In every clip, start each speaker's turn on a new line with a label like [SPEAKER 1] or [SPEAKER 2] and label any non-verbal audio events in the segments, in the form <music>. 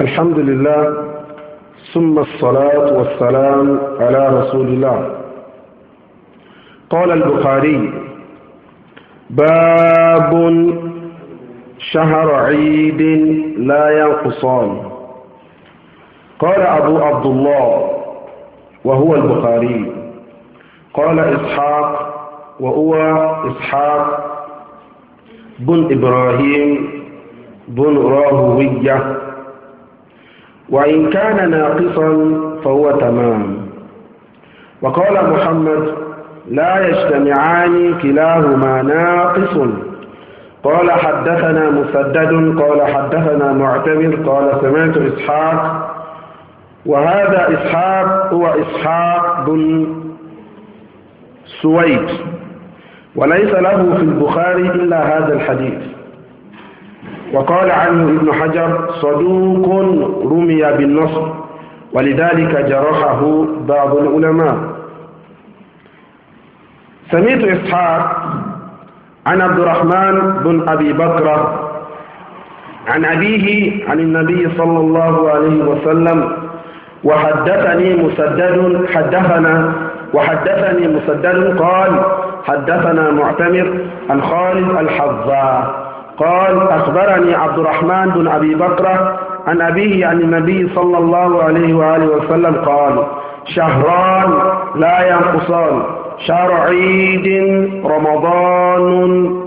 [SPEAKER 1] الحمد لله ثم الصلاة والسلام على رسول الله قال البخاري باب شهر عيد لا ينقصان قال أبو عبد الله وهو البخاري قال إسحاق وهو إسحاق بن إبراهيم بن راهوية وإن كان ناقصا فهو تمام وقال محمد لا يجتمعان كلاهما ناقص قال حدثنا مسدد قال حدثنا معتمر قال سمعت إسحاق وهذا إسحاق هو إسحاق بن سويد وليس له في البخاري إلا هذا الحديث وقال عنه ابن حجر صدوق رمي بالنصر ولذلك جرحه بعض العلماء سمعت إسحاق عن عبد الرحمن بن أبي بكر عن أبيه عن النبي صلى الله عليه وسلم وحدثني مسدد حدثنا وحدثني مسدد قال حدثنا معتمر عن خالد الحذاء قال أخبرني عبد الرحمن بن أبي بكرة عن أبيه عن النبي صلى الله عليه وآله وسلم قال شهران لا ينقصان شهر عيد رمضان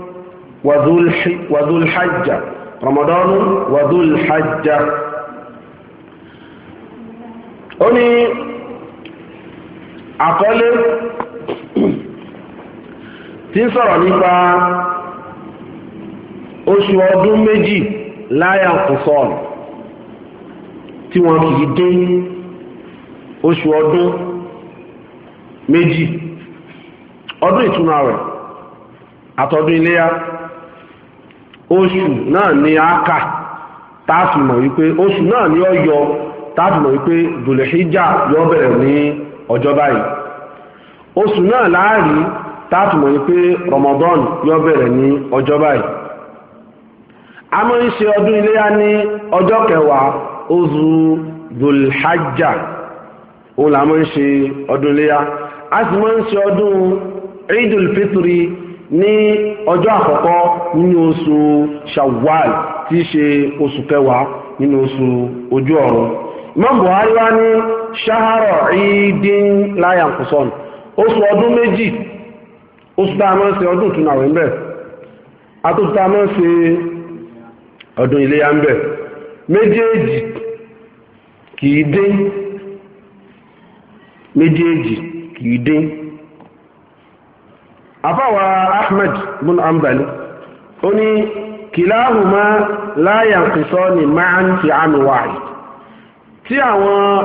[SPEAKER 1] وذو الحجة رمضان وذو الحجة أني أقل تنصر نفا oṣù ọdún méjì láyà kùsọ̀n tí wọ́n kì í dé oṣù ọdún méjì ọdún ìtúnu rẹ̀ àtọdún iléyà oṣù náà ni a kà wípé oṣù náà ni ó yọ wípé dùlẹ̀híjà yọ bẹ̀rẹ̀ ní ọjọ́ báyìí oṣù náà láàrí yọ bẹ̀rẹ̀ ní ọjọ́ a máa ń ṣe ọdún iléyá ní ọjọ́ kẹwàá oṣù zulhajjá òun là máa ń ṣe ọdún a sì máa ń ṣe ọdún idul fitri ní ọjọ́ àkọ́kọ́ nínú oṣù shawwal tí í ṣe oṣù kẹwàá nínú oṣù ojú ọ̀run Imam Buhari ní oṣù ọdún méjì oṣù tá a máa ń ọdún iléyá ń bẹ̀ méjèèjì kìí dín méjèèjì kìí dín afáwa ahmed bin ambali ó ní kìláhùmá láyàǹkìsọ́ ní máa ń fi àmì wáyé tí àwọn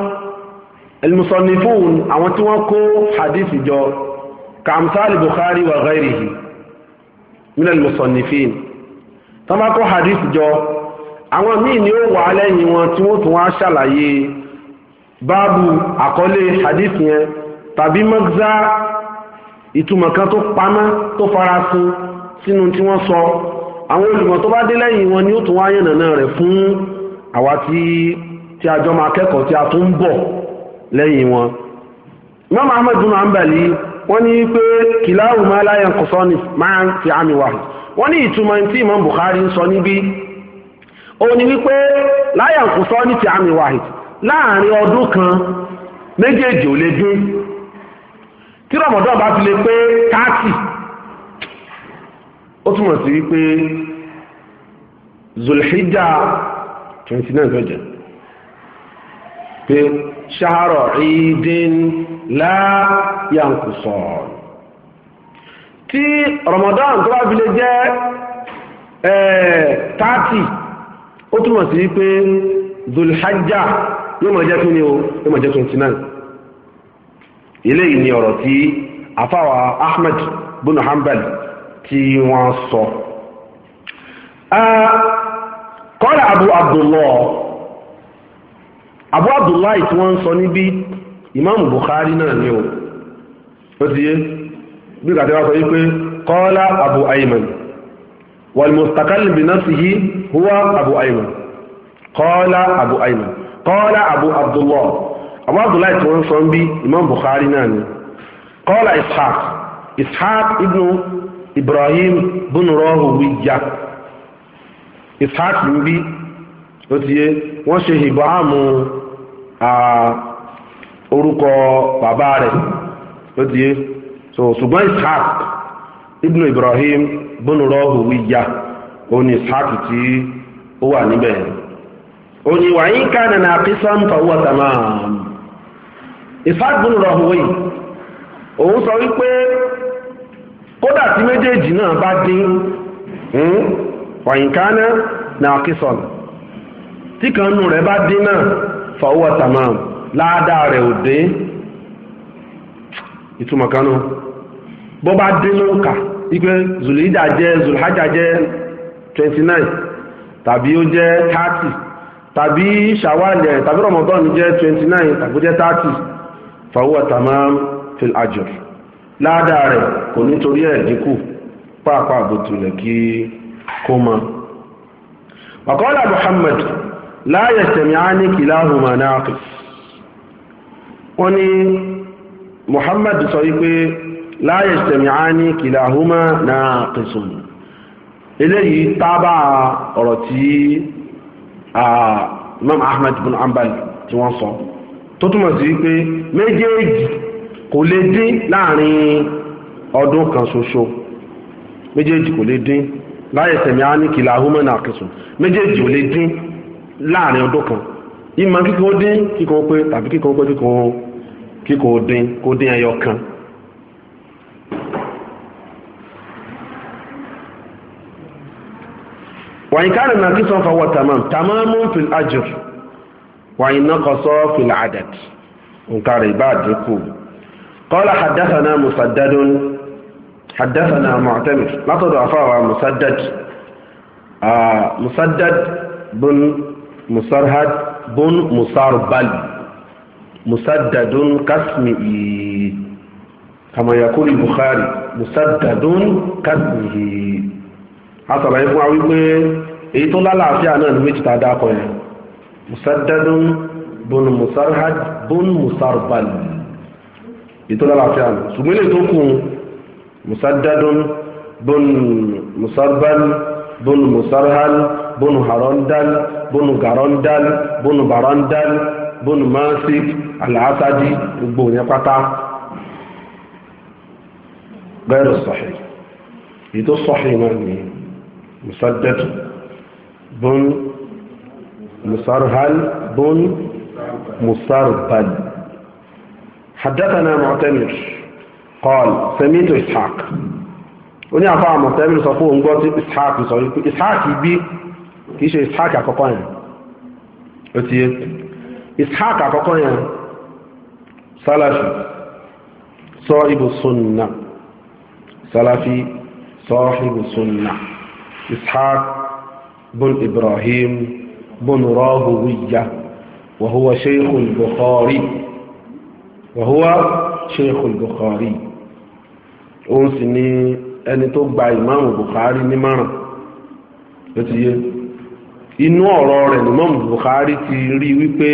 [SPEAKER 1] ilmusannifun àwọn tí wọ́n kó hadith jọ kàmsáàlì bukhari wa ghairihi min ilmusannifin tán hadith jọ àwọn míì ni ó wà lẹ́yìn wọn tí wọ́n tún wá ṣàlàyé báàbù àkọlé hadith yẹn tàbí mọ́gzá ìtumọ̀ kan tó pamọ́ tó farasin sínú tí wọ́n sọ àwọn olùmọ̀ tó bá dé lẹ́yìn wọn ni ó tún wá yànnàná rẹ̀ fún àwa tí tí a jọ máa kẹ́kọ̀ọ́ tí a tún ń bọ̀ lẹ́yìn wọn. Imam Ahmad bin Hanbali wọ́n ní pé kìláàrù máa láyẹ̀ kọ̀sọ́nì máa ń fi àmì wàhùn wọ́n ní ìtumọ̀ tí Imam Bukhari ń sọ níbí ó ní wípé láyà kò sọ ní ti àmì wahid láàrin ọdún kan méjèèjì ò lè dín tí rọmọdọ bá fi lè pé káàtì ó túmọ̀ sí wípé zulhijja twenty nine fẹjẹ pé ṣáárọ̀ ìdín láyà kò sọ̀rọ̀ tí Ramadan tó bá fi lè jẹ́ eh, tààtì ó túnmọ̀ sí wípé zulhajjá yóò mọ̀ jẹ́ o yóò mọ̀ jẹ́ 29 eléyìí ni ọ̀rọ̀ tí afáwà Ahmed bin Hanbal tí wọ́n sọ kọ́lá eh, Abu abdullahi Abu Abdullah tí wọ́n sọ níbi Imam buhari náà ni o ó bí ìgbà tí wọ́n sọ yí pé kọ́lá abu ayman والمستقل بنفسه هو أبو أيمن قال أبو أيمن قال أبو عبد الله أبو عبد الله تمام صنبي إمام بخاري ناني قال إسحاق إسحاق ابن إبراهيم بن راهوية إسحاق نبي lótíyé wọ́n ṣe ìbáàmù orúkọ bàbá rẹ̀ lótíyé so ṣùgbọ́n ishaq ibnu ibrahim bọ́nù rọ́ọ̀hù wíyà ó ní ishaq tí ó wà níbẹ̀ ó ní kánà náà kíṣán fàwọ́ tamam ishaq bọ́nù rọ́ọ̀hù o òun sọ wípé kódà tí méjèèjì náà bá dín wàyí kánà náà kíṣán tí kan rẹ̀ bá dín náà fàwọ́ laada láàdáa rẹ̀ ò dé bó bá dé ló ń kà ipe jẹ́ zulhajja jẹ́ twenty nine tàbí ó jẹ́ thirty tàbí ṣàwálẹ̀ tàbí ramadan jẹ́ twenty nine tàbí jẹ́ thirty fàwọ́ tamam fil ajr ládàá rẹ̀ kò nítorí ẹ̀ dínkù pàápàá àbòtúlẹ̀ kí kó mọ. wàkọ́lá muhammad láyẹ̀ tẹ̀mí á ní kìláhùmá náà wọ́n muhammad sọ wípé la yajtami'ani kilahuma naqisun eléyìí tábà ọ̀rọ̀ tí Imam Ahmad bin Hanbal tí wọ́n sọ tó túmọ̀ sí pé méjèèjì kò lè dín láàrin ọdún kan ṣoṣo méjèèjì kò lè dín la yajtami'ani kilahuma naqisun méjèèjì kò lè dín láàrin ọdún kan ìmọ̀ kíkọ́ dín kíkọ́ pé tàbí kíkọ́ pé kíkọ́ dín kó dín ẹyọ kan wàyí káàdì náà kí sọ́n fọwọ́ tamam tamamun fil ajr wàyí náà kọ́ sọ́ fil adad nǹkan rẹ̀ bá dínkù qala haddathana musaddadun haddathana mu'tamir látọ̀dọ̀ afáwà musaddad musaddad bun musarhad bun musarbal musaddadun kasmihi kama yakuli bukhari musaddadun kasmihi a sàlàyé fún wa wípé èyí tó lálàáfíà náà ní méjì tá a dákọ yẹn musaddadun bun musarhad bun musarbal èyí tó lálàáfíà náà ṣùgbọ́n ilé tó kù musaddadun bun musarbal bun musarhal bun harondal bun garondal bun barondal bun masik alasadi gbogbo yẹn pátá gẹ́rù sọ̀hìn èyí tó sọ̀hìn náà nìyẹn. مسدد بن مسرهل بن مسربل حدثنا معتمر قال سميت اسحاق وني عطاء معتمر صفوه قلت اسحاق يصوي اسحاق يبي كيش اسحاق اكوكويا قلت إيه؟ اسحاق اكوكويا سلفي صاحب السنه سلفي صاحب السنه إسحاق بن إبراهيم بن راهوية وهو شيخ البخاري وهو شيخ البخاري òun sì ni ẹni tó gba ìmáàmù Bukhari nímọ̀ràn ló ti yé inú ọ̀rọ̀ rẹ̀ ìmáàmù Bukhari ti rí wípé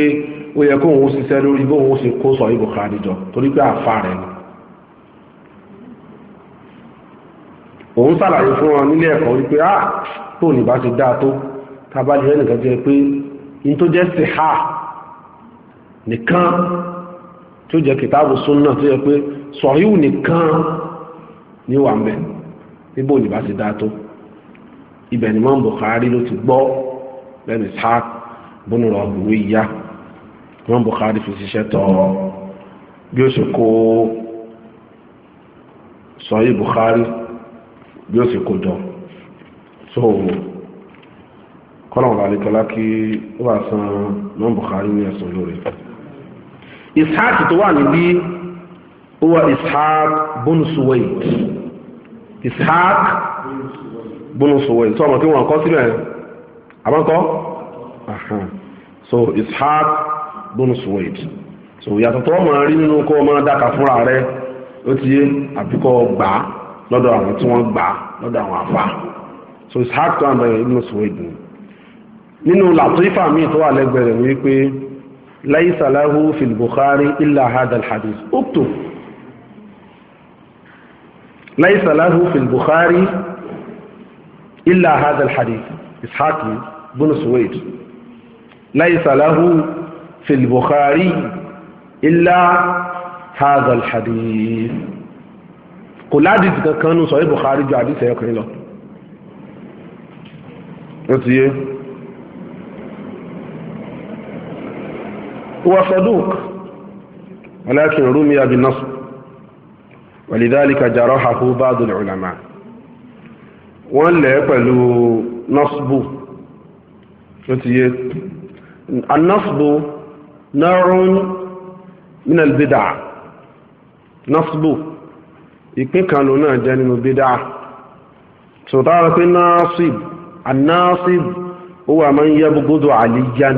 [SPEAKER 1] ó yẹ kóun ó ṣiṣẹ́ lórí bóun ó ṣe kó sọ Bukhari jọ torí pé àfa rẹ̀ ni òun sàlàyé fún wọn nílé ẹ̀kọ́ wípé ah tó ní bá ti dáa tó tábàlì rẹ nìkan jẹ pé in tó jẹ́ sèhá nìkan tó jẹ́ kìtàbù súnà tó jẹ́ pé sọ̀híù nìkan ní wà ń bẹ̀ ní bá ti dáa tó ibẹ̀ ni mọ́n Bukhari ló ti gbọ́ lẹ́nu Ishaq bónú rọ ọ̀gbìnwó ìyá mọ́n Bukhari fi ṣiṣẹ́ tọ́ bí ó ṣe kó sọ̀híù Bukhari bí ó sì kó jọ so kọ́nà ọ̀la kí ó wà san mọ́ ní ẹ̀sán lórí. ishaq tó wà níbí ó wà ishaq bónú ishaq bónú suwaid tó ọmọ kọ́ sílẹ̀ àbọ̀kọ́ so ishaq bónú so ìyàtọ̀ tó rí nínú kó máa dáka fúnra rẹ̀ ó ti yé àbíkọ́ gbàá lọ́dọ̀ àwọn tí wọ́n gbà lọ́dọ̀ àwọn àfà so ishaq tó àbẹ̀ ibn suwaid ni nínú làtífà míì tó wà lẹ́gbẹ̀ẹ́ rẹ̀ wípé laysa lahu fil bukhari illa hadha al hadith uktub laysa lahu fil bukhari illa hadha al hadith ishaq ibn suwaid laysa lahu fil bukhari illa hadha al hadith kò ládìsì kankan nù sọ̀rọ̀ Bukhari ju àdìsì ẹ̀yọkùnrin lọ. ó ti yé wọ́n sọ́dúk walakin rumiya bin nasr walidhalika jarahahu ba'du al-ulama wọ́n lẹ̀ pẹ̀lú nasbu ó ti yé an-nasbu narun min al ìpín kan ló náà jẹ́ nínú bídá sọ̀tàrà pé nasib anasib ó wà máa ń yẹ gbogbo àlìjan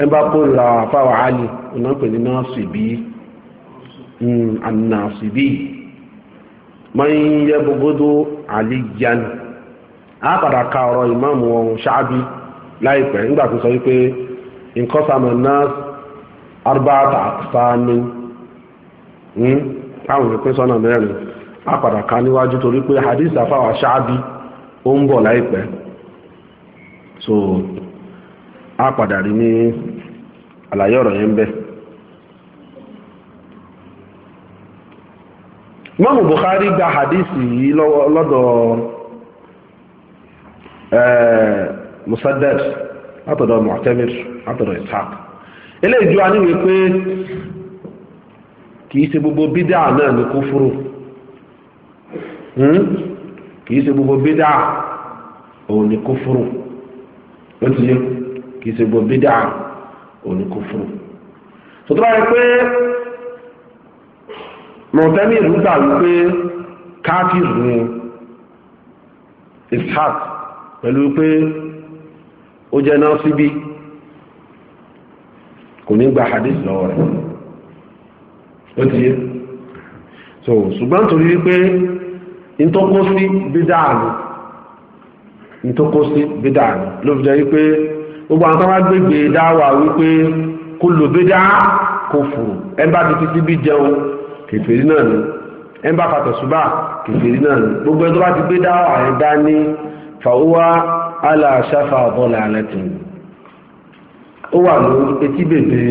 [SPEAKER 1] ẹ bá kó ra fáwọn àlì ọ̀nà pè ní nasibi hmm, anasibi máa ń yẹ gbogbo àlìjan á padà ka ọ̀rọ̀ ìmáàmù ọ̀hún ṣáàbí láìpẹ́ nígbà tó sọ wípé nǹkan sàmọ̀ náà arba'ata aqsamin hmm? táwọn ìpín sọ́nà mẹ́rin a padà ká níwájú torí pé hadith àfàwà o ó ń bọ̀ láìpẹ́ so a padà rí ní àlàyé ọ̀rọ̀ yẹn gba hadisi yìí lọ́dọ̀ Musaddad látọ̀dọ̀ Mu'tamir látọ̀dọ̀ Ishaq eléyìí ju aníwèé pé kìí ṣe gbogbo bídà náà ní kúfúrú hmm? kìí ṣe gbogbo bídà òun ní kúfúrú ó ti yẹ kìí ṣe gbogbo bídà òun ní kúfúrú tòtò báyìí pé mọ̀tẹ́mì ìlú gbà wípé káfíìrì ni ishaq pẹ̀lú pé ó jẹ́ náà síbí kò ní gba hadith lọ́wọ́ rẹ̀ ó ti yé so ṣùgbọ́n torí wípé ntọ́kọ́ sí bídà ni ntọ́kọ́ sí bídà ni ló fi jẹ́ wípé gbogbo àwọn sábà gbègbè dáwà wípé kó lò bídà kó fòrò ẹ bá ti títí bí jẹun kèfèrí náà ni ẹ bá fàtọ̀sùbà kèfèrí náà ni gbogbo ẹ tó bá ti gbé dáwà ẹ dá ní fàwọ́wá aláṣáfà ọ̀bọ̀là alẹ́ ó wà lórí etí bèbè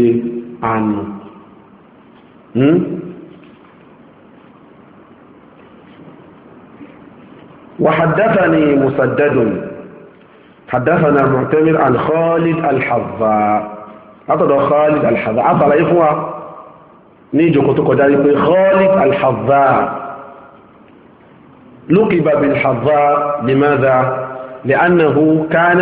[SPEAKER 1] àná وحدثني مسدد حدثنا معتمر عن خالد الحظاء أتدى خالد الحظاء أتدى الإخوة نيجو كتوكو جاري خالد الحظاء لقب بالحظاء لماذا؟ لأنه كان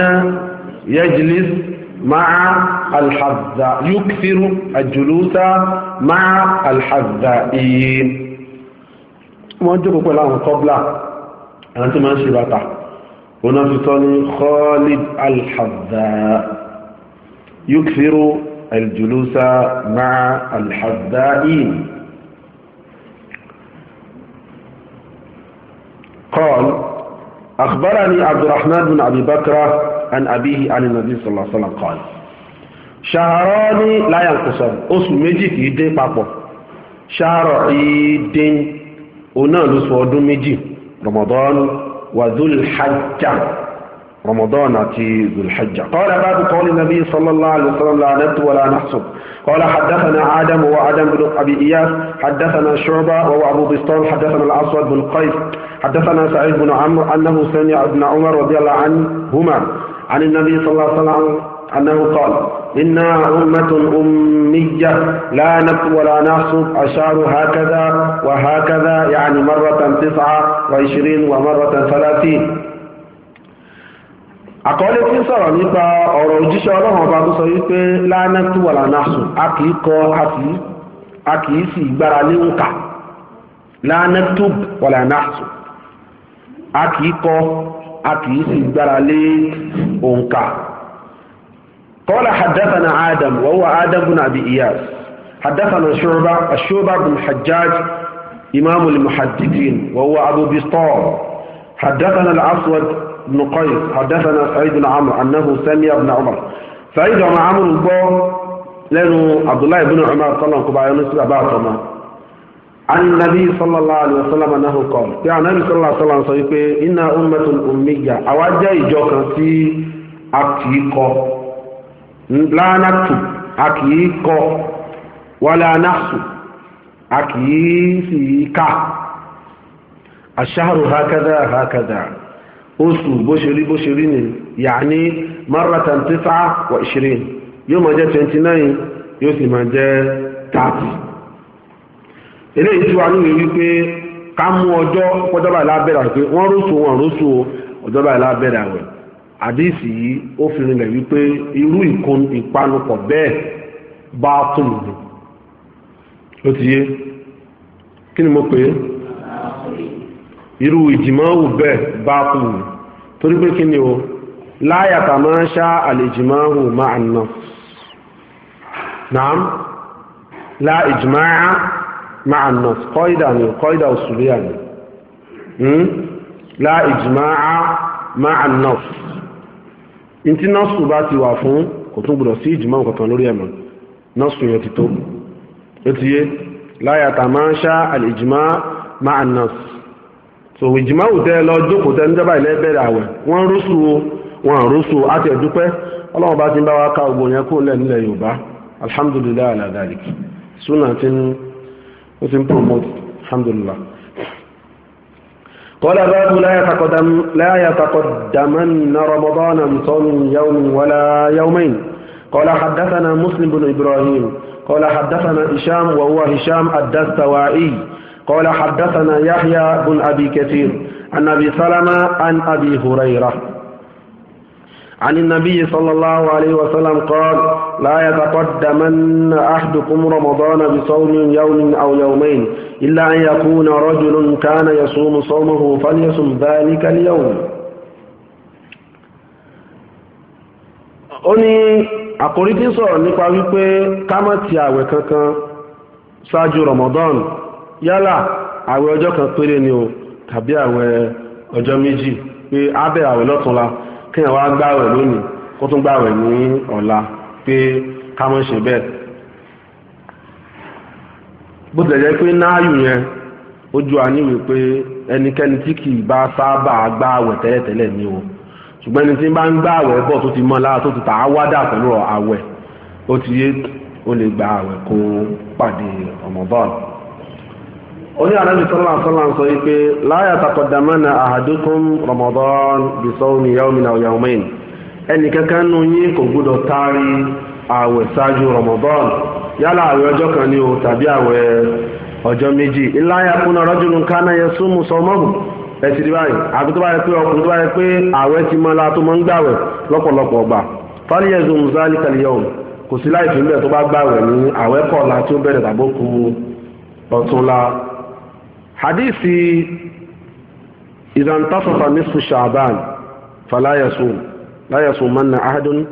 [SPEAKER 1] يجلس مع الحذاء يكثر الجلوس مع الحذائين موجبك الله قبل أنت ما شبهت هنا في صلي خالد الحذاء يكثر الجلوس مع الحذائين قال أخبرني عبد الرحمن بن أبي بكر عن أبيه عن النبي صلى الله عليه وسلم قال شهران لا ينقصان أصل مجيك يدين بابو شهر عيد ṣáàrọ̀ ìdín òun مجي رمضان وذو الحجة رمضان أتي ذو الحجة قال باب قول النبي صلى الله عليه وسلم لا نت ولا نحسب قال حدثنا آدم وآدم بن أبي إياس حدثنا شعبة وهو أبو بستان حدثنا الأسود بن قيس حدثنا سعيد بن عمرو أنه سمع ابن عمر رضي الله عنهما عن النبي صلى الله عليه وسلم أنه قال إنا أمة أمية لا نكتب ولا نحسب أشعر هكذا وهكذا يعني مرة تسعة وعشرين ومرة ثلاثين àkọọ́lẹ̀ tí ń sọ̀rọ̀ nípa ọ̀rọ̀ òjíṣẹ́ ọlọ́run ọba tó sọ wípé lánà tó wà lánà sùn a kìí kọ a kìí sì gbára lé òǹkà lánà tó wà lánà sùn a kìí kọ a kì í sì gbára lé òǹkà قال حدثنا آدم وهو آدم بن أبي إياس حدثنا شعبة الشعبة بن حجاج إمام المحدثين وهو أبو بسطام حدثنا الأسود بن قيس حدثنا سعيد بن عمرو أنه سمع بن عمر سعيد بن عمرو بن لأنه عبد الله بن عمر قال لهم كبار يونس أبا anabi sallallahu alayhi wa sallam anahu kọl pé anabi sallallahu alayhi wa sallam sọ wípé inna ummatul ummiya àwa jẹ́ ìjọ kan tí a kì í a kì í kọ a kì í sì í kà aṣáàrù hakadà hakadà oṣù bó ṣe ni tisa wa ishirin yóò máa jẹ́ twenty nine yóò eléyìí tí wàá nílò wípé ká mú ọjọ́ pọ́jọ́bà lábẹ́rẹ́ àwẹ̀ pé wọ́n rúṣu wọn rúṣu ọjọ́bà lábẹ́rẹ́ àwẹ̀ àdéhìsì yìí ó fi rinlẹ̀ wípé irú ìkun ìpanupọ̀ bẹ́ẹ̀ bá tún lù ó ti yé kí ni mo pè é irú ìjìmọ̀wù bẹ́ẹ̀ bá tún lù torí pé kí ni o láyàtà máa ń ṣá àlèjìmọ̀wù máa ń nà náà la ìjìmọ̀á مع النص قاعدة يعني قاعدة أصولية يعني لا إجماع مع النص انت النص bá ti wà fún kò tún gbọdọ̀ sí ìjìmọ̀ kankan lórí ẹ̀mọ̀ nọ́ọ̀sù yẹn ti tó ó ti yé láyàtà máa ń ṣá àlèjìmọ̀ máa nà so ìjìmọ̀ òtẹ́ lọ jókòó tẹ́ níjọba ilẹ̀ bẹ̀rẹ̀ àwẹ̀ wọ́n rúṣù wọn rúṣù àti ẹ̀dúpẹ́ ọlọ́run bá ti ń bá wa ká ogun yẹn kó lẹ̀ nílẹ̀ Yorùbá alhamdulilayi aladalik sunan ti ń ó sì الحمد لله. alhamdulillah قال الرب لا يتقدم لا يتقدمن رمضان صوم يوم ولا يومين قال حدثنا مسلم بن ابراهيم قال حدثنا هشام وهو هشام الدستوائي قال حدثنا يحيى بن ابي كثير عن ابي سلمه عن ابي هريره عن النبي صلى الله عليه وسلم قال لا يتقدمن أحدكم رمضان بصوم يوم أو يومين إلا أن يكون رجل كان يصوم صومه فليصم ذلك اليوم ó ní àkórí tí ń sọ̀rọ̀ nípa wípé ká má ti àwẹ̀ kankan ṣáájú Ramadan yálà àwẹ̀ ọjọ́ kan péré ni o tàbí àwẹ̀ ọjọ́ méjì pé á bẹ̀rẹ̀ àwẹ̀ lọ́túnla kí ẹ̀ wá gbààwẹ̀ lónìí kó tún gbààwẹ̀ ní ọ̀la pé ká mọ́ ṣe bẹ́ẹ̀ bó tilẹ̀ jẹ́ pé náàyù yẹn ó ju àníwì pé ẹnikẹ́ni tí kì í bá sábà gbààwẹ̀ tẹ́lẹ̀tẹ́lẹ̀ ni o ṣùgbọ́n ẹni tí ń bá ń gbààwẹ̀ bọ̀ tó ti mọ́ lára tó ti tà á wádà pẹ̀lú àwẹ̀ ó ti yé ó lè gba kó pàdé Ramadan onye ànábì sọ́lá sọ́lá sọ wípé láyà taqaddamana ahadukum ramadan na sawmi yawmin aw yawmayn ẹnì kankan nù yín kò gbúdọ̀ taari ààwẹ̀ ṣáájú ramadan yálà ààwẹ̀ ọjọ́ kan ni o tàbí ààwẹ̀ ọjọ méjì illa yakuna rajulun kana yasumu sawmahu ẹtì rí báyìí àbí tó yẹ pé ọkùnrin tó bá yẹ pé ti ń ọgbà kò sí láì fi ń tó bá ní tí ó bẹ̀rẹ̀ hadisi idan tasafa nisfu sha'ban fala yasum la yasumanna ahadun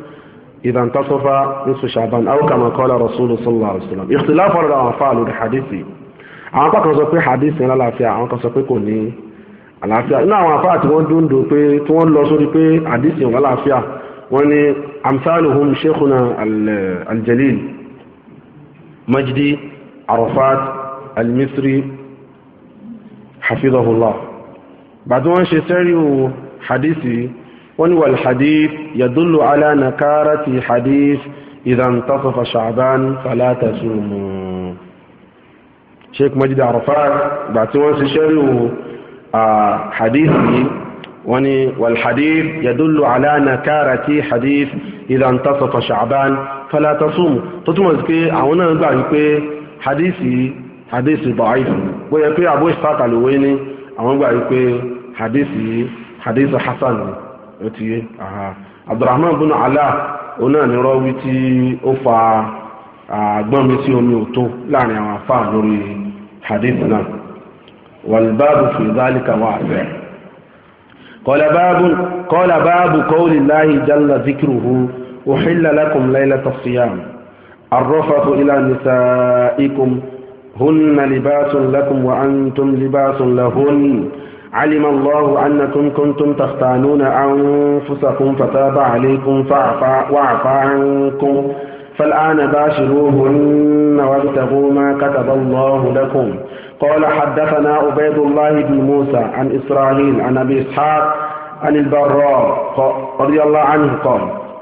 [SPEAKER 1] idan tasafa nisfu sha'ban aw kama qala rasul sallallahu alaihi wasallam ikhtilaf ala afalu da hadisi àwọn kan sọ pé hadisi la lafia àwọn kan sọ pé kò ní àlàáfíà inú àwọn afa tí wọ́n dundo pé tí wọ́n lọ sórí pé hadisi la lafia wọ́n ní amsaluhum sheikhuna al-jalil majdi arafat al-misri hafidhahullah bàtí wọ́n ṣe sẹ́ríwò hadithi wọ́n ni wal hadith yadullu ala nakarati hadith idan tasafa sha'ban fala tasumu sheikh majid arafat bàtí wọ́n ṣe sẹ́ríwò hadithi wọ́n ni wal hadith yadullu ala nakarati hadith idan tasafa sha'ban fala tasumu tó túmọ̀ sí pé àwọn náà gbà wípé hadithi hadisi da'if bó yẹ pé àbó ìsáàkà lówé ní àwọn gbà wípé hadisi hadisi hasan ló ti yé abdulrahman bin ala òun náà ní rọ́wí tí ó fa àgbọ́n mi sí omi òtó láàrin àwọn afá lórí hadith náà wàlbáàbù fi dhalika wà fẹ́ qala báàbù qawli llahi jalla dhikruhu uhilla lakum laylata siyam arrafathu ila nisaikum هن لباس لكم وأنتم لباس لهن علم الله أنكم كنتم تختانون أنفسكم فتاب عليكم وعفى عنكم فالآن باشروهن وابتغوا ما كتب الله لكم قال حدثنا عبيد الله بن موسى عن إسرائيل عن أبي إسحاق عن البراء رضي الله عنه قال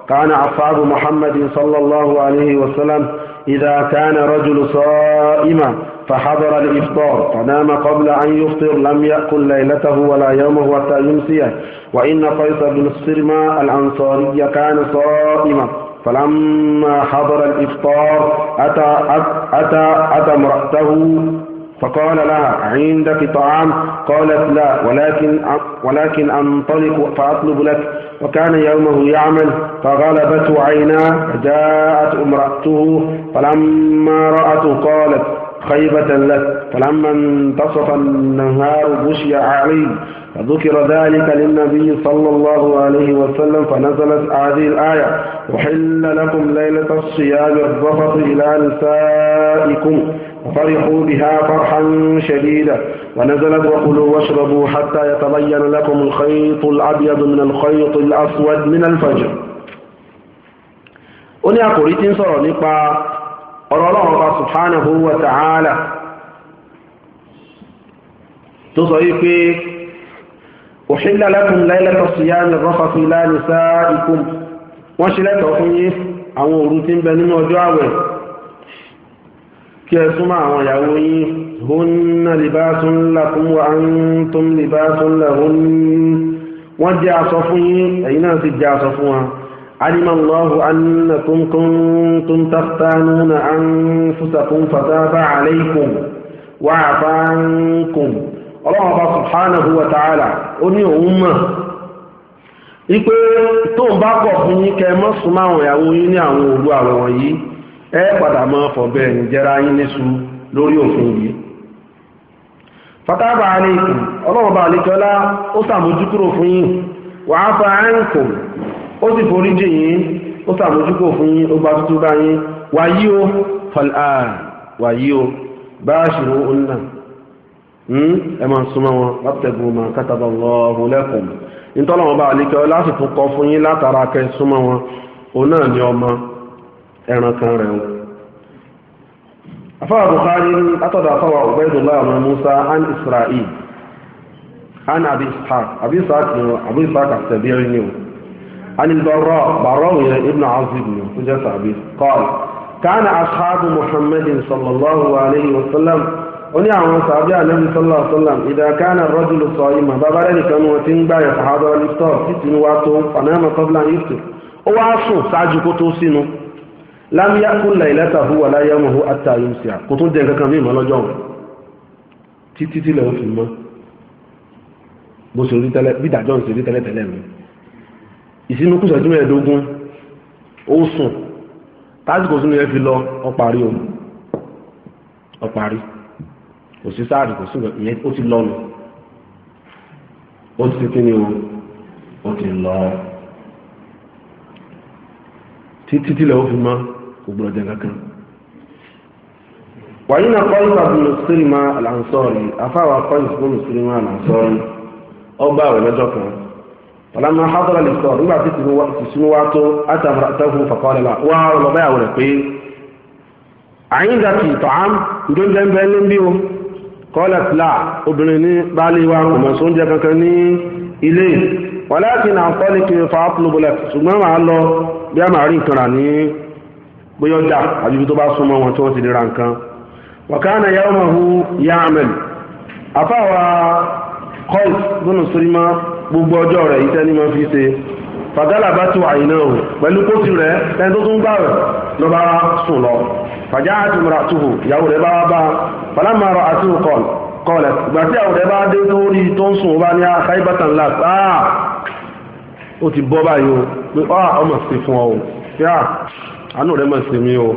[SPEAKER 1] كان أصحاب محمد صلى الله عليه وسلم إذا كان رجل صائما فحضر الإفطار فنام قبل أن يفطر لم يأكل ليلته ولا يومه حتى يمسيه وإن قيس بن السرمى الأنصاري كان صائما فلما حضر الإفطار أتى أتى أتى امرأته فقال لها عندك طعام قالت لا ولكن ولكن انطلق فاطلب لك وكان يومه يعمل فغلبته عيناه فجاءت امراته فلما راته قالت خيبة لك فلما انتصف النهار بشي علي فذكر ذلك للنبي صلى الله عليه وسلم فنزلت هذه الآية أحل لكم ليلة الصيام الرفض إلى نسائكم وفرحوا بها فرحا شديدا ونزلت وقلوا واشربوا حتى يتبين لكم الخيط الأبيض من الخيط الأسود من الفجر أني أقولي تنصر نقا الله سبحانه وتعالى تصيب أحل لكم ليلة الصيام الرفق إلى نسائكم وشلت أخيه أو روتين بنين وجعوه kí ẹ súnmọ́ àwọn ìyàwó yín hunna libáṣún lakum wa antum libáṣún lahun wọ́n jẹ́ aṣọ fún yín ẹ̀yin náà sì jẹ́ aṣọ fún wa علم الله أنكم كنتم تختانون أنفسكم فتاب ní àwọn ìyàwó àwọn òru ẹ padà mọ́ fọ̀bẹ̀ ìjẹra yín níṣu lórí òfin yìí fataba aleikum ọlọ́ọ̀bà àlejọ́lá ó sàmójúkúrò fún yín wà á fa ẹ́ǹkùn ó sì forí jì yín ó sàmójúkúrò fún yín ó gba tuntun bá yín wàyí o fal'an wàyí o hmm? bá ṣìrò bá ẹran kan rẹ̀ wọn. afáwà bukhari ní látọ̀dọ̀ afáwà ubaydullah ọmọ musa an israel an abi ishaq abi ishaq ni o abi ishaq àtẹ̀bíyẹn ni o an al-barra barra yẹn ibn azib ni o tó jẹ́ sàbí qala kana ashabu muhammadin sallallahu alayhi wa sallam oni àwọn sàbí ànábì sọ́lá sọ́lá ìdákánà rọ́jùlù sọ ìmọ̀ bàbá rẹ̀ nìkan wọn ti lámíyá kún láìlẹ́ta húwà láyé mọ̀ hú àtàyè òsì à kò tún jẹ nǹkan kan mímọ́ lọ́jọ́ òun títí tí lẹ́wọ́n fi mọ́ bó ṣe rí tẹ́lẹ̀ bí ìdájọ́ ṣe rí tẹ́lẹ̀ tẹ́lẹ̀ mi ìsinmi kù ṣẹ́jú mẹ́ẹ̀ẹ́dógún ó sùn tásìkò sínú yẹn fi lọ ọparí o ọparí kò sí sáàrì kò sí ìyẹn ó ti lọ́nu ó ti kí ni o ó ti lọ títí tí lẹ́wọ́n fi mọ́ gbogbo ọjọ́ kankan. wàyí na kọ́ńtà bùnú sírímà àlànsọ́ọ̀rì afáwà kọ́ńtà bùnú sírímà àlànsọ́ọ̀rì ọgbà àwẹ̀ lọ́jọ́ kan ọ̀lànà hádọ́rà lè sọ nígbà tí tìṣinú wá tó àtàwọn àtàwọn fàkọ́ọ̀lẹ́lá wà lọ́bẹ̀ àwẹ̀ rẹ̀ pé àyíǹda kì í tọ́ám ǹjọ́ ń bẹ́ẹ̀ ní bí o kọ́lẹ̀t láà obìnrin ní báálé wa ń kankan ní ilé bóyá ọjà àbíbi tó bá súnmọ́ wọn tí wọ́n ti lè ra nǹkan wàkánà yà ọmọ hu yà amẹ́l àfáwà kọ́ìs gbọ́nà sórímá gbogbo ọjọ́ rẹ̀ iṣẹ́ ní ma fi ṣe fàgálà bá tó àyínà o pẹ̀lú kóòtù rẹ̀ ẹni tó tún gbà rẹ̀ ló bá sùn lọ fàjá àti múra tuhu ìyàwó rẹ̀ bá wá bá falámà rọ àti kọ́l kọ́lẹ̀ ìgbà tí àwọn rẹ̀ bá dé tó tó ń sùn ó bá ní àkáìbátàn ah, láti ah, ó ti bọ́ báyìí o pé ah, ọmọ sí fún ọ o àánú rẹ̀ ma se mi o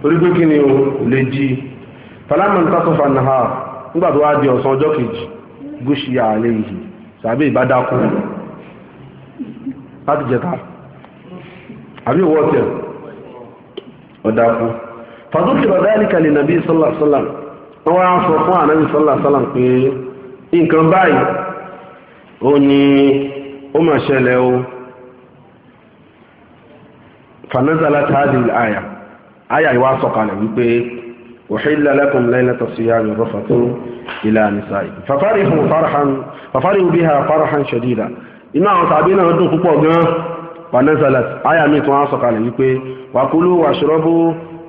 [SPEAKER 1] torí pé kí ni o kò lè jí palamon takofa naha nígbà tó wá di ọ̀sán ọjọ́ kejì gúúsìyà Sabi yìí tàbí ìbádákú láti jẹta àbí wọ́tẹ̀ ọ̀dákú fàdókè bàbá ẹ̀ríkà lè nàbí sọ́làsọ́là wọ́n wá sọ fún ànábì sọ́làsọ́là pé nǹkan báyìí ó ní ó mà ṣẹlẹ̀ o fanazala taadi aya aya yìí wá sọ̀kalẹ̀ wípé òhìlá lakum laylata siyami rafatu ila nisa'i fafarihu farhan fafarihu biha farhan shadida inú àwọn tàbí náà dùn púpọ̀ gan fanazala aya mi tún wá sọ̀kalẹ̀ wípé wàkúlù wàṣọ́rọ́bù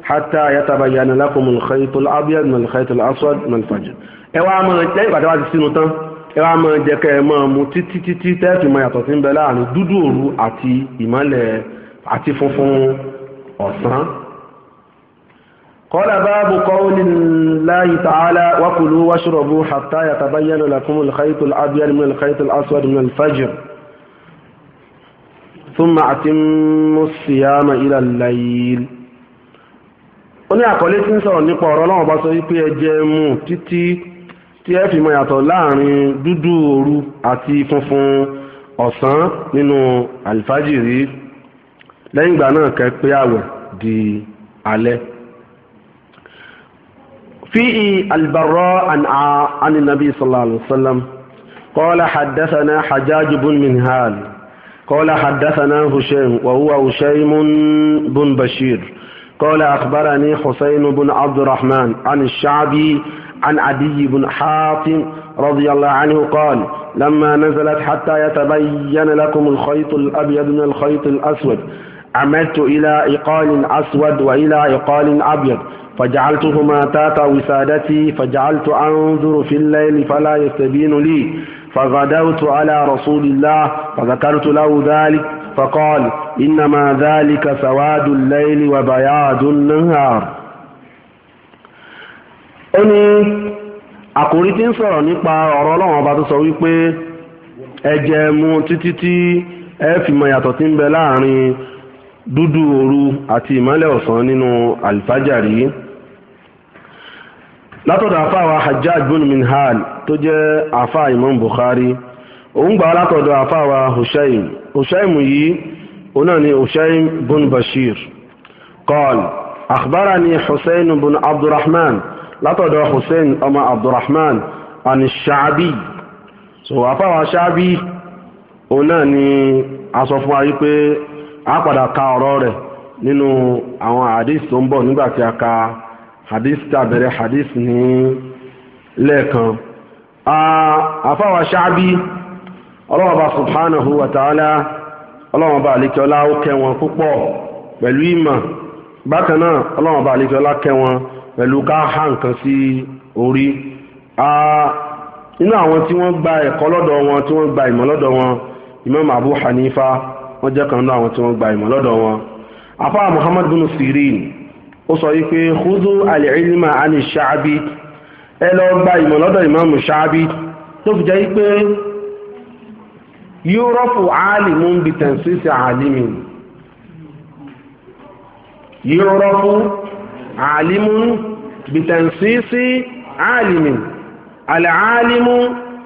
[SPEAKER 1] hata yatabayyana lakum alkhaytu alabyad min alkhaytu alaswad min alfajr ẹ wá máa lẹ́yìn ìgbà tí ti sínú tán ẹ wá máa jẹ kẹ́ ẹ máa mu títí títí tẹ́ẹ̀fì máa yàtọ̀ sí ń bẹ láàrin dúdú òru àti ìmọ́lẹ̀ àti funfun ọ̀sán قال باب قول الله تعالى وكلوا واشربوا حتى يتبين لكم الخيط الأبيض من الخيط الأسود من الفجر ثم أتموا الصيام إلى الليل ó ní àkọlé tí ń sọ̀rọ̀ nípa ọ̀rọ̀ Ọlọ́run bá sọ wípé ẹ jẹ mu títí tí ẹ fi mọ yàtọ̀ láàrin dúdú òru àti funfun ọ̀sán nínú àlìfájìrí lẹ́yìn ìgbà náà kẹ́ pé àwẹ̀ di البراء عن عن النبي صلى الله عليه وسلم قال حدثنا حجاج بن منهال قال حدثنا هشيم وهو هشيم بن بشير قال أخبرني حسين بن عبد الرحمن عن الشعبي عن عدي بن حاتم رضي الله عنه قال لما نزلت حتى يتبين لكم الخيط الأبيض من الخيط الأسود عملت إلى إقال أسود وإلى إقال أبيض فجعلتهما تات وسادتي فجعلت أنظر في الليل فلا يستبين لي فغدوت على رسول الله فذكرت له ذلك فقال إنما ذلك سواد الليل وبياض النهار ẹni àkòrí tí ń sọ̀rọ̀ nípa ọ̀rọ̀ ọlọ́run ọba tó sọ wípé ẹ̀jẹ̀ mu títí tí ẹ fi mọ ìyàtọ̀ tí ń bẹ láàrin dúdú òru àti ìmọ́lẹ̀ ọ̀sán nínú àlìfájàrí látọ̀dọ̀ àfáwa hajjaj bin minhal tó jẹ́ àfá imam bukhari òun gbà látọ̀dọ̀ àfáwa hushaim hushaim yìí òun náà ni hushaim bin bashir qal akhbarani hussein bin abdurrahman látọ̀dọ̀ hussein ọmọ abdurrahman àni ṣaabi so àfáwa ṣaabi òun náà ni a fún wa yìí pé a padà ka ọ̀rọ̀ rẹ̀ nínú àwọn hadith tó ń bọ̀ nígbà tí a ka hadith tàbẹ̀rẹ̀ hadith ní lẹ́ẹ̀kan àfáwà ṣáàbí ọlọ́wọ́ba subhanahu wa ta'ala ọlọ́wọ́ba àlekẹ́ọlá ó kẹ́ wọn púpọ̀ pẹ̀lú ìmọ̀ bákan náà ọlọ́wọ́ba àlekẹ́ọlá kẹ́ wọn pẹ̀lú ká há nǹkan sí orí nínú àwọn tí wọ́n gba ẹ̀kọ́ lọ́dọ̀ wọn tí wọ́n gba ìmọ̀ lọ́dọ̀ wọn Imam Abu Hanifa wọ́n jẹ́ kan náà àwọn tí wọ́n gba ìmọ̀ lọ́dọ̀ wọn afáà muhammad bin sirin ó sọ wípé khudhu al-ilma ani ṣáábí ẹ lọ gba ìmọ̀ lọ́dọ̀ ìmáàmù ṣáábí tó fi jẹ́ wípé yúrọ́pù alimu bi tansisi alimi yúrọ́pù alimu bi tansisi alimi alalimu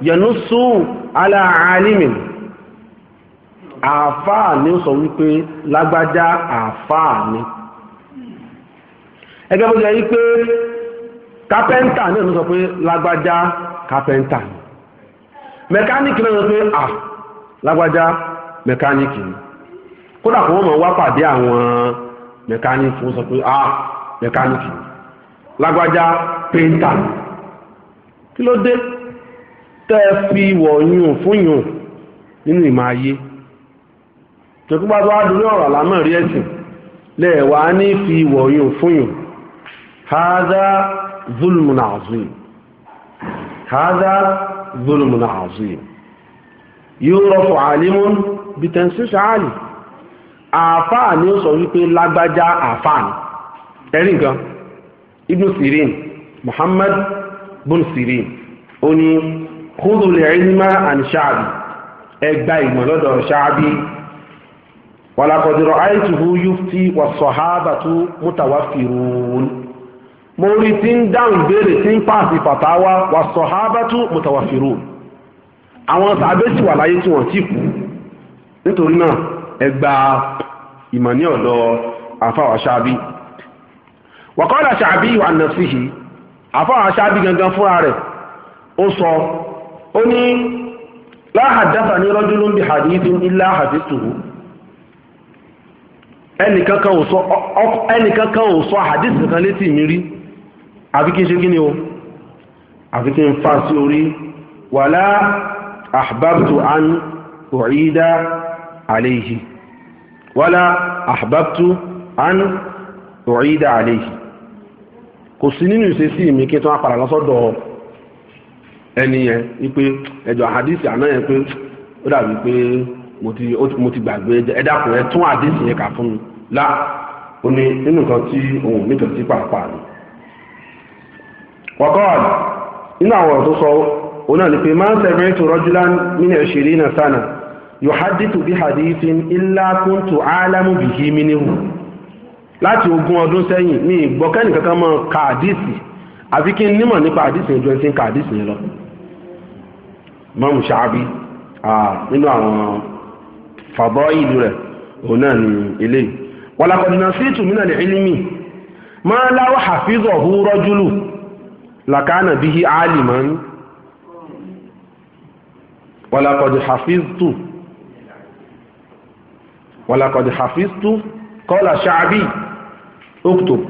[SPEAKER 1] yanusu ala àáfàá ni ó sọ wípé lágbájá àáfàá ni ẹgbẹ́ bó jẹ́ wípé kápẹ́ńtà náà ló sọ pé lágbájá kápẹ́ńtà ni mẹkáníìkì náà sọ pé à lágbájá mẹkáníìkì ni kódà kó wọ́n mọ̀ wá pàdé àwọn mẹkáníìkì wọ́n sọ pé à mẹkáníìkì ni lágbájá péńtà ni kí ló dé tẹ́ fi wọ̀nyún fún nínú ìmọ̀ ayé tòkúgbà tó wá dúró ọ̀rọ̀ àlámọ̀ rí ẹ̀sìn lẹ́ẹ̀wá ní fi wọ̀nyún fún yìí hádá zulmun azim hádá zulmun azim yúrọ̀fù àlímún bìtẹ̀nsí sàálì àfáà ni ó sọ wípé lágbájá àfáà ni ẹ̀rí nǹkan ibn sirin muhammad bin sirin ó ní kúrò lè ní máa àní ṣáàbì ẹgbà ìmọ̀ lọ́dọ̀ wàlàkọ̀dìrọ̀ àìtùhù yúftí wà sọ̀hábàtú mùtàwáfìrún mo rí tí ń dáhùn béèrè tí ń pààsì fàtàwá wà sọ̀hábàtú mùtàwáfìrún àwọn sàbẹ̀ sì wà láyé tí wọ́n ti kú nítorí náà ẹ gba ìmọ̀ ní ọ̀dọ̀ àfàwà ṣáàbí wàkọ́lá ṣáàbí wà nà síhì àfàwà ṣáàbí gangan fúnra rẹ̀ ó sọ ó ní láhàdáfà ní rọ́júlùm hadithin illa hadithuhu ẹnìkankan ò sọ ẹnìkankan ò sọ hadith kan létí mi rí àfi kí n ṣe kí ni o àfi kí n fà sí orí wàlá ahbabtu an u'ida alayhi wàlá ahbabtu an u'ida alayhi kò sí nínú ìṣesí mi kí tó apàdà lọ́sọ́dọ̀ ẹni wípé ẹjọ́ hadith àná pé ó dàbí pé mo ti gbàgbé ẹ ẹ tún hadith yẹn kà fún mi la ó ní nínú nǹkan tí òun níkan tí pàápàá ni. wọ́kọ́ọ̀d nínú àwọn ọ̀rọ̀ tó sọ ó náà ni pé máa ń sẹ́fẹ́ tó rọ́júlá nínú ẹ̀ṣẹ̀rí náà sánà yóò hadithu bí hadithin illa kuntu alamu bihi minihu láti ogún ọdún sẹ́yìn ní ìgbọ́kẹ́nì kankan mọ́ ka àdìsí àfi kí n nímọ̀ nípa àdìsí ẹjọ́ ẹ̀sìn ka yẹn lọ mọ́mù ṣáàbí ah, nínú àwọn fàbọ́ ìlú rẹ̀ òun náà ni eléyìí walaqad nasitu min al-ilmi ma law hafizahu rajulu lakana bihi aliman walaqad hafiztu walaqad hafiztu qala sha'bi uktub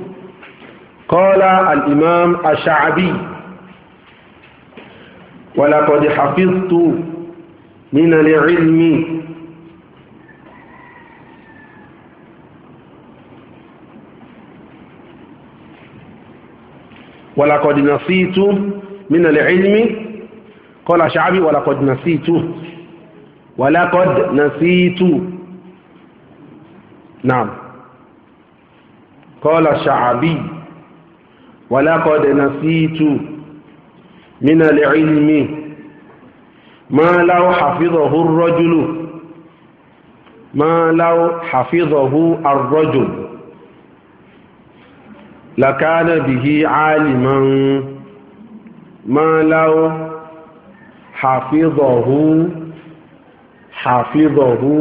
[SPEAKER 1] qala al-imam ash-sha'bi walaqad hafiztu min al-ilmi ولقد نسيت من العلم قال شعبي ولقد نسيت ولقد نسيت نعم قال شعبي ولقد نسيت من العلم ما لو حفظه الرجل ما لو حفظه الرجل lakana bihi aliman mọ́láwó hafidọ̀hu hafidọ̀hu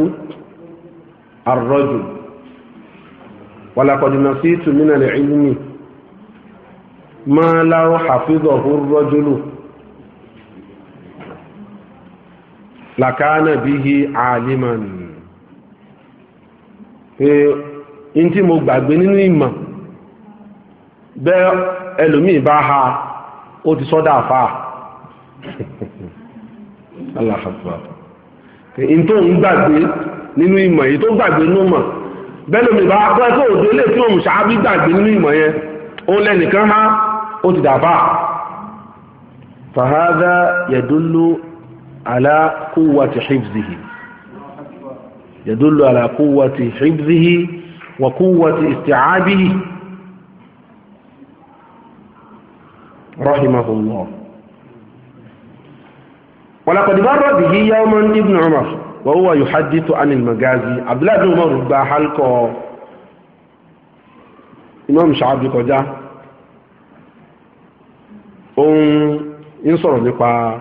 [SPEAKER 1] arrọ́jù wàlàkọ̀dùnà sí ìtùmínà lè ilmi mọ́láwó hafidọ̀hu rọ́jùlù lakana bihi aliman pé in tí mo gbàgbé nínú ìmọ̀ bẹ́ ẹlòmíì bá ha ó ti sọ́dà fa aláhàbà in tó ń gbàgbé nínú ìmọ̀ èyí tó gbàgbé nínú mọ̀ bẹ́lòmíì bá pẹ́ tó òde lè tí òun ṣáábí gbàgbé nínú ìmọ̀ yẹn ó lẹ́nìkan ha ó ti dàbà fàhádà yẹ̀dúlú alákòwàtì hibzihi yẹ̀dúlú rahimahullah walaqad barra bihi yawman ibn umar wa huwa yuhaddithu anil magazi abdullahi ibn umar gba halkọ imam shaabi kọjá òun ń sọ̀rọ̀ nípa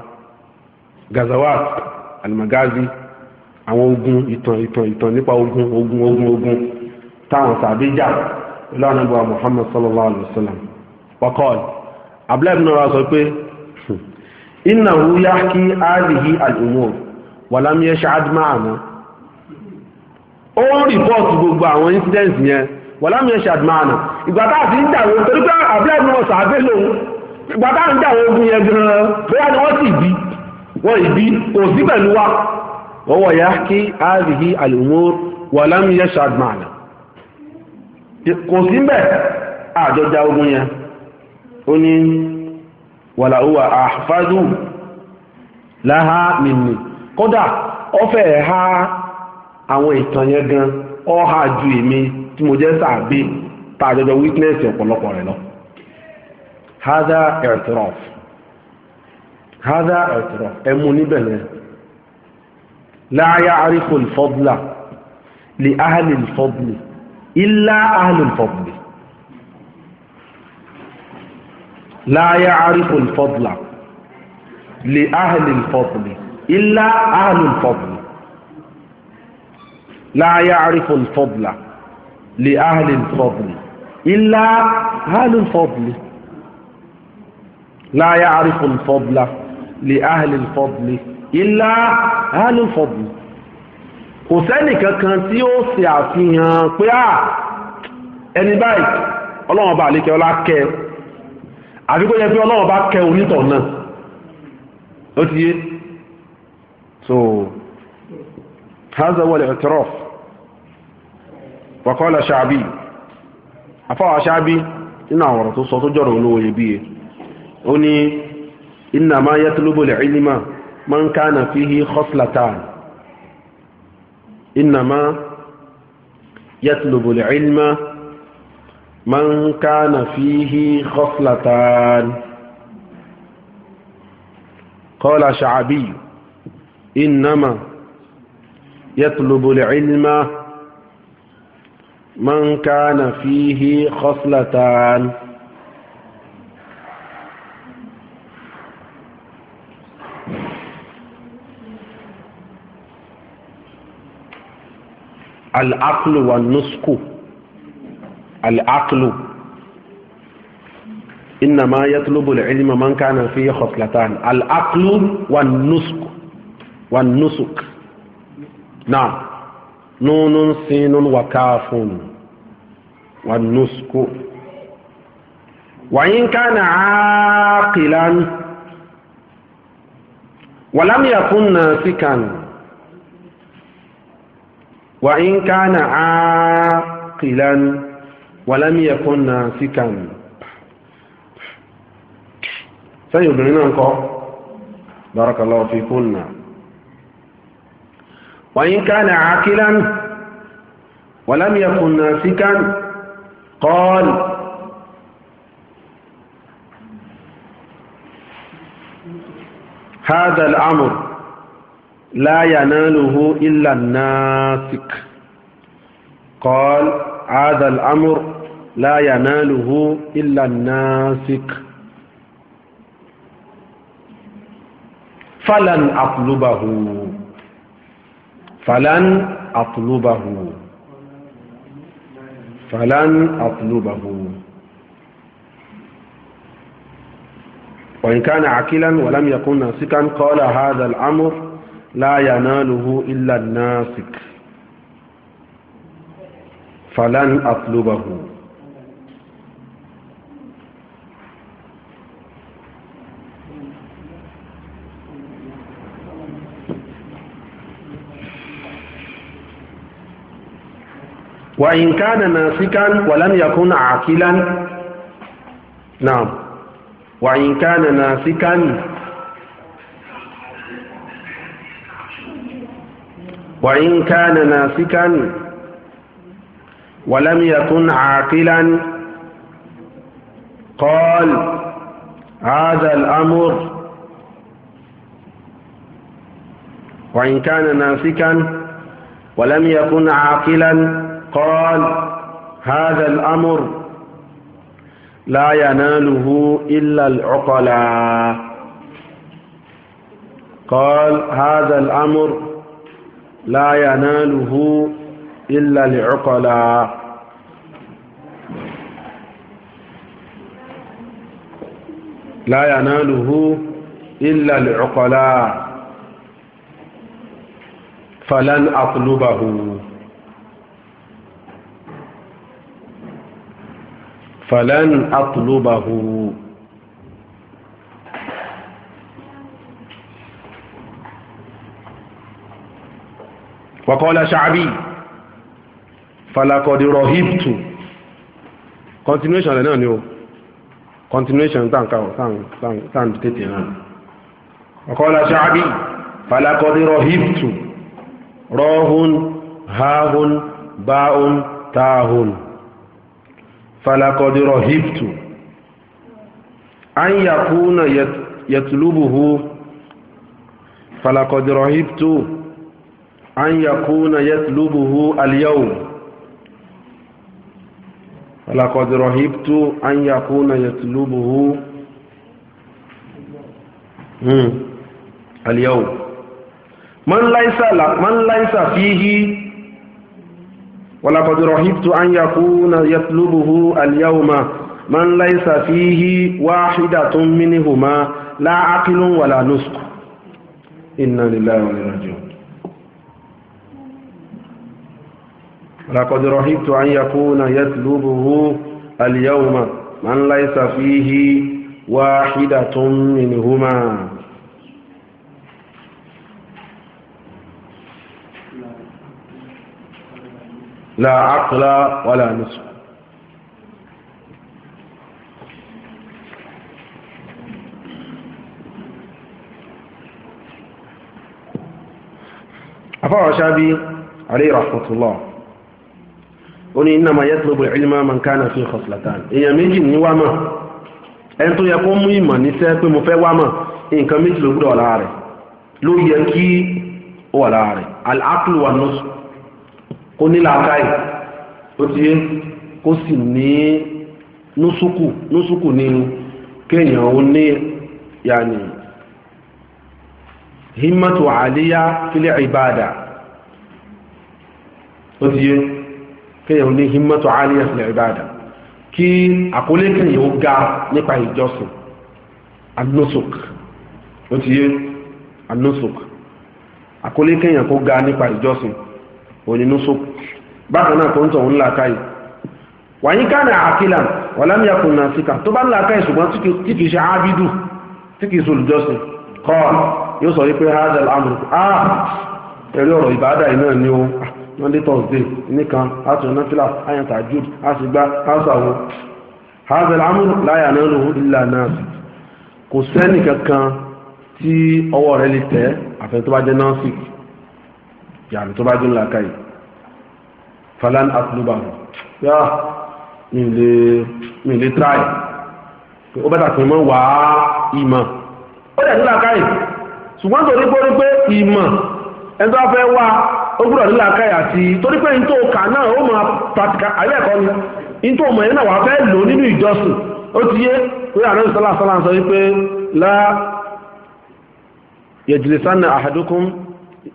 [SPEAKER 1] gazawat almagazi àwọn ogun ìtàn ìtàn ìtàn nípa ogun ogun ogun ogun táwọn sàbíjà lọ́nà bá muhammad sallallahu alaihi wasallam wa qala abdullahi ibn umar sọ pé innahu yahki alihi al-umur walam yash'ad ma'ana ó ń rìpọ́ọ̀tù gbogbo àwọn incident yẹn walam yash'ad ma'ana ìgbà tá a ti ń dàwọ́ ogun kò sí pẹ̀lú wa al-umur ogun yẹn ó ní wàláhùwà àfádù láhá mìíní kódà ọfẹ́ ha àwọn ìtàn yẹn gan ọha ju èmi tí mo jẹ́ sàbí tá a jọjọ witness ọ̀pọ̀lọpọ̀ rẹ̀ lọ. hadha ẹ̀tọ́rọ̀f hadha ẹ̀tọ́rọ̀f ẹ mú níbẹ̀ àríkò ìfọ́bùlà lè áhàlì ìfọ́bùlì ilá áhàlì ìfọ́bùlì. láyé àrífò fọ́dùlà lè áhàlì fọ́dùlì ilá áhàlì fọ́dùlì láyé àrífò fọ́dùlà lè áhàlì fọ́dùlì ilá áhàlì fọ́dùlì láyé àrífò fọ́dùlà lè áhàlì fọ́dùlì ilá áhàlì fọ́dùlì kò sẹ́nì kankan tí ó ṣe àfihàn pé à ẹni báyìí ọlọ́run ọba àlékẹ́ ọlá kẹ́ ẹ àbí kó yẹ pé ọlọ́wọ́ bá kẹ onítọ̀ náà ó ti yé so haza wal i'tiraf wa qala Sha'bi afọ́wà Sha'bi nínú àwọn ọ̀rọ̀ tó sọ tó jọ̀rọ̀ olówó yẹ bíye ó ní innama yatlubul ilma man kana fihi khoslatan innama yatlubul ilma من كان فيه خصلتان قال شعبي إنما يطلب العلم من كان فيه خصلتان العقل والنسك العقل إنما يطلب العلم من كان فيه خصلتان العقل والنسك والنسك نعم نون سين وكاف والنسك وإن كان عاقلا ولم يكن ناسكا وإن كان عاقلا ولم يكن ناسكا سيدنا ننقى بارك الله فيكن وإن كان عاقلا ولم يكن ناسكا قال هذا الأمر لا يناله إلا الناسك قال هذا الأمر لا يناله إلا الناسك فلن أطلبه فلن أطلبه فلن أطلبه وإن كان عاقلا ولم يكن ناسكا قال هذا الأمر لا يناله إلا الناسك فلن أطلبه وإن كان ناسكا ولم يكن عاقلا نعم وإن كان ناسكا وإن كان ناسكا ولم يكن عاقلا قال هذا الأمر وإن كان ناسكا ولم يكن عاقلا قال هذا الأمر لا يناله إلا العقلاء قال هذا الأمر لا يناله إلا العقلاء لا يناله إلا العقلاء فلن أطلبه falan atlubahu وقال شعبي فلقد رهبت continuation rẹ̀ náà ni o continuation tán ká o tán tètè náà وقال شعبي فلقد رهبت راهن هاهن باء تاهن falakọdúrọ̀ hiptu an yakuna yatlubuhu falakọdúrọ̀ hiptu an yakuna yatlubuhu alyawm falakọdúrọ̀ hiptu an yakuna yatlubuhu alyawm man laisa fihi ولقد رهبت أن يكون يطلبه اليوم من ليس فيه واحدة منهما لا عقل ولا نسك إنا لله وإنا راجعون ولقد رهبت أن يكون يطلبه اليوم من ليس فيه واحدة منهما la aqla wala nusu afọ́wọ́ ṣábí alayhi rahmatullah ó ní innama yatlubu ilma man kana fi khaslatan èèyàn méjì ní wá mọ̀ ẹni tó yẹ kó mú ìmọ̀ níṣẹ́ pé mo fẹ́ wá mọ̀ nǹkan méjì ló gbọ́dọ̀ wà lára rẹ̀ ló yẹ kí ó wà lára rẹ̀ al-aqlu wan nusu kó ní làákàyè ó ti yé kó sì ní núsùkù núsùkù ní kéèyàn ó ní yàní himmatu àlíyá fílẹ̀ ìbáàdà ó ti yé kéèyàn ó ní himmatu àlíyá fílẹ̀ ìbáàdà kí àkólé kéèyàn ó ga nípa ìjọsìn anusuk ó ti yé anusuk àkólé kéèyàn kó ga nípa ìjọsìn onínúsó bákan náà tó ń tọ̀hún làákàyè wàyí kánà àkílà wàlámì akùnà síkà tó bá làákàyè ṣùgbọ́n tí kìí ṣe ábídù tí kìí ṣe olùjọ́sìn kọ́ yóò sọ wípé hazel amur ah ẹ̀rí ọ̀rọ̀ ìbáadà iná ni ó ah! monday thursday nìkan àtúnyẹ̀ náfìlà àyàntà jude àṣìgbà àṣàwọ̀ hazel amur láyà náà lòun ìlà náà kò sẹ́nì kankan tí ọwọ́ rẹ̀ lè tẹ̀ àfẹ́ tó bá jẹ́ náà síkì yàrá tó bá dín làákà yìí falan atluba yá mi lè mi lè tíráì ó bẹ́tà pé wá ìmọ̀ ó dẹ̀ káyì ṣùgbọ́n pé ìmọ̀ ẹni tó fẹ́ wá ó gbúdọ̀ káyì àti torí pé kà náà ó máa pàtìkà ayé ẹ̀kọ́ ni yẹn náà fẹ́ lò nínú ìjọsìn ó ti yé pé sọ wípé lá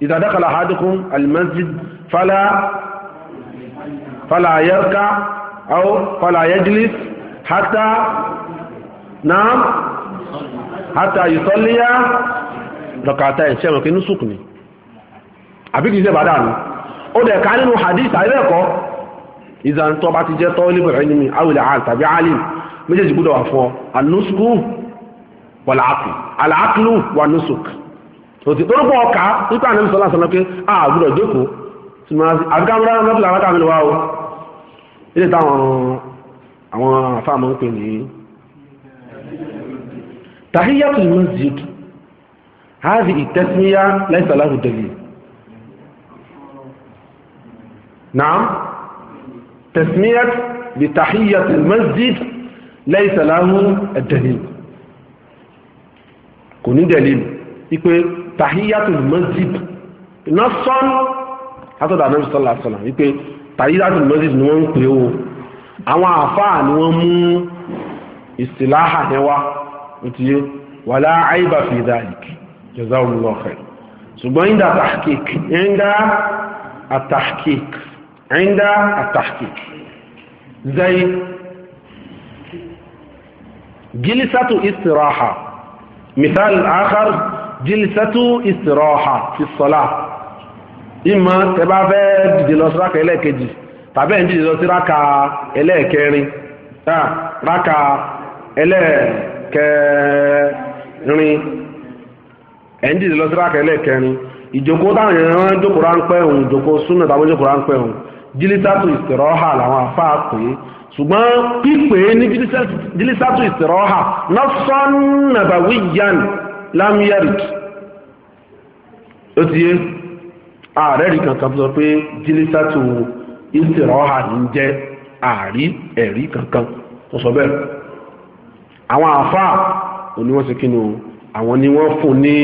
[SPEAKER 1] إذا دخل أحدكم المسجد فلا فلا يركع أو فلا يجلس حتى نعم حتى يصلي ركعتين ṣé mọ̀ kí nusuk ni àbí kìí ṣe bàdá ni ó dẹ̀ ká nínú hadith àìlẹ́ẹ̀kọ́ ìzàntọ́ bá ti jẹ́ tọ́lébù ilmi awìlẹ̀ àn tàbí alim méjèèjì gbọ́dọ̀ wà fún ọ anusukú wàlàákù alàákùlù wà nusuk òtí orúkọ ọkà nípa àná sọlá sọlá pé a gbúdọ̀ jókòó tí máa sí àbíkámúra mọ́tòlá wákà mi wá o ilé táwọn àwọn afáàmọ́ ń pè ní tahiyatul masjid هذه التسمية ليس له دليل نعم تسمية بتحية المسجد ليس له الدليل كوني دليل يقول tahiyatul masjid iná sọ́n látọ̀dọ̀ ànábì sallallahu alaihi wasallam wípé tahiyatul masjid ni wọ́n ń pè ó àwọn àfáà ni wọ́n mú ìsìláhà yẹn wá ó ti yé wàlá àìbà fi dhalik jazakumullahu khair ṣùgbọ́n ìdá tahqiq ẹ̀ńdá àtàkìk ẹ̀ńdá àtàkìk zai جلسة استراحة مثال آخر jílísẹ́tù ìsìrọ̀ọ̀hà fi sọ́lá ìmọ̀ tẹ bá fẹ́ dìde lọ sí ráka ẹlẹ́ẹ̀kejì tàbí ẹ̀ ń dìde lọ sí ráka ẹlẹ́ẹ̀kẹrin ráka ẹlẹ́ẹ̀kẹrin ẹ̀ ń dìde lọ sí ráka ẹlẹ́ẹ̀kẹrin ìjókòó táwọn èèyàn máa ń jókòó ráńpẹ́ òun ìjókòó súnà táwọn jókòó ráńpẹ́ òun jílísàtù ìsìrọ́hà làwọn afáà pè é ṣùgbọ́n pípé ní jílísàtù ìsìrọ́hà nafsan nabawiyyan lamiyarit ó ti yé ààrẹ rí kankan sọ pé jílísàtò ìsìnrọ́hà ní jẹ́ ààrí ẹ̀rí kankan tó sọ bẹ́ẹ̀ àwọn àfáà òní wọ́n ṣe kí ni o àwọn ni wọ́n fún ní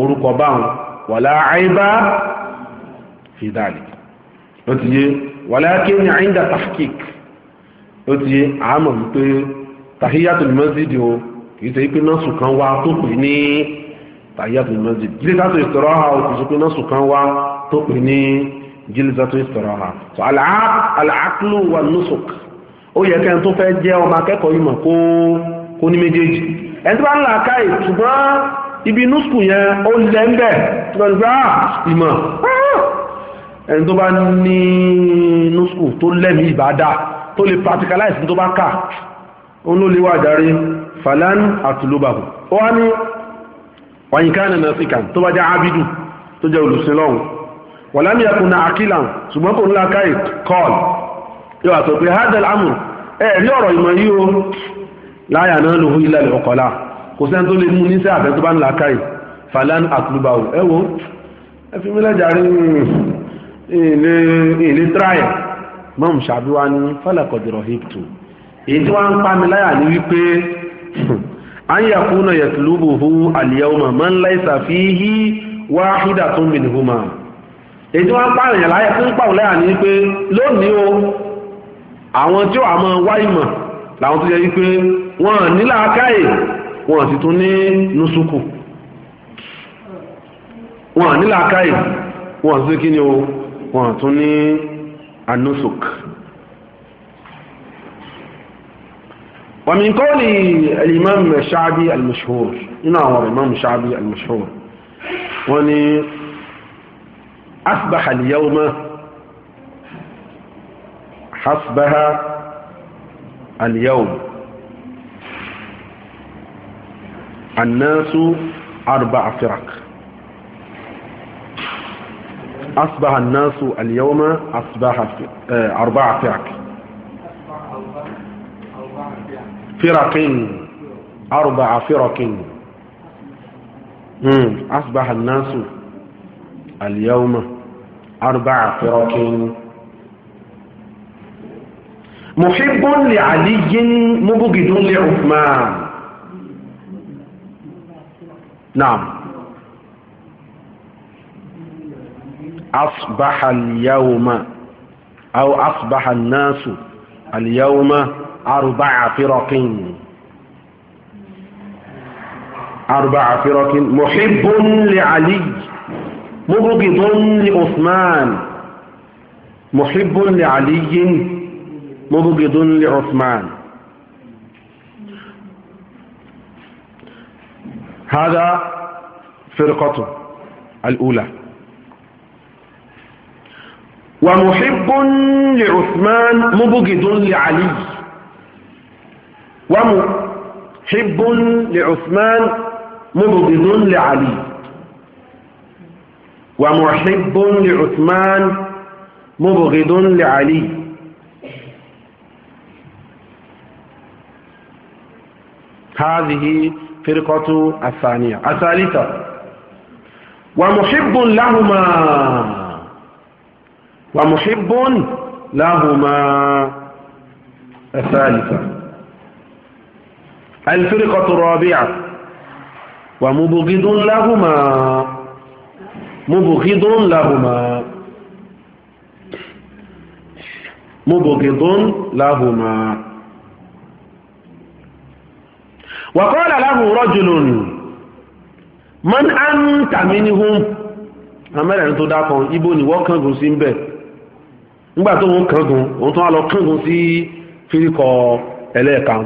[SPEAKER 1] orúkọ báwọn wàlá àìbá fìdálì ó ti yé wàlá kí àìndà tafkik ó ti yé àmọ̀ wípé tàhíyàtò ní mọ́sídìí o kìí ṣe pé nọ́ọ̀sù kan wá tó pè ní tàyàtò mọ́sí jílẹ̀sàtò ìsọ̀rọ̀ ha ò kìí ṣe kan wá tó pè ní jílẹ̀sàtò ìsọ̀rọ̀ so àlàákùlù wà nusuk ó yẹ kẹ́ni tó fẹ́ jẹ́ ọmọ akẹ́kọ̀ọ́ yìí mọ̀ kó kó ní méjèèjì ẹni tó bá ń là ká ìtùgbọ́n ibi nusuk yẹn ó lẹ́ ń bẹ̀ lọ́dúnrà ah, ìmọ̀ ah! ẹni tó bá ní nusuk tó lẹ́mìí ìbádà tó lè practicalize tó bá kà ó ló lè wà falan atulubahu ó wá ní wàyínká nà nàṣíkà tó bá jẹ́ abidu tó jẹ́ olùsìn lọ́hùn wà lámì ẹkùn náà akílà ṣùgbọ́n kò ńlá káì kọ́ọ̀lù yóò àtọ̀ pé hadal amu ẹ̀rí ọ̀rọ̀ ìmọ̀ yìí o láyà náà ló hún ilẹ̀ ọ̀kọ̀lá kò sẹ́ni tó lè mú ní sí àbẹ́ tó bá ńlá káì falan atulubahu ẹ wo ẹ fi mílẹ̀ jàre ilé tíráyà mọ́mù ṣàbíwá ní fọlẹ̀kọ̀dìrọ̀ hip èyí tí wọ́n ń pa mi láyà ní wípé Hmm. an yakuna yatlubuhu al-yawma man laysa fihi wahidatun minhuma ètò wọn pààyàn yàn láyà fún pàwọn láyà ní pé lónìí o àwọn tí ó àmọ́ wá ìmọ̀ tó yẹ wípé wọn ní làákàyè wọn sì tún ní nusuku wọn ní làákàyè wọn sì kí ni tún ní anusuk. ومن قول الإمام الشعبي المشهور هنا هو الإمام الشعبي المشهور وني أصبح اليوم حسبها اليوم الناس أربع فرق أصبح الناس اليوم أصبح آه، أربع فرق فرق أربع فرق أصبح الناس اليوم أربع فرق محب لعلي مبغض لعثمان نعم أصبح اليوم أو أصبح الناس اليوم أربع فرق أربع فرق محب لعلي مبغض لعثمان محب لعلي مبغض لعثمان هذا فرقته الأولى ومحب لعثمان مبغض لعلي ومحب لعثمان مبغض لعلي ومحب لعثمان مبغض لعلي هذه فرقة الثانية الثالثة ومحب لهما ومحب لهما الثالثة الفرقة الرابعة ومبغض لهما مبغض لهما مبغض لهما وقال له رجل من أنت منهم amẹ́rẹ̀rin tó dákan ibo ni wọ́n kángun sí ń bẹ̀ nígbà tó wọ́n kángun òun tó wá lọ kángun sí fíríkọ ẹlẹ́ẹ̀kan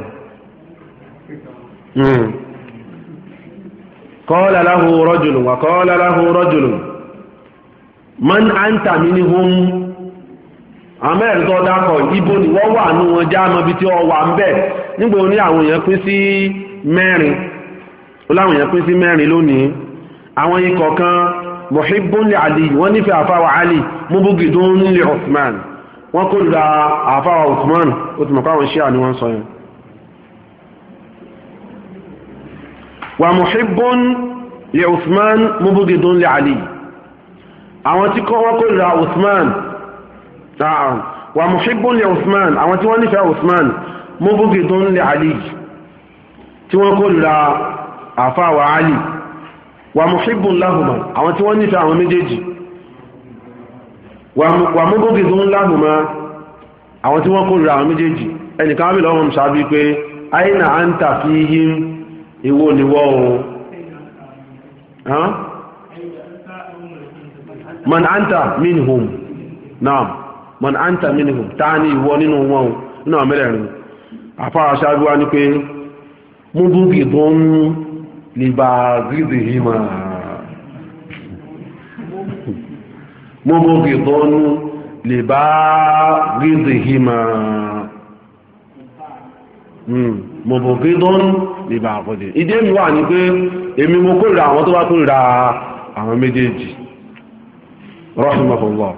[SPEAKER 1] kọ́ọ́lá láhù rọ́jùlù wà kọ́ọ́lá láhù rọ́jùlù man anta minhum tó dákọ̀ ibo ni wọ́n wà ní wọn já mọ́bi tí ọ wà ń bẹ̀ nígbà oní àwọn èèyàn pín sí mẹ́rin láwọn èèyàn pín sí mẹ́rin lónìí àwọn ikọ̀ kan muhibbun ali wọ́n nífẹ̀ẹ́ àfáwà ali mubugidun osman. usman wọ́n àfáwà ó ti mọ̀ pé àwọn ṣíà ni wọ́n wà muhibbun li usman mubugidun li ali àwọn tí kọ́ wọ́n kórìíra usman wà muhibbun li usman àwọn tí wọ́n nífẹ̀ẹ́ usman mubugidun li ali tí wọ́n kórìíra àfa wa ali wà muhibbun lahuma àwọn tí wọ́n nífẹ̀ẹ́ àwọn méjèèjì wà mubugidun lahuma àwọn tí wọ́n kórìíra àwọn méjèèjì ẹnìkan wọ́n bí lọ́wọ́ ìwọ ni wọ́n o man anta minhum naam man anta minhum ta ni ìwọ nínú wọn o nínú àmẹ́rẹ̀rin àfáà ṣáájú wá ní pé mú búkì tó ń lè bá gídì yìí máa mọ́mọ́gìdọ́nú lè bá gídì hìmà mọ́mọ́gìdọ́nú bí máa kọ́ di ìdí èmi wà ní pé èmi mo kórìíra àwọn tó bá kórìíra àwọn méjèèjì rahimahullah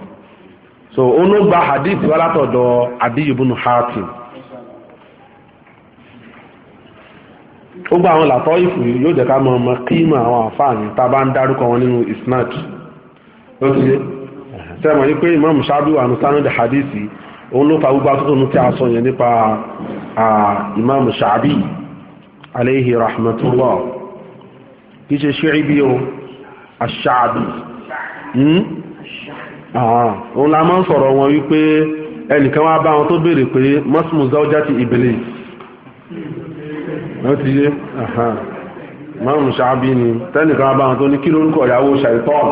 [SPEAKER 1] so olóògbà hadith wà látọ̀dọ̀ adiyibunu hatim ó gba àwọn làtọ́ ìfù yóò jẹ́ ká mọ ọmọ kíma àwọn àǹfààní tá a bá ń dárúkọ wọn nínú isnad ló ti sẹ́mọ̀ yí pé imam shabi wà ní sanad hadithi òun ló fa gbogbo àtúntò tí a sọ yẹn nípa imam shabi alayhi rahmatullah kì í ṣe ṣírí bí o aṣáàbì hmm? ah, òun la máa sọ̀rọ̀ wọn wípé ẹnìkan wá bá wọn tó béèrè pé mọ́sùmù záújá ti iblis wọ́n ti yé mọ́rùn ṣáàbí ni tẹ́nìkan wá bá wọn tó ní kí lórúkọ ìyàwó ṣàìtọ́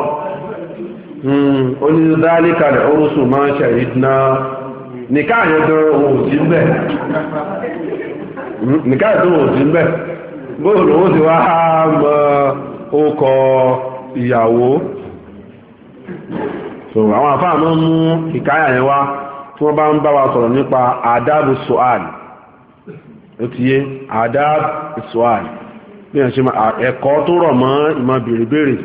[SPEAKER 1] onídàálẹ́kàlẹ̀ orúsùn
[SPEAKER 2] Hmm? nìkan tó wò sí mbẹ bóòlù ó sì wá mọ
[SPEAKER 1] ọkọ ìyàwó so àwọn àfáà máa mú ìkáyà yẹn wá tí wọ́n bá ń bá wa sọ̀rọ̀ nípa adab su'ad ó ti yé àdáàbò suad bí wọ́n ṣe máa ẹ̀kọ́ tó rọ̀ mọ́ ìmọ̀ béèrè béèrè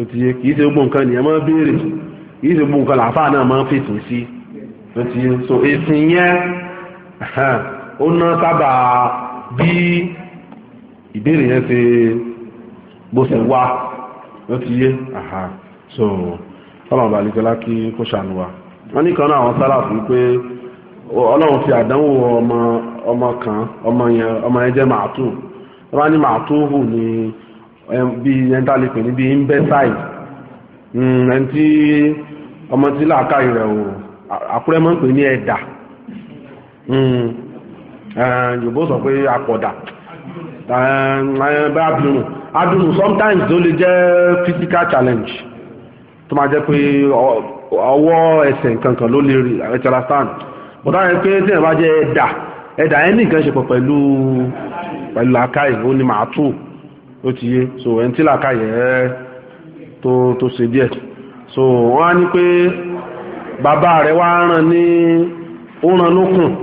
[SPEAKER 1] ó ti yé kì ṣe gbogbo nǹkan nìyẹn máa béèrè kì ṣe gbogbo nǹkan làáfáà náà fèsì sí ó ti so èsì ó ná sábà bí ìbéèrè yẹn ṣe bó ṣe wá ló ti yé so ọlọ́run bá lẹ́jọ́ lákì kó ṣàánú wa wọ́n ní kan náà àwọn sálàfù pé ọlọ́run fi àdánwò ọmọ ọmọ kan ọmọ ọmọ yẹn jẹ́ màtú wọ́n bá ní màtú hù ní bí yẹn tá lè pè ní o hmm, àkúrẹ́ máa ń hmm. Eh, yorùbá sọ pé apọ̀dà eh, eh, bá abirùn sometimes ó lè jẹ́ physical challenge tó máa jẹ́ pé ọwọ́ ẹsẹ̀ kankan ló lè rí ẹ̀tẹ̀ra stand but àwọn pé tí ẹ̀ bá jẹ́ ẹ̀dà ẹ̀dà ẹni nǹkan ṣe pọ̀ pẹ̀lú pẹ̀lú ó ti yé so ẹni tí e ẹ̀ tó se ṣe so wọ́n á ní pé bàbá rẹ̀ wá ràn ní ó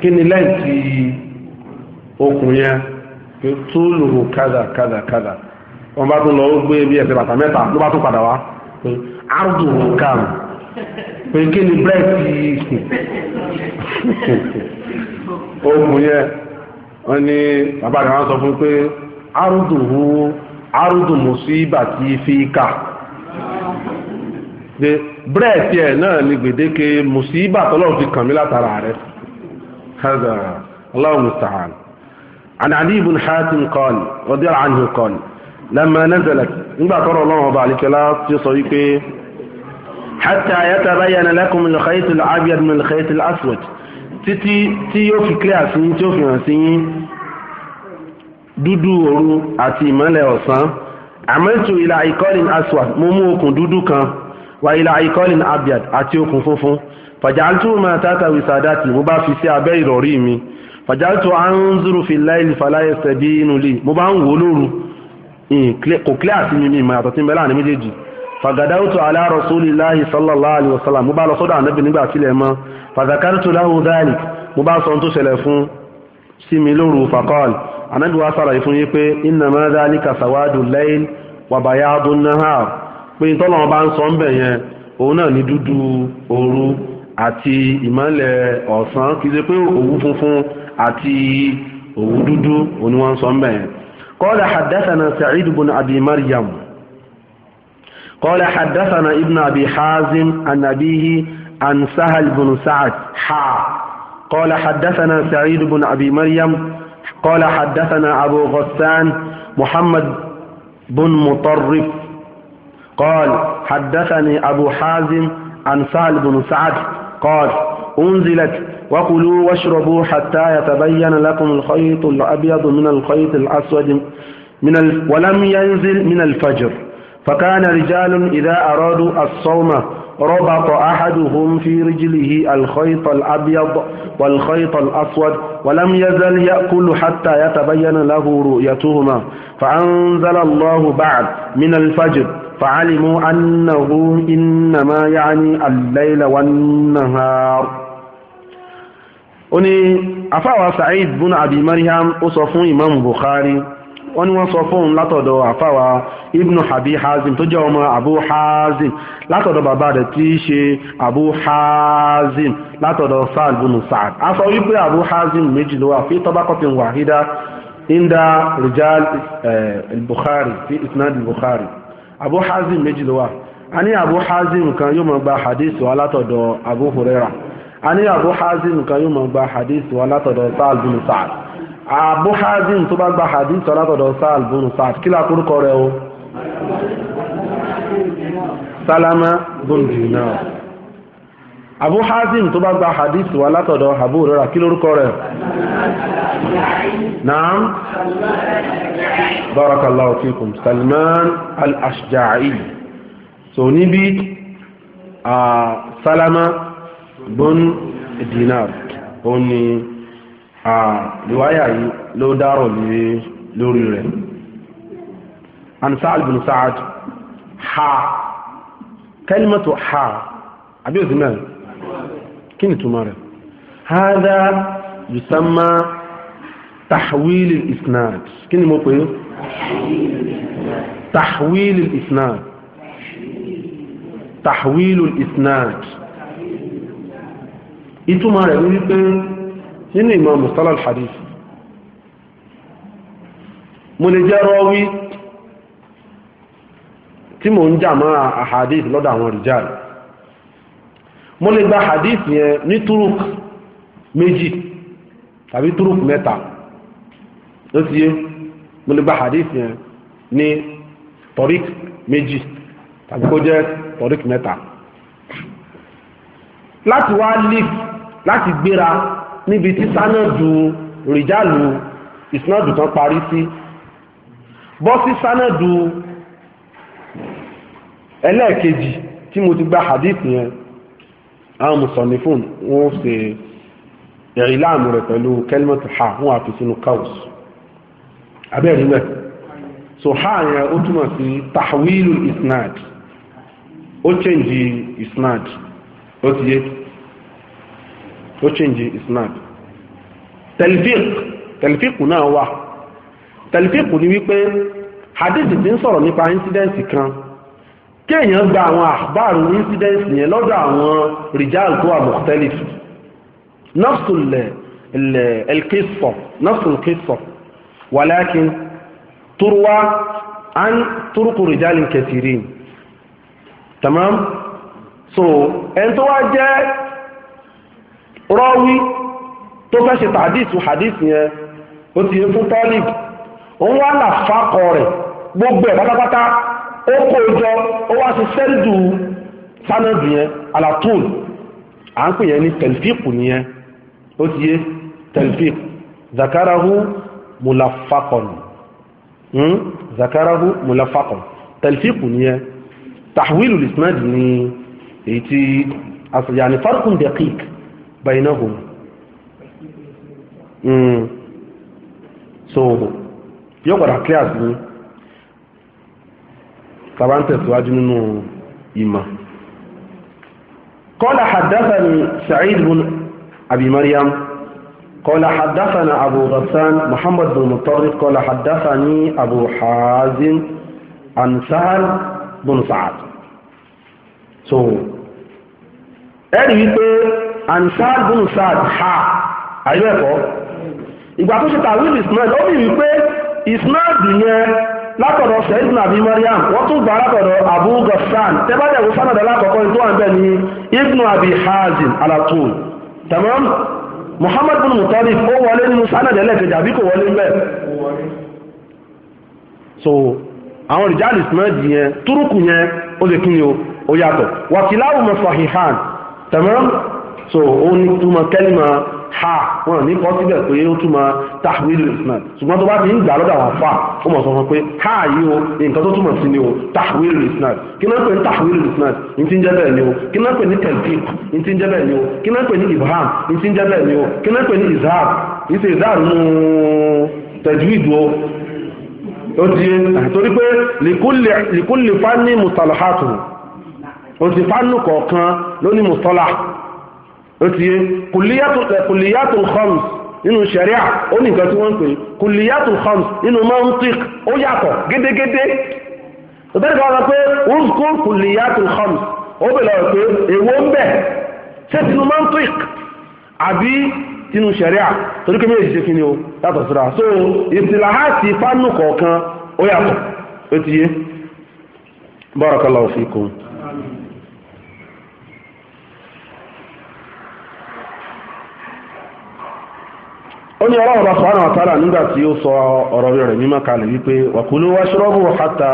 [SPEAKER 1] kí ni lẹ́ǹtì okùn yẹn tó lòrò kádàkádàkádà wọn bá tún lọ ó gbé bí ẹsẹ̀ bàtà mẹ́ta ló bá tún padà wá pé àrùdùrù kàm pé kí ni <laughs> okùn yẹn wọ́n ní bàbá rẹ̀ sọ fún pé àrùdùrù àrùdùmù ẹ̀ náà ni هذا الله المستعان عن علي بن حاتم قال رضي الله عنه قال لما نزلت نبع ترى الله بعلك لا تصيبك حتى يتبين لكم الخيط الأبيض من الخيط الأسود títí tí yóò fi kílẹ̀ àsìyín tí ó fi hàn sí yín dúdú òru àti ìmọ́lẹ̀ ọ̀sán àmẹ́tù ìlà ìkọ́lìn aswad mo mú okùn dúdú kan wà ìlà ìkọ́lìn abiad àti okùn funfun fàjáltù máa tàtà wìsàdátì mo bá fi sí abẹ́ ìrọ̀rí mi fàjáltù anzuru fi láìlì fàláyé sẹ̀dí inú lè mo bá ń wò lóru kò kílẹ̀ àti mímí ìmọ̀ àtọ̀tí mẹ́lá ní méjèèjì fàgàdáwùtò ala rasulillahi òun náà ní dúdú òru àti ìmọ́lẹ̀ ọ̀sán kì í ṣe pé òwú funfun àti òwú dúdú òní wọ́n sọ mbẹ̀ قال حدثنا سعيد بن أبي مريم قال حدثنا ابن أبي حازم عن أبيه عن سهل بن سعد حا قال حدثنا سعيد بن أبي مريم قال حدثنا أبو غسان محمد بن مطرف قال حدثني أبو حازم عن سهل بن سعد قال أنزلت وكلوا واشربوا حتى يتبين لكم الخيط الأبيض من الخيط الأسود من ال... ولم ينزل من الفجر فكان رجال إذا أرادوا الصوم ربط أحدهم في رجله الخيط الأبيض والخيط الأسود ولم يزل يأكل حتى يتبين له رؤيتهما فأنزل الله بعد من الفجر فعلموا أنه إنما يعني الليل والنهار ó ní afáwa Sa'id bun Abi Maryam ó sọ fún Imam Bukhari wọ́n ní wọ́n sọ fóun látọ̀dọ̀ àfáwa Ibn Abi Hazim tó jẹ́ ọmọ Abu Hazim látọ̀dọ̀ bàbá rẹ̀ tí í ṣe Abu Hazim látọ̀dọ̀ Sa'ad bun Sa'ad a sọ wípé Abu Hazim méjì ló wà fi tabaqatin wahida inda rijal Bukhari fi isnad Bukhari abu hazim méjì ló wà a ní abu hazim kan yóò máa gba hadith wa látọ̀dọ̀ abu huraira a ní abu hazim kan yóò máa gba hadith wa látọ̀dọ̀ sa'ad bin sa'ad abu hazim tó bá gba hadith wa látọ̀dọ̀ sa'ad bin sa'ad kí la kúrúkọ o salama bin dinar abu hazim tó bá gba hadith wa látọ̀dọ̀ abu rẹ̀ kí lórúkọ rẹ̀ naam barakallahu fikum salman al-ashja'i so níbi a salama bun dinar ó ní a riwaya yìí ló dárò lórí rẹ̀ an sa'ad bin sa'ad ha kalimatu ha abi uthman kí ni túmọ̀ rẹ̀ hada yusamma tahwil isnad kí ni mo pè é tahwil isnad tahwil isnad ìtumọ̀ rẹ̀ ní wípé nínú ìmọ̀ mustala al-hadith mo lè jẹ́ rọ́wí tí mo ń jà máa ahadith lọ́dọ̀ àwọn rìjáàlì mo lè gba hadith yẹn ní turuk méjì tàbí turuk mẹ́ta ó ti yé mo lè gba hadith yẹn ní tọ́rík méjì tàbí kó jẹ́ tọ́rík mẹ́ta láti wá lif láti gbéra níbi tí sánàdù rìjálù ìsínàdù tán parí sí bọ́ sí sánàdù ẹlẹ́ẹ̀kejì tí mo ti gba hadith yẹn àwọn mùsọ̀nìfún wọ́n ṣe ìrìláàmù rẹ̀ pẹ̀lú kẹlmọ̀tì ha wọ́n àfi sínú kaus abẹ́rẹ́ mẹ́ so ha yẹn ó túmọ̀ sí tahwilu isnad ó chẹ́ǹjì isnad ó ti yé ó chẹ́ǹjì isnad tẹlifík tẹlifíkù náà wà tẹlifíkù ni wípé hadith ti ń sọ̀rọ̀ nípa incident kan kéèyàn gba àwọn àbáàrù incidence yẹn lọ́dọ̀ àwọn rijal tó wà mọ̀tẹ́lìfì nọ́fṣùlẹ̀ elkisọ̀ nọ́fṣùlẹ̀ kisọ̀ wàlákin turwa an turku rijal kẹtìrì tamam so ẹn tó wá jẹ́ rọ́wí tó fẹ́ ṣe tàdísù hadith yẹn ó ti fún tọ́lì òun wá là ó kó jọ ó wá sí sẹ́ńdù sánàdù yẹn alatún à ń pè yẹn ní tẹlifíìpù nìyẹn ó ti yé tẹlifíìpù zakarahu mulafakọ̀nù hmm? zakarahu mulafakọ̀nù tẹlifíìpù nìyẹn tahwilu lismad ni èyí tí yani farkun daqiq bainahum mm so yóò padà clear sí ni tàbá ń tẹ̀síwájú nínú ìmọ̀ قال حدثني سعيد بن أبي مريم قال حدثنا أبو غسان محمد بن مطرف قال حدثني أبو حازم عن سهل بن سعد so ẹ̀rí wípé ansar bin saad ha àyẹ̀kọ́ ìgbà tó ṣe tàwíl ismail ó bí wípé ismail yẹn látọ̀dọ̀ sẹ́yìn àbí mariam wọ́n tún gbà látọ̀dọ̀ abu ghassan tẹ́bàdẹ̀wò sánàdà lákọ̀ọ́kọ́ tó wà e bẹ̀ ní ibnu abi hazim tamam muhammad bin mutalib ó wọlé nínú sánàdà ẹlẹ́kejì àbí kò wọlé mẹ́ so àwọn rìjáàlì sinadi yẹn túrùkù yẹn ó lè kíni ó yàtọ̀ wàkìláwù so ó ní túmọ̀ kẹ́lìmọ̀ ha wọn ní kọ́ síbẹ̀ pé ó túmọ̀ tahwil isnad ṣùgbọ́n tó bá ti ń gbà lọ́dọ̀ àwọn afa ó mọ̀ sọ fún pé ha yìí o nǹkan tó túmọ̀ sí ni o tahwil isnad kí náà pè ní tahwil isnad ní ti ń jẹ́ bẹ́ẹ̀ ni o kí náà pè ní tẹ̀lifík ní ti ń jẹ́ bẹ́ẹ̀ ni o kí náà pè ní ibham ní ń jẹ́ bẹ́ẹ̀ ni o kí náà pè ní izhar ní ti izhar nù tajwid o ó ti torí pé lìkúlì fánì mùsàlùhàtù ó ti fánù kọ̀ọ̀kan lóní mùsàlùhàtù ó ti yé kùlìyàtùl eh, khams nínú sẹ̀ríà ó ní nǹkan tí wọ́n ń pè kùlìyàtùl khams nínú mantiq ó yàtọ̀ gédégédé òtẹ́lẹ̀ kan sọ pé uzkur kùlìyàtùl khams ó bèèrè ọ̀rọ̀ pé èwo ń bẹ̀ ṣé tinú mantiq àbí tinú sẹ̀ríà torí pé méjì ṣe kí ni o yàtọ̀ síra so ìsìláhàtì fánù kọ̀ọ̀kan ó yàtọ̀ ó ti yé barakallahu fikum ó ní ọlọ́run bá sọ́nà àtàrà nígbà tí ó sọ ọ̀rọ̀ rẹ̀ mímọ́ kalẹ̀ wípé wàkúlú wá ṣọ́rọ́bù hàtà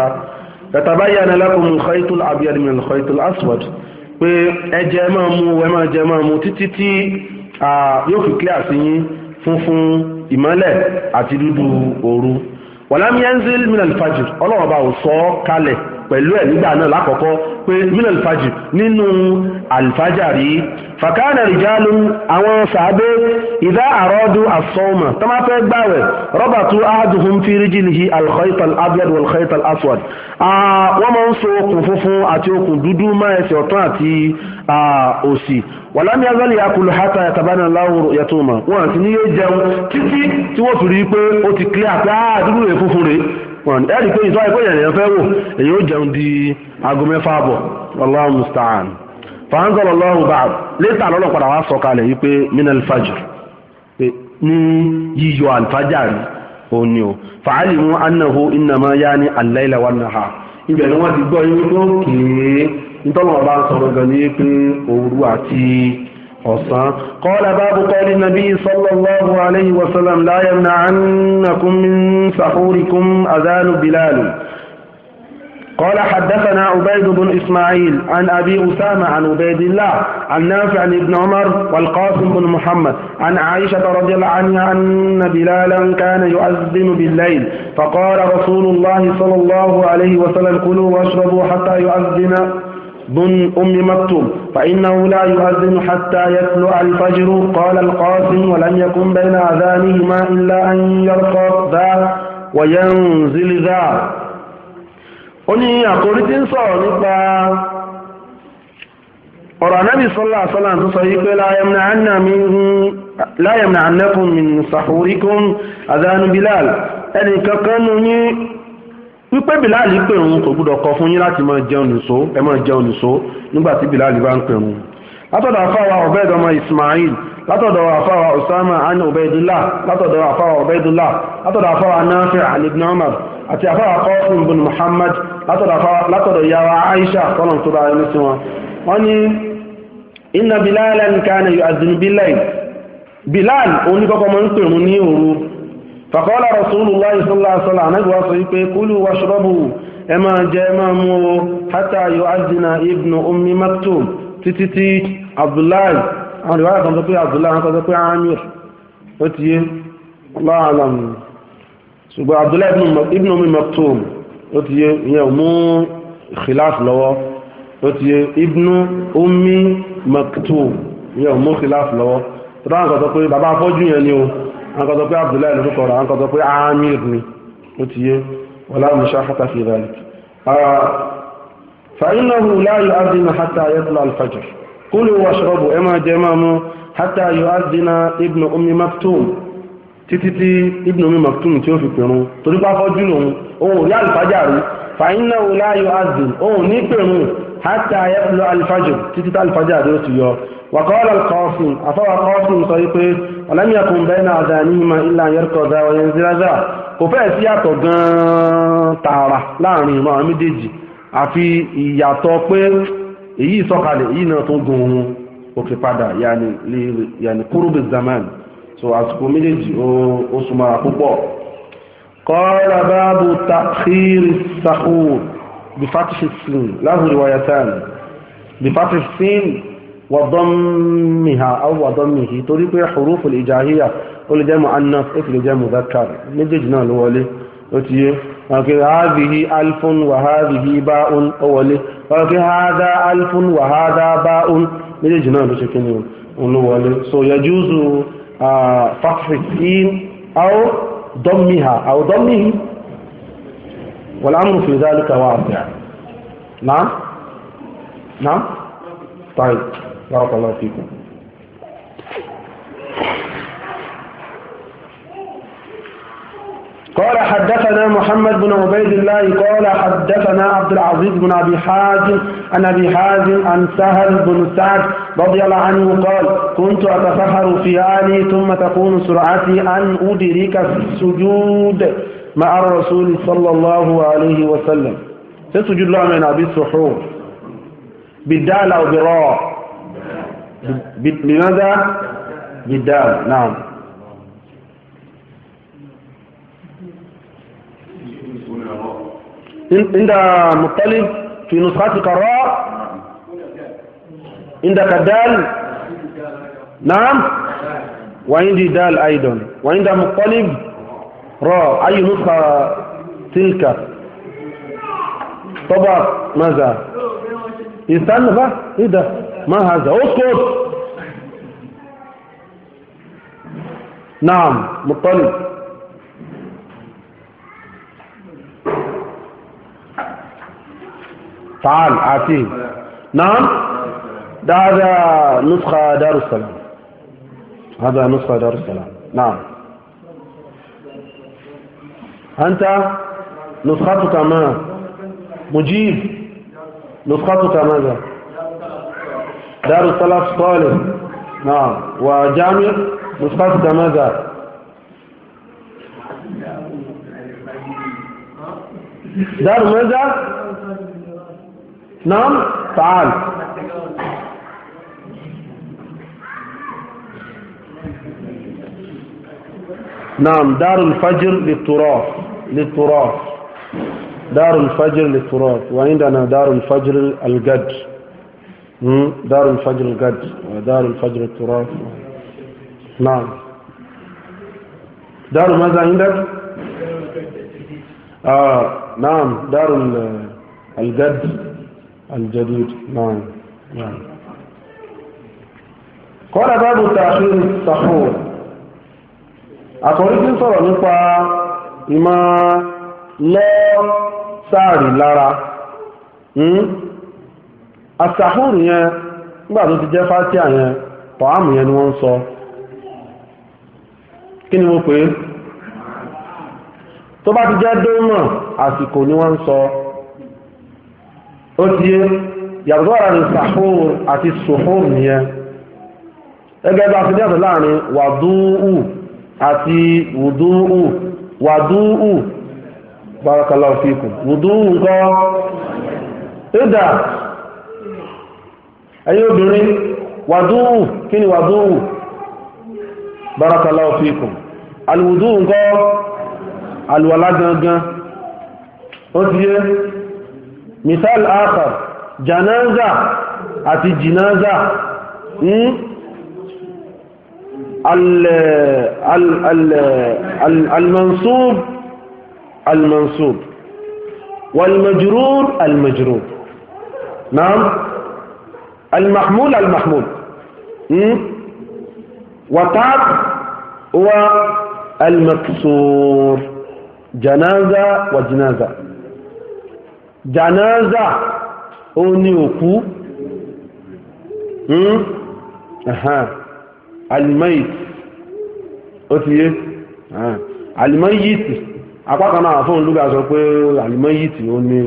[SPEAKER 1] tàtàbáyà ní alákùnrin khaitul abiyad min khaitul aswad pé ẹjẹ máa mú ẹ máa jẹ máa mú títí tí yóò fi kílẹ̀ sí funfun ìmọ́lẹ̀ àti dúdú òru wàlámiyánzil min alfajr ọlọ́run bá ò sọ kalẹ̀ pẹ̀lú ẹ̀ nígbà náà lákọ̀ọ́kọ́ pé min alfajì nínú alfajari fàkánà rìjálù àwọn sàábé ìdá àrọ́dù àsọ́ọ̀mà tó máa fẹ́ gbàwẹ̀ rọ́bà tó áàdùhùn fi ríjìlìhì alkhaital abyad wal khaital aswad wọ́n máa ń so okùn funfun àti okùn dúdú máa ẹsẹ̀ ọ̀tún àti òsì wàlámi azali akulu hata yatabana láwùrọ̀ yàtọ̀ mà wọ́n àti níyé jẹun títí tí wọ́n fi rí pé ó ti clear pé àdúgbò ah, rẹ̀ funfun rèé ẹ̀rí pé ìtọ́ ẹ̀kọ́ ìyẹn fẹ́ wò èyí ó jẹun di aago mẹ́fà bọ̀ Allahu musta'an fàánzọ́ lọ́lọ́run bá létà lọ́lọ́ padà wá sọ kalẹ̀ yìí pé ní yíyọ òun ni o fàálì mú annahu ibẹ̀ ni wọ́n ti gbọ́ yín lókè nítọ́lọ́ ọba sọ̀rọ̀ gan ní pé òru àti قال باب قول النبي صلى الله عليه وسلم لا يمنعنكم من سحوركم أذان بلال قال حدثنا عبيد بن إسماعيل عن أبي أسامة عن عبيد الله عن نافع بن ابن عمر والقاسم بن محمد عن عائشة رضي الله عنها أن بلالا كان يؤذن بالليل فقال رسول الله صلى الله عليه وسلم كلوا واشربوا حتى يؤذن بن أم مكتوم فإنه لا يؤذن حتى يطلع الفجر قال القاسم ولم يكن بين أذانهما إلا أن يرقى ذا وينزل ذا أني أقول تنصر ọ̀rọ̀ anábì sọ́lá sọ́lá tó sọ لا يمنعنا منه لا يمنعنكم من سحوركم أذان بلال أني ní wípé bìláàlì pèrún kò gbúdọ̀ kọ fún yín láti máa jẹun nìṣó ẹ jẹun nìṣó nígbà bìláàlì bá ń pèrún látọ̀dọ̀ àfáwà ọ̀bẹ́ẹ̀dọ̀ ọmọ ismail látọ̀dọ̀ àfáwà usama an ubaydullah látọ̀dọ̀ àfáwà ubaydullah látọ̀dọ̀ àfáwà nafi' an àti àfáwà qasim bin muhammad látọ̀dọ̀ yàrá aisha kọ́nà tó bá yẹnu sí wọn. inna bilal ń pèrún fàkọ́lá rasulullah sallallahu alaihi wasallam anábíwá sọ wípé kúlù washrabu ẹ máa jẹ ẹ máa mú o hátà yóò azina ibnu ummi maktum títí tí abdullahi àwọn ìwádìí kan sọ pé abdullahi kan sọ pé amir ó ti yé láàlám ṣùgbọ́n abdullahi ibnu ummi maktum ó ti yé ìyẹn mú khilaf lọ́wọ́ ó ti yé ibnu ummi àwọn kan sọ pé abdullahi lórúkọ rẹ̀ àwọn kan sọ pé amir ni ó ti yé wọlá musa hata fi rẹ̀ fàyínàhù láàyò ádínà hata yẹtùlá alfajr kúlù wàṣọ́bù ẹ máa jẹ máa mú hata yóò ádínà ibnu ummi maktum títí tí ibnu ummi maktum tí ó fi pẹ̀rún torí pé lòun òun rí alfajr rí fàyínàhù láàyò ádín òun ní pẹ̀rún hátà ayẹ́fúnlọ alifájò títí tá alifájò àdó ti yọ wàkọ́ọ́lá kọ́ọ̀fún afọ́wà kọ́ọ̀fún sọ wípé ọ̀lẹ́mìyàkùn bẹ́ẹ̀ náà dà ní ìmọ̀ ilà yẹ́rkọ̀dá ọ̀yẹ́ ńzíráza kò fẹ́ sí yàtọ̀ gan-an tààrà láàrin ìmọ̀ àwọn méjèèjì àfi ìyàtọ̀ pé بفتح السين له روايتان بفتح السين وضمها أو وضمه طريق حروف الإجاهية قل جاء مؤنث قل جاء مذكر نجدنا الولي وتي هذه ألف وهذه باء أولي ولكن هذا ألف وهذا باء نجدنا لشكل الولي سو يجوز فتح السين أو ضمها أو ضمه والأمر في ذلك واضح يعني. نعم نعم طيب بارك الله فيكم قال حدثنا محمد بن عبيد الله قال حدثنا عبد العزيز بن أبي حازم عن أبي حازم عن سهل بن سعد رضي الله عنه قال كنت أتسحر في آلي ثم تكون سرعتي أن أدرك السجود مع الرسول صلى الله عليه وسلم تسجد لها من أبي السحور بالدال أو براء بماذا؟ بالدال نعم عند مطلب في نسخة الراء
[SPEAKER 2] عندك الدال
[SPEAKER 1] نعم وعندي دال أيضا وعند مطلب را أي نسخة تلك
[SPEAKER 2] طبعا ماذا يستنى بقى ايه ده ما هذا اسكت
[SPEAKER 1] نعم مطلب تعال عاتيه نعم ده هذا نسخة دار السلام هذا نسخة دار السلام نعم أنت نسختك ما مجيب نسختك ماذا دار السلف صالح نعم وجامع نسختك ماذا
[SPEAKER 2] دار ماذا نعم تعال
[SPEAKER 1] نعم دار الفجر للتراث للتراث دار الفجر للتراث وعندنا دار الفجر الجد دار الفجر الجد ودار الفجر التراث نعم دار ماذا عندك آه نعم دار الجد الجديد نعم نعم قال باب تأخير السحور àkọ́rí tí ń sọ̀rọ̀ nípa ìmọ̀ lọ́ sáàrì lára hmm? àsàhùn yẹn nígbà tó ti jẹ́ fátíà yẹn yẹn ni wọ́n ń sọ kí ni mo pè é tó bá ti jẹ́ dómọ̀ àsìkò ni wọ́n ń sọ ó ti yé yàtọ̀ tó wà láàrin sàhùn àti sùhùn yẹn gẹ́gẹ́ bá ti jẹ́ láàrin àti wùdúù wàdúù barakallahu fikum wùdúù nǹkan ìdà ẹ̀yin obìnrin wàdúù kí ni wàdúù barakallahu fikum alùwùdúù nǹkan alùwàlá gangan ó ti yé misal akhar janaza àti jinaza المنصوب المنصوب والمجرور المجرور نعم المحمول المحمول وطاب هو المكسور جنازة وجنازة جنازة هو نيوكو أها alimait ó ti yé alimaiti apákan náà fún olúgbà sọ pé alimaiti o ni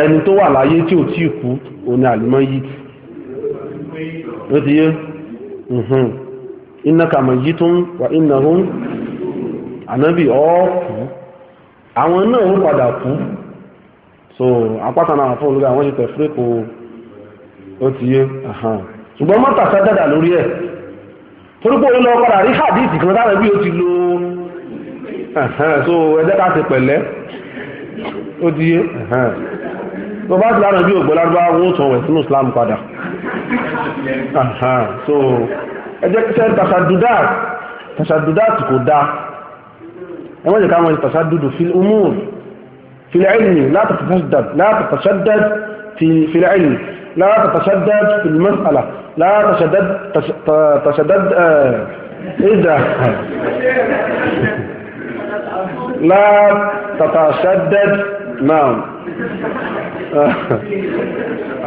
[SPEAKER 1] ẹni tó wà láyé tí ò tí kú ó ní alimaiti ó ti yé iná kàmọ̀yí tó ń wà iná hún ànábì ọ́ọ̀kú àwọn náà ó padà kú so apákan náà fún olúgbà wọ́n ṣe tẹ̀fúrẹ́kù ó ti yé ṣùgbọ́n e. lórí ẹ̀ torípò ó lọ padà rí hadith kan táwọn ẹbí ó ti lo so ẹjẹ́ ká ti pẹ̀lẹ́ ó ti yé tó bá ti lánà bí ògbọ́ ládùúgbò àwọn òtún ọ̀wẹ̀ sínú Islam padà
[SPEAKER 2] so ẹjẹ́ kẹsẹ́ tasadudat
[SPEAKER 1] tasadudat kò dáa ẹ má jẹ́ ká wọn tasadudu fil umur fil ilmi la tatasaddad la tatasaddad fil ilmi la tatasaddad fil لا تشدد تش... تشدد آه... ايه ده
[SPEAKER 2] لا تتشدد نعم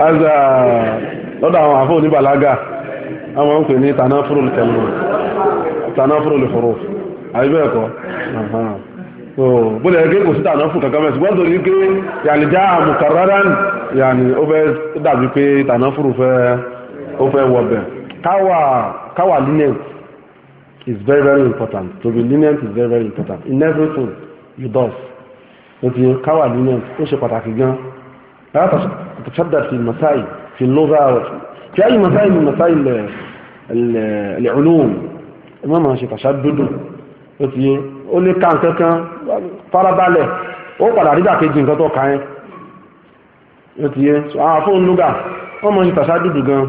[SPEAKER 2] هذا
[SPEAKER 1] lọ́dọ̀ àwọn àfọ́ oníbàlágà àwọn ń pè ní tanáfúrò lùkẹ̀lú tanáfúrò lùfòrò àríbẹ̀ẹ̀kọ́ bó lè gẹ́ kò sí tanáfúrò kankan mẹ́sì gbọ́n torí pé yàlìjá àmùkàrárán yàní ó fẹ́ dàbí pé tanáfúrò fẹ́ ó fẹ́ wọbẹ̀ káwà káwà lenient is very very important to be lenient is very very important in everything you do ó ti káwà lenient ó ṣe pàtàkì gan láti ṣàdá fi masáì fi lóga kí á yí masáì ní masáì lẹ̀ ọlọ́run ẹ má máa ṣe tàṣàdúdù ó ti yé ó lè ká nǹkan kan farabalẹ̀ ó padà rí dàkejì nǹkan tó kàn yẹn ó àwọn afọ́ olúgà wọ́n máa ń ṣe tàṣàdúdù gan-an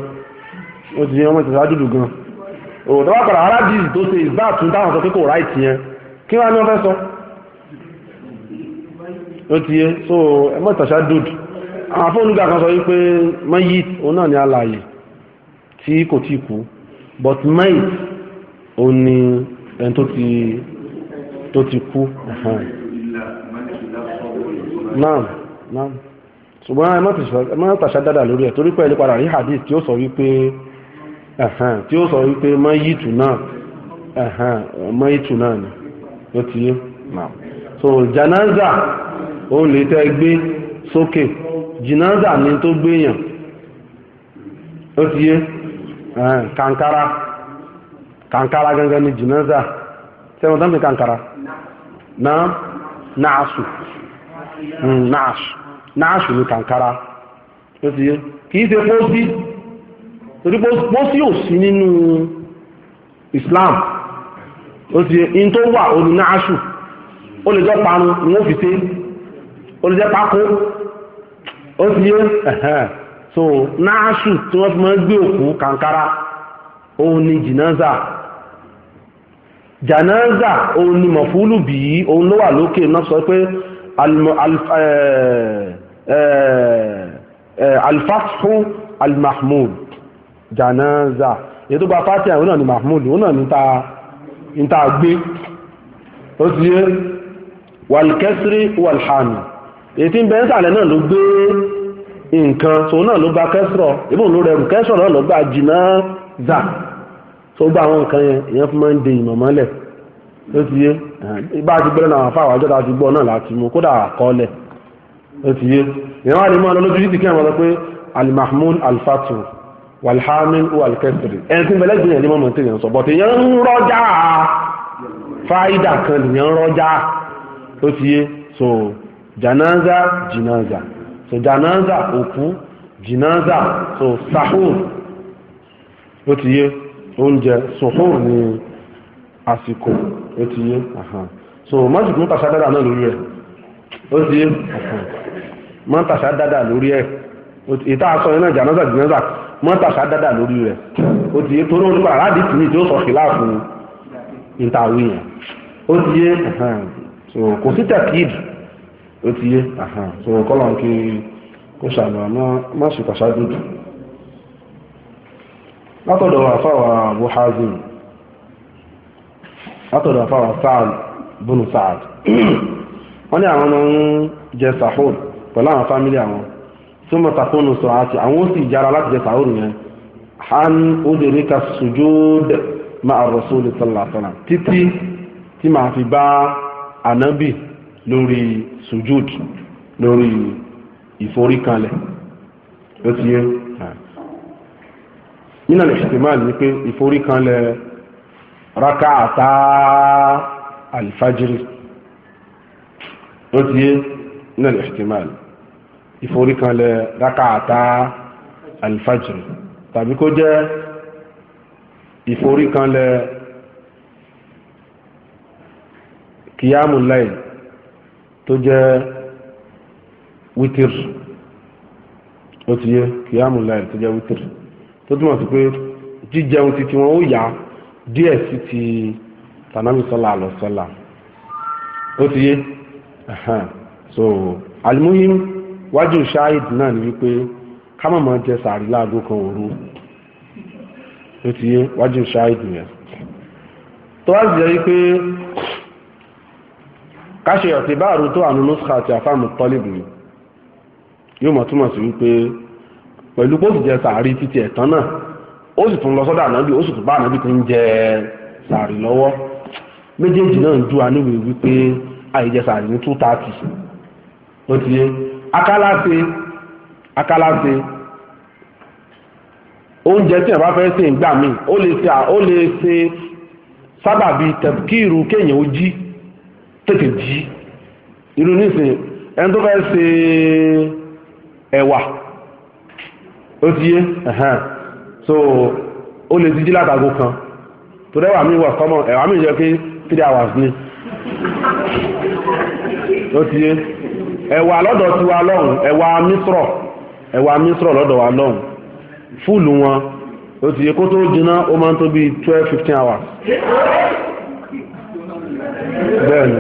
[SPEAKER 1] ó ti yẹn wọ́n ti sáájú gan òwò tó bá tó ṣe ìgbà tún táwọn sọ pé kò ráìtì yẹn kí ti yẹ so ẹ ìtàṣà àwọn kan sọ wípé mayit òun náà ni alààyè tí kò tí kú but mayit òun ni ẹni tó ti tó ti kú náà náà ṣùgbọ́n ẹ ìtàṣà dáadáa lórí ẹ̀ torí padà rí hadith tí ó sọ wípé tí ó sọ wípé mayitu náà mayitu náà ni ó ti yé so janaza ó lè tẹ́ gbé sókè janaza ni tó gbéyàn ó ti yé kankara kankara gangan ni janaza sẹ́wọ̀n tán fi kankara Na naasu hmm, naasu náàsù ni kankara ó ti yé kì í ṣe pósí. torí bó sí ò sí nínú Islam ó ti in tó wà òní náà aṣù ó lè jẹ́ parun ni wọ́n fi ṣe ó lè jẹ́ pákó ó ti yé so náà aṣù tí wọ́n fi máa ń gbé òkú kàǹkárá òun ni jìnáza jànáza òun ni mọ̀fúlù bìí òun ló wà lókè náà sọ pé eh, eh, eh, alfasfu almahmud janaza èyí tó gba fatiha òun náà ni mahmud òun náà ni ta gbé ó ti yé wàlkẹ́sírí wàlhàmì èyí tí ń bẹ ń sàlẹ̀ náà ló gbé nǹkan tòun náà ló gba kẹsìrọ̀ ìbùn ló rẹrù kẹsìrọ̀ náà ló gba janaza tó gba àwọn nǹkan yẹn ìyẹn fún máa ń de ìmọ̀ mọ́lẹ̀ ó ti yé bá a ti gbẹ́rẹ́ náà fáwọn àjọ ta gbọ́ náà láti mú kódà àkọọ́lẹ̀ ó ti yé ìyẹn wà ní mọ́ ọ walhamin walkesiri ẹni tí mẹlẹ́gbẹ̀ẹ́ yẹn ní mọ̀mọ́ tí yẹn sọ bọ́tí yẹn ń rọ́jà fáìdà kan yẹn ń rọ́jà ó ti yé so janaza jinaza so janaza òkú jinaza so sahur ó ti yé oúnjẹ sahur ní àsìkò ó ti yé so mọ́sùkú tàṣà dáadáa náà lórí ẹ̀ ó ti yé mọ́tàṣà dáadáa lórí ẹ̀ ìta aṣọ iná jànáza jànáza mọ́tà sádádà lórí rẹ̀ ó ti yé torí wọn nípa aláàdì tìmí tí ó sọ fìlà fún ìta àwí yẹn ó ti yé kò sí tẹ̀kíìdì ó ti yé sọ̀rọ̀ kọ́lọ̀ kí kó ṣàlùwà má sì pàṣá dúdú. látọ̀dọ̀ àfàwà Abu Hazim látọ̀dọ̀ àfàwà sáàlù bùnú sáàlù wọ́n ní àwọn ọmọ ń jẹ sàhóòdù pẹ̀lú àwọn fámílì àwọn súnmọ́ takónù sọ àti àwọn ó sì jára láti jẹ sàárù yẹn han udrika sujud ma'a rasul sallallahu alaihi wasallam títí tí màá fi bá ànábì lórí sujud lórí ìforíkanlẹ̀ ló ti yẹ nínú al-ihtimal ni pé ìforíkanlẹ̀ raka'ata al-fajr ló ti yẹ nínú al-ihtimal ìforíkanlẹ̀ rákàtà alifajiri tàbí kó jẹ́ ìforíkanlẹ̀ kìyàmùláì tó jẹ́ wítìr ó ti yé kìyàmùláì tó jẹ́ wítìr tó túmọ̀ sí pé jíjẹun títí wọn ó yá díẹ̀ sí ti tànàmì àlọ́sọ́là ó ti yé so alimuhim wájú ṣáhid náà ni wípé kama jẹ sàárì láago kan òru ó ti yé wájú ṣáhid yẹn tó wá sì jẹ́ wípé tó àánú àti àfáàmù tọ́lìbù yóò mọ̀ wípé pẹ̀lú bó sì jẹ sàárì títí náà ó sì tún lọ sọ́dọ̀ ànábì ó sì tún bá ànábì tó ń jẹ sàárì lọ́wọ́ méjèèjì náà ń ju wípé ní ó ti yé akálàṣe akálàṣe oúnjẹ tí yàrá fẹ́ ṣe ìgbà míì ó lè ṣe ó lè ṣe sábàbí tẹ̀kíìrù kéèyàn ó jí tètè jí irú nísìnyí ẹni tó fẹ́ ṣe ẹ̀wà ó ti yé so ó lè ti jí látàgò kan tó dẹ́wà mi wà kọ́mọ ẹ̀wà mi jẹ́ pé three hours ni ó ti yé. ẹ̀wà lọ́dọ̀ tiwa lọ́hùn ẹ̀wà mísírọ̀ ẹ̀wà mísírọ̀ lọ́dọ̀ wa lọ́hùn fúlù wọn ó ti yẹ kó tó jiná ó máa ń tó bí twelve fifteen hours
[SPEAKER 2] bẹ́ẹ̀ni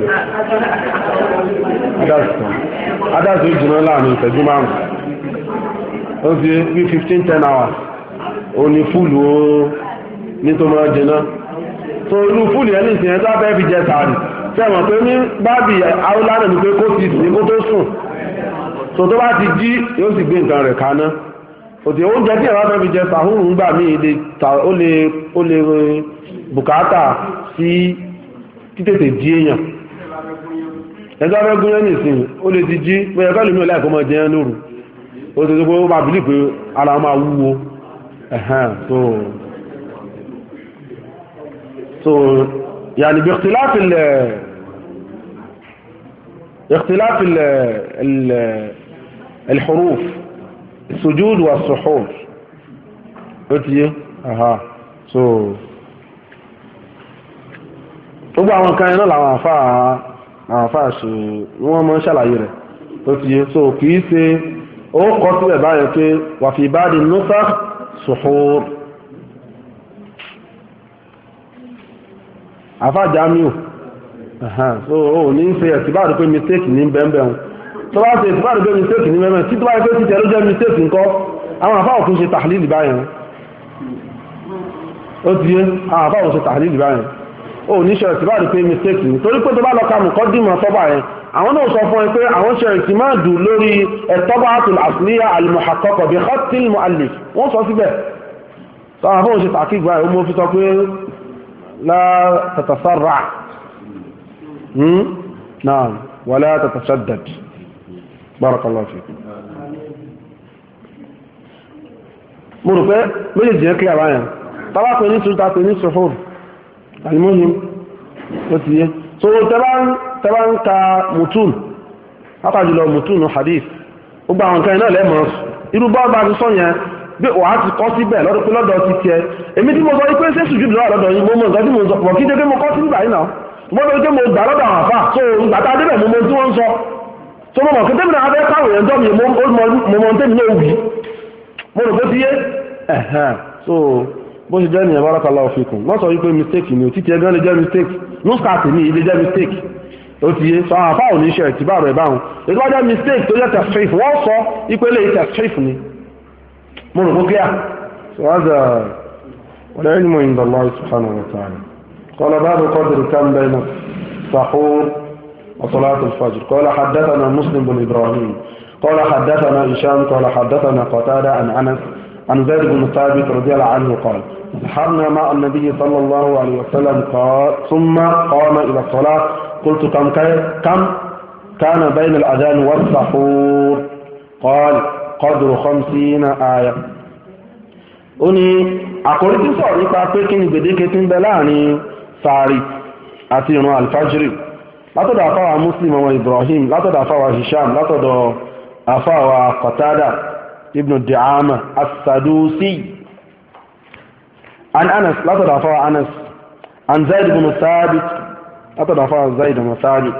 [SPEAKER 2] adásí ó jiná láàrin ìṣẹ́jú márùn
[SPEAKER 1] ó ti yẹ bí fifteen hours ó ní fúlù ó ní tó máa jiná so irú fúlù yẹn ní ìsìn yẹn tó bá fẹ́ fi jẹ sẹ́wọ̀n pé ní bábì àwòlá náà ni pé kó ti sìn kó tó sùn tó tó bá ti jí yóò sì gbé nǹkan rẹ̀ kaná òtí oúnjẹ tí ẹ̀rọ fẹ́ fi jẹ sàhúrù ń gbà míì lè ta ó lè ó lè bùkátà sí títètè jí èèyàn ẹjọ́ fẹ́ gúnyán nìsín ó lè ti jí pé ẹ̀fẹ́ lómi ọ̀la ẹ̀kọ́ mọ́ jẹ́ lóru ó ti pé ó bìlì pé ara máa wúwo ẹ̀hán tó so يعني باختلاف ال اختلاف ال ال الحروف السجود والسحور قلت اها سو طبعا كان يلا عفا عفا سو هو ما شاء الله يرى قلت سو كيسه او قصوا بعد وفي بعد النسخ سحور àfàjámíò so o ní ṣe ẹ̀sìbáàdù pé mistake ní bẹ́ẹ̀bẹ́ẹ̀ tó bá ṣe ẹ̀sìbáàdù pé mistake ní bẹ́ẹ̀bẹ́ẹ̀ tí tó bá ṣe ti tẹ̀lé jẹ́ mistake ńkọ́ àwọn àfáà òkú ṣe tàhlìlì báyẹn ó ti yé àwọn àfáà òkú ṣe tàhlìlì báyẹn o ní ṣe ẹ̀sìbáàdù pé mistake ní torí pé tó bá lọ ka mùkọ́ dìmọ̀ sọ́bà yẹn àwọn náà sọ fún ẹ pé àwọn ṣe ẹ̀sìn máa dùn لا تتسرع نعم ولا تتشدد بارك الله فيك mo rò pé méjèèjì ẹ́ kílẹ̀ àbáyàn tàbá pè ní ṣùgbọ́n pè ní ṣòfòrò àlìmọ́hìn ó ti yé so tẹ́bá ń ka mùtún látàjùlọ mùtún hadith ó gba àwọn nǹkan iná lẹ́mọ̀ọ́sù irú bọ́ọ̀bá ti sọ́yẹn bí wàá ti kọ́ síbẹ̀ lọ́dọ̀ pé lọ́dọ̀ ti tiẹ̀ èmi tí mo sọ pé ṣé sùjú lọ́wọ́ lọ́dọ̀ yìí mo mọ nǹkan tí mo sọ pọ̀ kí dédé mo kọ́ sí nígbà yìí náà mo lọ pé mo gbà lọ́dọ̀ àwọn àfà so ìgbà tá a débẹ̀ mo mọ tí wọ́n ń sọ so mo mọ̀ pé tẹ́mi náà fẹ́ káwọn èèyàn dọ́mi mo mọ tẹ́mi náà wì mo rò pé ti yé so bó ṣe jẹ́ nìyẹn barakallahu fikum wọ́n sọ wípé mistake ni òtítì ẹgbẹ́ lè jẹ́ mistake lóṣàtì ni ilé jẹ́ mistake ó ti yé sọ àwọn àfà òní iṣẹ́ ìtìbà rẹ̀ báwọn ètò wájá mistake tó yẹ tẹ̀sífù wọ́n sọ ìpele tẹ̀sífù ni مر rò kókíà والعلم عند الله سبحانه وتعالى قال باب قدر كم بين السحور وصلاة الفجر قال حدثنا مسلم بن إبراهيم قال حدثنا هشام قال حدثنا قتادة عن أنس عن زيد بن ثابت رضي الله عنه قال سحرنا مع النبي صلى الله عليه وسلم قال ثم قام إلى الصلاة قلت كم كم كان بين الأذان والسحور قال kọ́dùrù khamsi na àyà ó ní àkórí tí sọ̀rọ̀ nípa pé kí ni gbèdéke ti ń bẹ láàrin sàárì àti ìrun alfajiri látọ̀dọ̀ àfáwà muslim ọmọ ibrahim látọ̀dọ̀ àfáwà hisham látọ̀dọ̀ àfáwà qatada ibn di'ama as-sadusi an anas látọ̀dọ̀ àfáwà anas an zaid ibn sabit látọ̀dọ̀ àfáwà zaid ibn sabit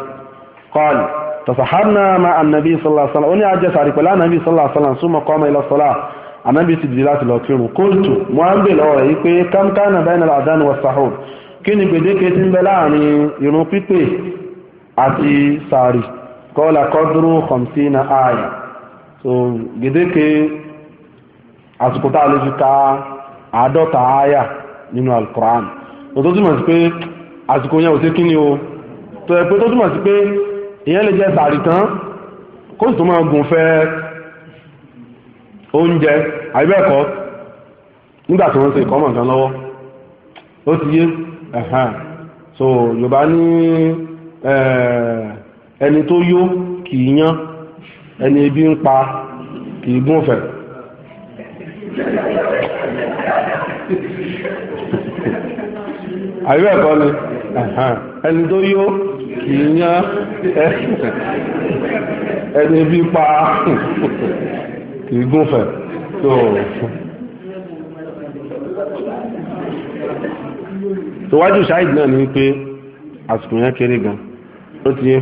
[SPEAKER 1] qala tasaharna ma anabi sallallahu alaihi wasallam ó ní àjẹsàrí pẹ̀lú anabi sallallahu alaihi wasallam súnmọ́ kọ́mọ ilẹ̀ sọ́lá anabi ti di láti lọ kírun kóòtù mo á ń bè lọ́wọ́ rẹ̀ yìí pé kámkánà báyìí náà àdánù wa sahur kí ni gbèdéke ti ń bẹ láàrin irun pípé àti sàárì kọ́lá kọ́dúrú khamsina àyà so gbèdéke àsìkò tá a lè fi ka àádọ́ta àyà nínú alukur'an tó túmọ̀ sí pé àsìkò yẹn ò sí kí ni o tó ẹ pé tó túmọ̀ sí pé èèyàn lè jẹ sàárì tán kó sì tó máa gùn fẹ́ oúnjẹ àìbẹ́ẹ̀kọ́ nígbà tí wọ́n ń ṣe ìkọ́mọ̀ kan lọ́wọ́ ó ti yé so yorùbá ní ẹni tó yó kì í yán ẹni ebi ń pa kì í gún fẹ̀ àìbẹ́ẹ̀kọ́ ni ẹni tó yó kì í yán ẹni bí pa kì tó. tòwájú ṣáìdì náà ni pé àsìkò yẹn kéré gan ló ti yẹ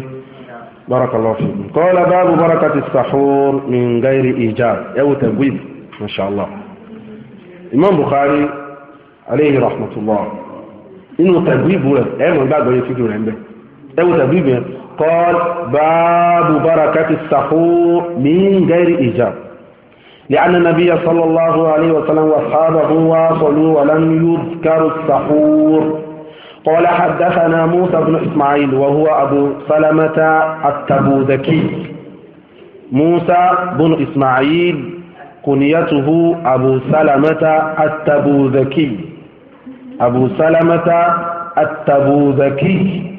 [SPEAKER 1] barakallahu fikum qala ti barakati sahur min gairi ijab ẹwù tẹ̀gbìn mashallah imam buhari aleyhi rahmatullah inú tẹ̀gbìn ibu rẹ̀ ẹ̀ gbàgbọ́ yẹn fídíò rẹ̀ ń ايوه تبريبها قال باب بركة السحور من غير إيجاب لأن النبي صلى الله عليه وسلم وأصحابه واصلوا ولم يذكر السحور قال حدثنا موسى بن إسماعيل وهو أبو سلمة التبوذكي موسى بن إسماعيل كنيته أبو سلمة التبوذكي أبو سلمة التبوذكي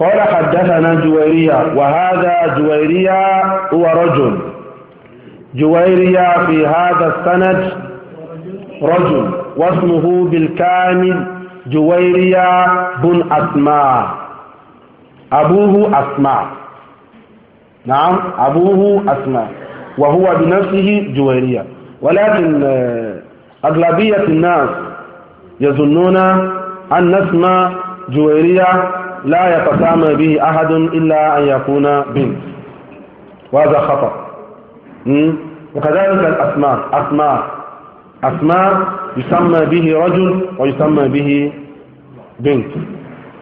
[SPEAKER 1] قال حدثنا جويرية وهذا جويرية هو رجل جويرية في هذا السند رجل واسمه بالكامل جويرية بن أسماء أبوه أسماء نعم أبوه أسماء وهو بنفسه جويرية ولكن آه، أغلبية الناس يظنون أن اسم جويرية لا يتسامى به أحد إلا أن يكون بنت وهذا خطأ وكذلك الأسماء أسماء أسماء يسمى به رجل ويسمى به بنت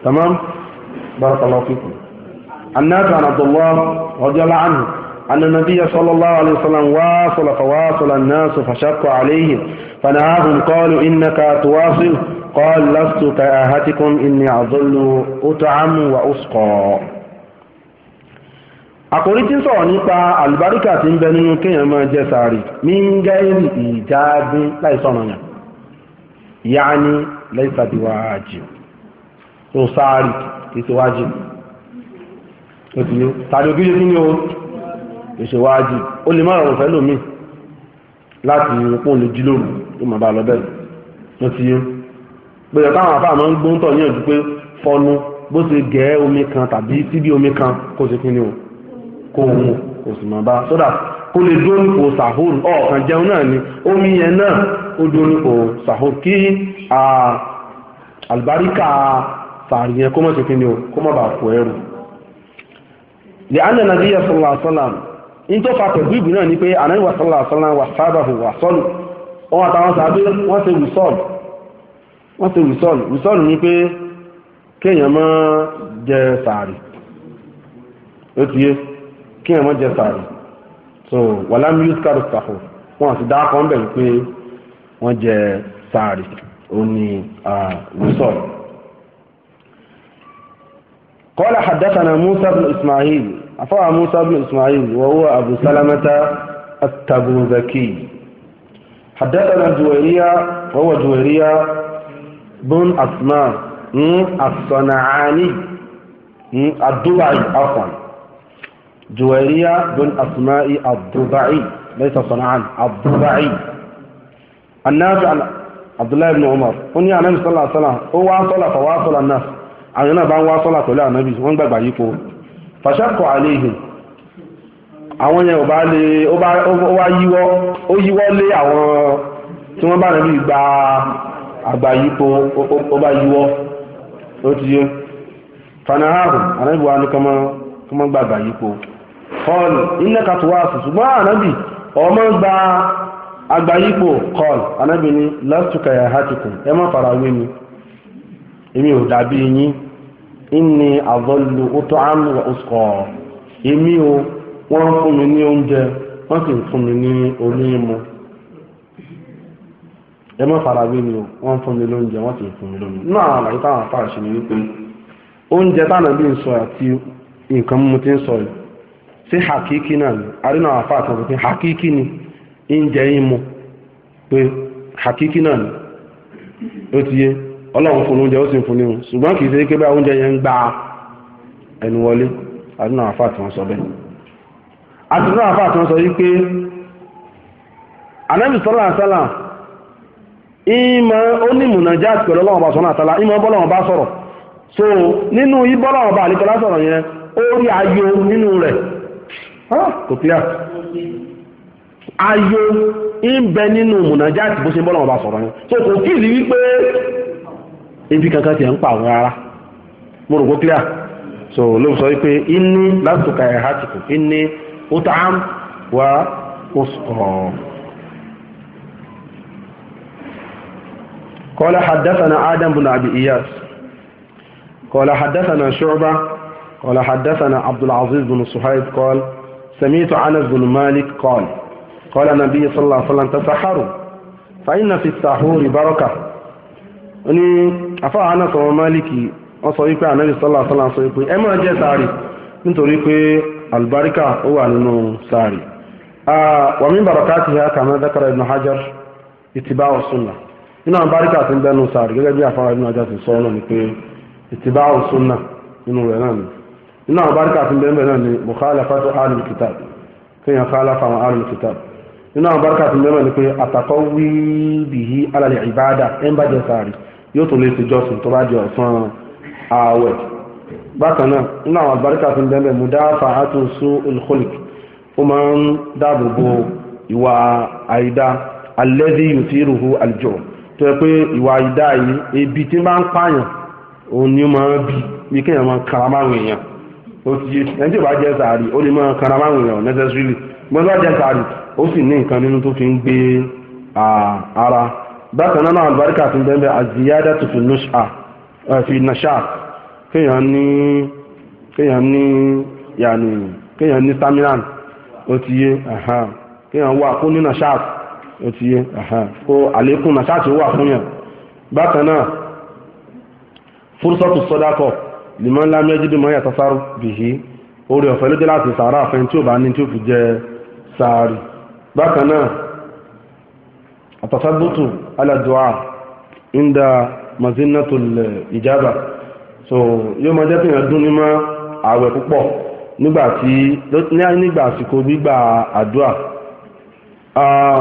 [SPEAKER 1] تمام بارك الله فيكم الناس عن عبد الله رضي الله عنه أن النبي صلى الله عليه وسلم واصل فواصل الناس فشق عليهم فنهاهم قالوا إنك تواصل قال لست كآهتكم إني أظل أطعم وأسقى àkòrí tí ń sọ̀rọ̀ nípa àlùbáríkà tí ń bẹ nínú kéèyàn jẹ sàárì ní ń gẹ́rì ìjáàbí láìsọ̀nà yàn ìyá ní lẹ́sàdíwájì tó sàárì ìṣèwájì òtìyó tàbí pẹ̀lú táwọn afá máa ń gbóhùn tọ̀ yànjú pé fọnu bó ṣe gẹ́ omi kan tàbí síbi omi kan kó ṣe kí ni o kó mu kò sì máa bá sódà kó lè dúró nípò sahur ọ̀kan jẹun náà ni omi yẹn náà ó dúró nípò sahur kí àlùbáríkà sàárì yẹn kó má ṣe kí ni o kó má bàa fò ẹrù. lè ánà nàbíyà sallallahu alaihi wasallam nítorí fa pẹ̀lú ìgbì náà ni pé ànábì sallallahu alaihi wasallam wà sábà wà sọ́lù wọn àtàwọn sàbí wọn ṣe wù sọ́ọ̀lù wọ́n ṣe rìsọ́ọ̀lù rìsọ́ọ̀lù ní pé kéèyàn má jẹ sàárì ó ti yé kéèyàn má jẹ sàárì so wàlá music card ṣàfò wọn sì dáa kan bẹ̀rù pé wọ́n jẹ sàárì ó ní rìsọ́ọ̀lù. قال حدثنا موسى بن إسماعيل أفوى موسى بن إسماعيل وهو أبو سلمة التبوذكي حدثنا جويرية وهو جويرية bun asma as-sana'ani ad-dubai afwan juwairiya bun asma'i ad-dubai laysa sana'an ad-dubai annabi an abdullahi ibn umar ó ní anabi sallallahu alaihi wasallam ó wá sọ́là fa wá sọ́là náà àwọn náà bá ń wá sọ́là pẹ̀lú anabi wọ́n gbàgbà yípo fàṣàkọ̀ àléhìn àwọn yẹn ò bá lè ó wá yíwọ́ ó yíwọ́ lé àwọn tí wọ́n bá nàbí gba agbayipo yikpo ọ ọ ọba yiwọ oti iwe fani ha hụ anabiha n'ikpe ma ma o kọọlụ i na-aka anabi ọ maa gbaa agba yikpo kọọlụ ni last ọ ya ha atụkọ ya ma fara ụwa enyi emi o dabe enyi ịnye azụ ụda anwụrụ ụsọọ emi o ọnụnkwụnye n'iwe ụdịọ masi nkwụnye n'iwe onye ụmụ. ẹ má fara wé mi wọ́n fún mi lóúnjẹ wọ́n ti fún mi lómi náà àlàyé táwọn afáà ṣe ni wípé oúnjẹ táwọn bí ń sọ àti nǹkan mímu ti ń sọ yìí ṣé hakiki náà ni àrínà àwọn afáà tó ń sọ pé hakiki ni oúnjẹ yín mu pé hakiki náà ni ó ti yé ọlọ́run fún oúnjẹ ó sì ń fún níhun ṣùgbọ́n kì í ṣe pé bá oúnjẹ yẹn ń gba ẹnu wọlé àdúrà àfà tí wọ́n sọ bẹ́ẹ̀. àdúrà àfà tí wọ́n sọ yìí pé anábì sọ́lá àṣálà ìmọ̀ onímùnàjá pẹ̀lú ọlọ́run ọba sọ́nà àtàlà ìmọ̀ bọ́lọ́run bá sọ̀rọ̀ so nínú ìbọ́lọ́run ọba àlejò lásọ̀rọ̀ yẹn ó rí ayo nínú rẹ̀ clear ayo ń bẹ nínú mùnàjá bó ṣe bọ́lọ́run ọba sọ̀rọ̀ yẹn so kò kí ìlú kankan ń pa àwọn mo rò kó قال حدثنا آدم بن أبي إياس قال حدثنا شعبة قال حدثنا عبد العزيز بن صهيب قال سمعت عنس بن مالك قال قال النبي صلى الله عليه وسلم تسحروا فإن في السحور بركة أني أفا أنس بن مالك أصيب النبي صلى الله عليه وسلم أصيب أما جاء ساري من طريق البركة هو أنه ساري آه ومن بركاتها كما ذكر ابن حجر اتباع السنه nínú àwọn báríkà tí ń bẹnu sàárì gẹ́gẹ́ bí afárá inú ajá ti sọ ọ́ náà ni pé ìtìbá òsúnà nínú rẹ̀ náà ni nínú àwọn báríkà tí ń bẹnu náà ni mukhalafatu alul kitab kéèyàn khalafa àwọn alul kitab nínú àwọn tí ń bẹnu ni pé àtàkọ́ wí bìí alàlẹ̀ ìbáadà ẹ̀ ń bàjẹ́ sàárì yóò tún lè ti jọ́sìn tó bá jẹ ọ̀sán ààwẹ̀ bákan náà nínú àwọn tí ń bẹnu mudafa àtúnṣu tó yẹ pé ìwà ìdá ebi tí máa ń pààyàn òun ni ó máa ń bí bí kéèyàn máa ń kara èèyàn ó ti yé ẹni tí ò jẹ sàárì ó lè máa kara máwọn èèyàn necessarily gbọ́n bá jẹ sàárì ó sì ní nǹkan nínú tó fi ń gbé ara bákan náà àlùbáríkà ń bẹ́ẹ̀ bẹ́ẹ̀ àzìyáda tó fi ó ti yé kó àlékún màsáàtì wà fún yàn bákan náà fúrúsọ́tù sọ́dátọ̀ lèmọ́ ńlá méjì dùn mọ́ yàtọ̀ sáré bìhí orí ọ̀fẹ́ ló dé láti sàárà àfẹ́ tí ò bá ní tí ó fi jẹ sàárì bákan náà àtàfẹ́bùtù aládùá ń da mazinatul ìjábà so yóò máa jẹ́ pé èèyàn dún ní mọ́ ààwẹ̀ púpọ̀ nígbà tí nígbà àsìkò gbígbà àdúà ah,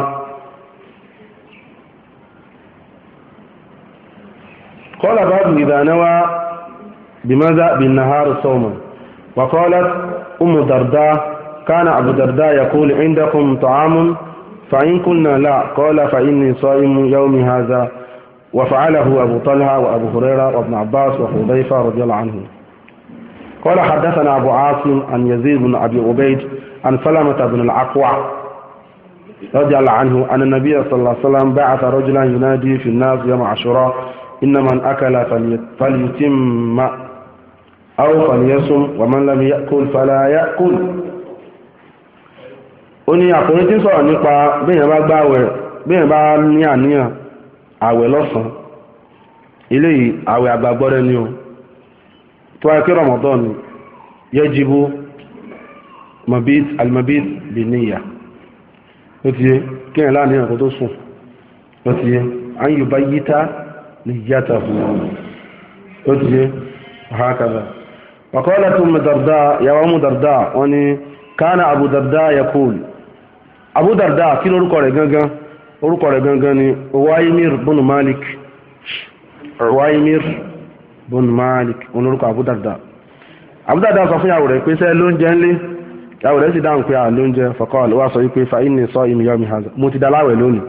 [SPEAKER 1] قال بعض إذا نوى بماذا بالنهار صوما وقالت أم درداء كان أبو درداء يقول عندكم طعام فإن كنا لا قال فإني صائم يوم هذا وفعله أبو طلحة وأبو هريرة وابن عباس وحذيفة رضي الله عنهم قال حدثنا أبو عاصم عن يزيد بن أبي عبيد عن سلمة بن العقوع رضي الله عنه أن النبي صلى الله عليه وسلم بعث رجلا ينادي في الناس يوم عاشوراء inna man akala falyutimma aw falyasum wa man lam yakul fala yakul ó ní àkórí tí ń sọ̀rọ̀ nípa béèyàn bá gbààwẹ̀ béèyàn bá ní àníyàn àwẹ̀ lọ́sàn eléyìí àwẹ̀ àgbàgbọ́rẹ́ ni o tó wáyé pé Ramadan yajibu mabit almabit biniya ó ti yé kéèyàn láàníyàn kó tó sùn ó ti an yubayyita نيته أتي هكذا وقالت أم درداء يا أم درداء وني كان أبو درداء يقول أبو درداء كن أرقى رجعنا أرقى رجعنا وايمير بن مالك وايمير bọ́n malik olórúkọ àbúdàdà àbúdàdà sọ fún yàwó rẹ̀ pé sẹ́ lóúnjẹ ńlé yàwó rẹ̀ sì dáhùn pé à lóúnjẹ fọkọ́ ló wá sọ wípé fa inni sọ ìmìyàn mi hàzà mo ti da láwẹ̀ lónìí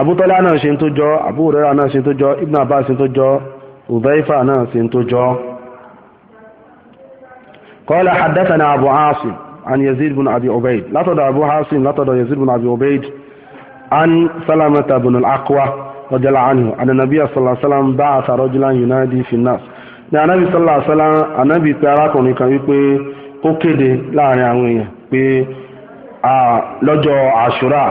[SPEAKER 1] abútọ́lá náà ṣe ń tó jọ Abu Hurairah náà ṣe ń tó jọ Ibn Abbas tó jọ náà tó jọ. Abu an Yazid bin Abi látọ̀dọ̀ Abu látọ̀dọ̀ Yazid bin Abi Ubayd an Salamata bin al-Aqwa radiyallahu anhu anna Nabiyya sallallahu alaihi wasallam an ní anabi sọ́lá sọ́lá pé arákùnrin kan wípé ó kéde láàrin àwọn èèyàn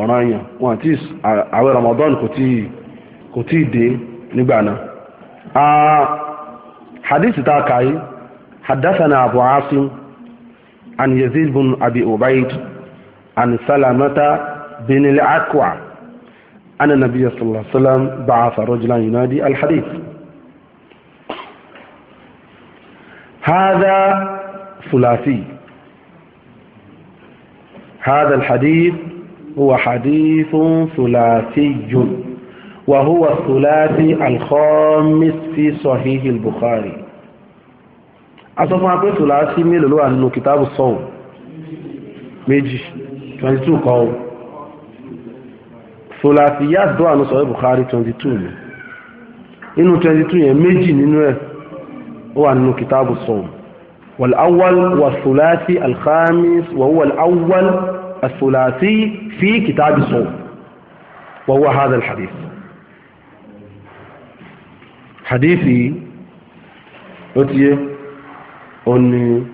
[SPEAKER 1] ọ̀ràn yàn wọn àti àwẹ̀ Ramadan kò tí ì dé nígbà náà. a hadisi ta kàyí haddathana abu asim an yazid bin abi ubaid an salamata bin al-akwa an nabiya sallallahu alaihi wasallam ba'atha rajulan yunadi al-hadith هذا ثلاثي هذا الحديث هو حديث ثلاثي وهو الثلاثي الخامس في صحيح البخاري أصفنا أقول ثلاثي ميلو لو أنه كتاب الصوم méjì 22 kan o solafiyat dọ́wà ló sọ pé Bukhari 22 ni inú 22 yẹn méjì nínú ẹ̀ ó wà nínú kitabu sọ̀m wàl awwal wà solasi alkhamis wà wàl awwal الثلاثي في كتاب الصوم وهو هذا الحديث حديثي أتي أن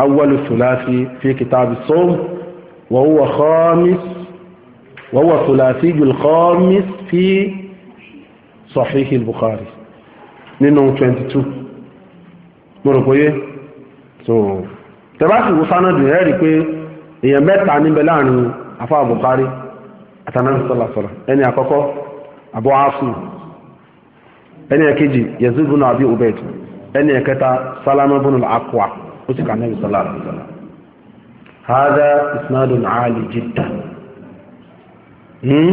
[SPEAKER 1] أول الثلاثي في كتاب الصوم وهو خامس وهو ثلاثي الخامس في صحيح البخاري nínú 22 mo rò pé yé so tẹ́bá sì èèyàn mẹ́ta níbẹ̀ láàrin afáà Bukhari àtànáà sọ́làsọ́là ẹni àkọ́kọ́ Abu Asim ẹni ẹ̀kejì Yazid bin Abi Ubaid ẹni ẹ̀kẹta Salama bin al-Akwa ó sì kà Nabi sallallahu alaihi wasallam hadha isnadun ali jiddan hmm?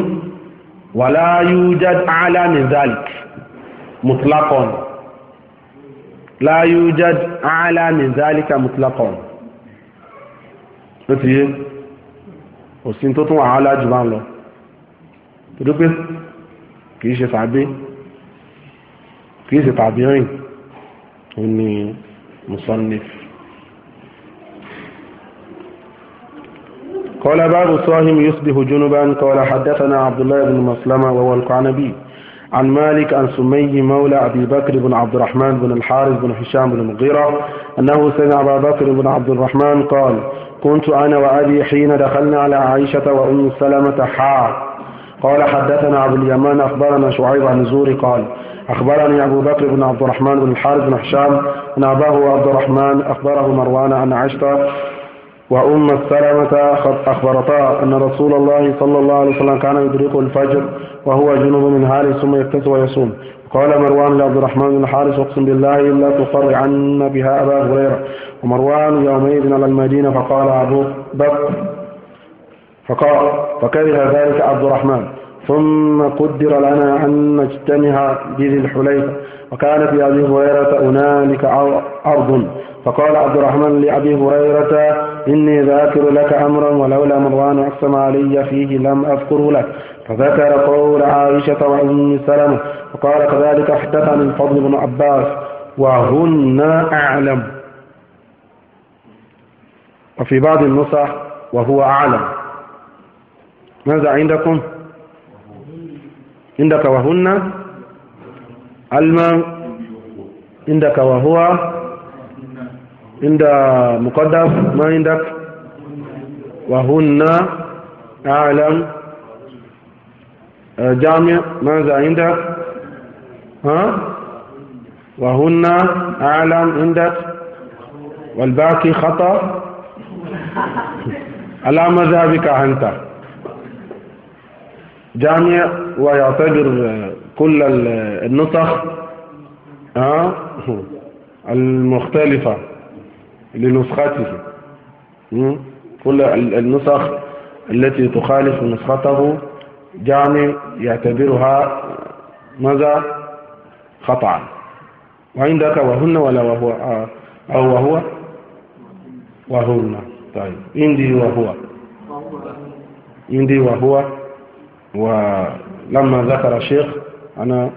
[SPEAKER 1] wala yujad ala min zalik mutlaqan la yujad ala min zalika mutlaqan ló ti yé òsín tó tún wàhálà jù bá ń lọ torí pé kìí ṣe tàbí kìí ṣe tàbí rìn ó ní musannif قال بعض الصائم يصبح جنبا قال حدثنا عبد الله بن مسلمة وهو القعنبي عن مالك عن سمي مولى أبي بكر بن عبد الرحمن بن الحارث بن هشام بن المغيرة أنه سمع أبا بكر بن عبد الرحمن قال كنت أنا وأبي حين دخلنا على عائشة وأم سلمة حار قال حدثنا أبو اليمان أخبرنا شعيب عن الزور قال أخبرني أبو بكر بن عبد الرحمن بن الحارث بن هشام أن أباه عبد الرحمن أخبره مروان عن عائشة وأم السلامة أخبرتا أن رسول الله صلى الله عليه وسلم كان يدركه الفجر وهو جنوب من هارس ثم يكتس ويصوم قال مروان لعبد الرحمن بن الحارث اقسم بالله لا تقر عنا بها أبا هريرة ومروان يومئذ على المدينة فقال أبو بكر فقال فكره ذلك عبد الرحمن ثم قدر لنا أن نجتمع بذي الحليفة في بأبي هريرة هنالك أرض فقال عبد الرحمن لأبي هريرة إني ذاكر لك أمرا ولولا مروان أقسم علي فيه لم أذكره لك فذكر قول عائشة وأم سلمة وقال كذلك حدثني الفضل بن عباس وهن أعلم وفي بعض النصح وهو أعلم ماذا عندكم عندك وهن علما عندك وهو عند مقدم ما عندك وهن أعلم آه، جامع ماذا عندك ها وهن أعلم عندك والباقي خطأ
[SPEAKER 2] <laughs>
[SPEAKER 1] على مذهبك أنت جامع ويعتبر آه، كل النسخ آه، <laughs> المختلفة لنسخته كل النسخ التي تخالف نسخته جامع يعتبرها ماذا خطأ وعندك وهن ولا وهو آه أو وهو وهن طيب عندي وهو عندي وهو ولما ذكر الشيخ أنا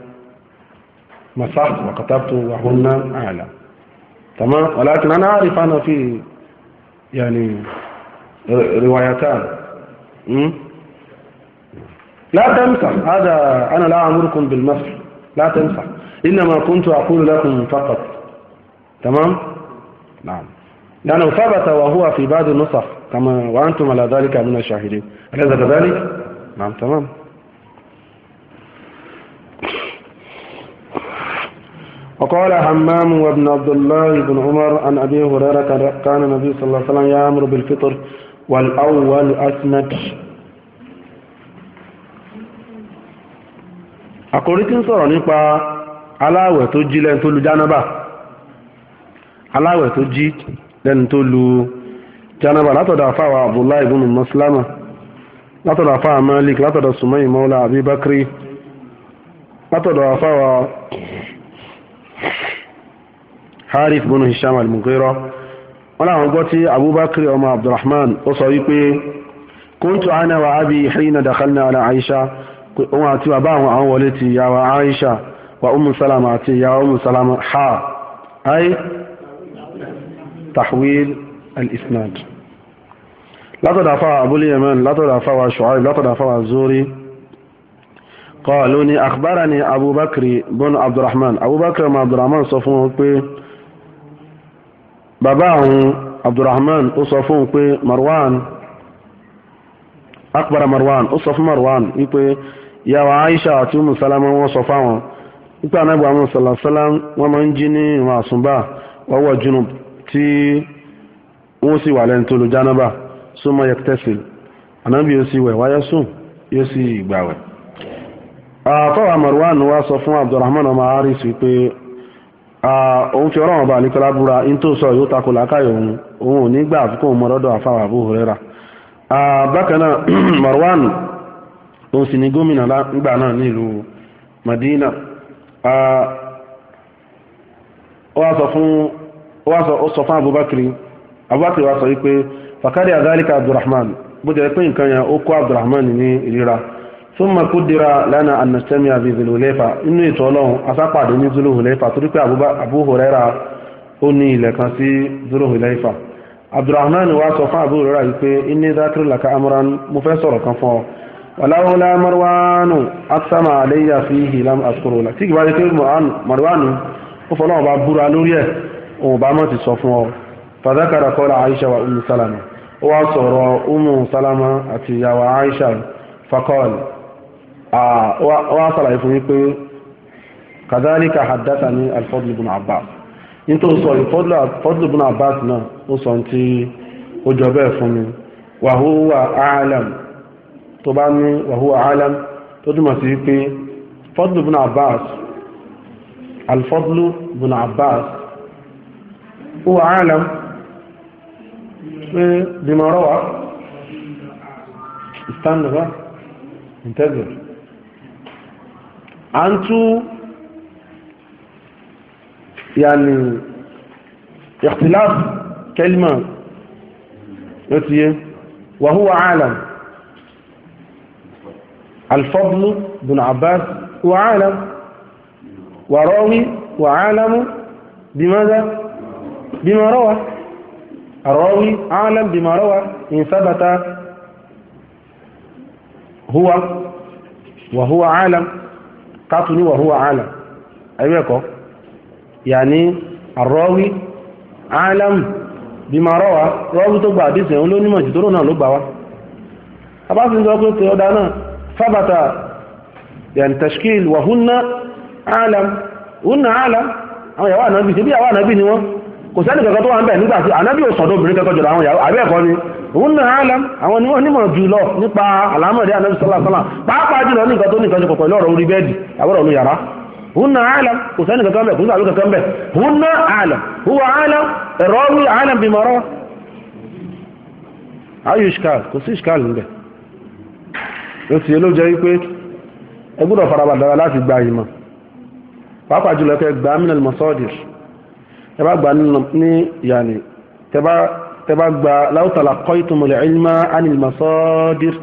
[SPEAKER 1] مسحت وكتبت وهن أعلم تمام ولكن أنا أعرف أنا في يعني روايتان لا تمسح هذا أنا لا أمركم بالمسح لا تمسح إنما كنت أقول لكم فقط تمام نعم لأنه يعني ثبت وهو في بعض النصف كما وأنتم على ذلك من الشاهدين أليس كذلك نعم تمام وقال حمام وابن عبد الله بن عمر عن أبي هريرة كان النبي صلى الله عليه وسلم يأمر بالفطر والأول أسند àkòrí tí ń sọ̀rọ̀ nípa aláwẹ̀ tó jí lẹ́nu tó lu jánábà aláwẹ̀ tó jí lẹ́nu tó lu jánábà látọ̀dọ̀ àfáwà abdullahi ibn maslama látọ̀dọ̀ àfáwà malik látọ̀dọ̀ sumayi maula abibakri látọ̀dọ̀ àfáwà harith bin hisham al-mughira wọn làwọn gbọ́ tí abubakar ọmọ abdulrahman ó sọ wípé kuntu ana wa abi hina dakhalna ala aisha òun àti bàbá àwọn àwọn wọlé ti yàwó aisha wa umu salama àti yàwó umu salama ha ay tahwil al-isnad látọ̀dà abúlé yemen látọ̀dà fáwọn shu'aib látọ̀dà fáwọn zuri قالوا ني أخبرني أبو بكر بن عبد الرحمن أبو بكر بن عبد الرحمن صفون بي باباه عبد الرحمن أصفون بي مروان أخبر مروان أصف مروان يبي يا عائشة أتوم سلام وصفاهم يبي أنا أبو عمر صلى الله عليه وسلم ومن جني وعصنبا وهو جنوب تي وسي وعلين تولو جانبا ثم يكتسل أنا بيوسي ويوسي يوسي يباوي àfọwà ah, marwan wá sọ fún abdulrahman ọmọ aris wípé òun ah, fi ọlọ́run ọba àlekọ́lá búra in tó sọ yóò takò làákàyè òun òun ò ní gbà àfikún òun mọ́rọ́dọ̀ àfàwà Abu Huraira ah, bákan náà <clears throat> ni gómìnà náà madina ó sọ fún abubakar abubakar wá sọ abdulrahman bó pé nǹkan abdulrahman ní ìríra ثم قدر لنا أن نجتمع بذي الوليفة إنه يتولون أساقع دني ذي الوليفة تريك أبو هريرة أني لك سي ذي الوليفة عبد الرحمن واسوفا أبو هريرة يقول إني ذاكر لك أمرا مفسر كفو ولولا مروان أقسم علي فيه لم أذكر لك تيجي بعد كده مروان مروان وفلان بابورا لوريه وبعما تصفوا فذكر قول عائشة وأم سلمة وصوروا أم سلمة أتيا وعائشة فقال Ah, wọ́n sàlàyé fún wípé kàdáríkà àdáta ní alifọ́dúlù bùnà abbas nítorí sọ ìfọ́dúlù bùnà abbas náà ó sọ tí ó jọ bẹ́ẹ̀ fún mi wàhúwà alam tó bá ní wàhúwà alam tó túmọ̀ sí pé fọ́dúlù bùnà abbas alifọ́dúlù abbas ó wà alam pé bímọ rọwà ìstánlọ́wà ìntẹ́gbẹ̀rẹ̀ أنتو يعني اختلاف كلمة وهو عالم الفضل بن عباس هو عالم وراوي وعالم بماذا بما روى الراوي عالم بما روى إن ثبت هو وهو عالم kátó ní wàhúwà àlà ẹ̀rẹ́kọ́ yàní àrọ́wí alam bí ma rọ́wà rọ́wí tó gba àdísì ẹ̀hún ló nímọ̀ jù tó náà ló gbà wá abáṣe ń sọ pé náà fábàtà yàní tashkil wàhúnná kò sẹ́ni kankan tó wà ń bẹ̀ nígbà tí ànábì ò sọ̀dọ̀ obìnrin kankan jọ̀dọ̀ àwọn ìyàwó àbí ẹ̀kọ́ ni òun náà alam àwọn ni wọ́n nímọ̀ jù lọ nípa àlámọ̀dé ànábì sọ́lá sọ́lá pàápàá jùlọ ní nǹkan tó ní nǹkan ṣe pẹ̀lú ọ̀rọ̀ orí bẹ́ẹ̀dì àbọ̀rọ̀ olú yàrá òun náà alam kò sẹ́ni kankan bẹ̀ kò sẹ́ni kankan bẹ̀ òun náà alam huwa tẹ́bá gba ní yàní tẹ́bá gba láwùtàlà kọ́ìtùmọ̀lẹ̀ ilmá anìlmọ̀sọ́dìr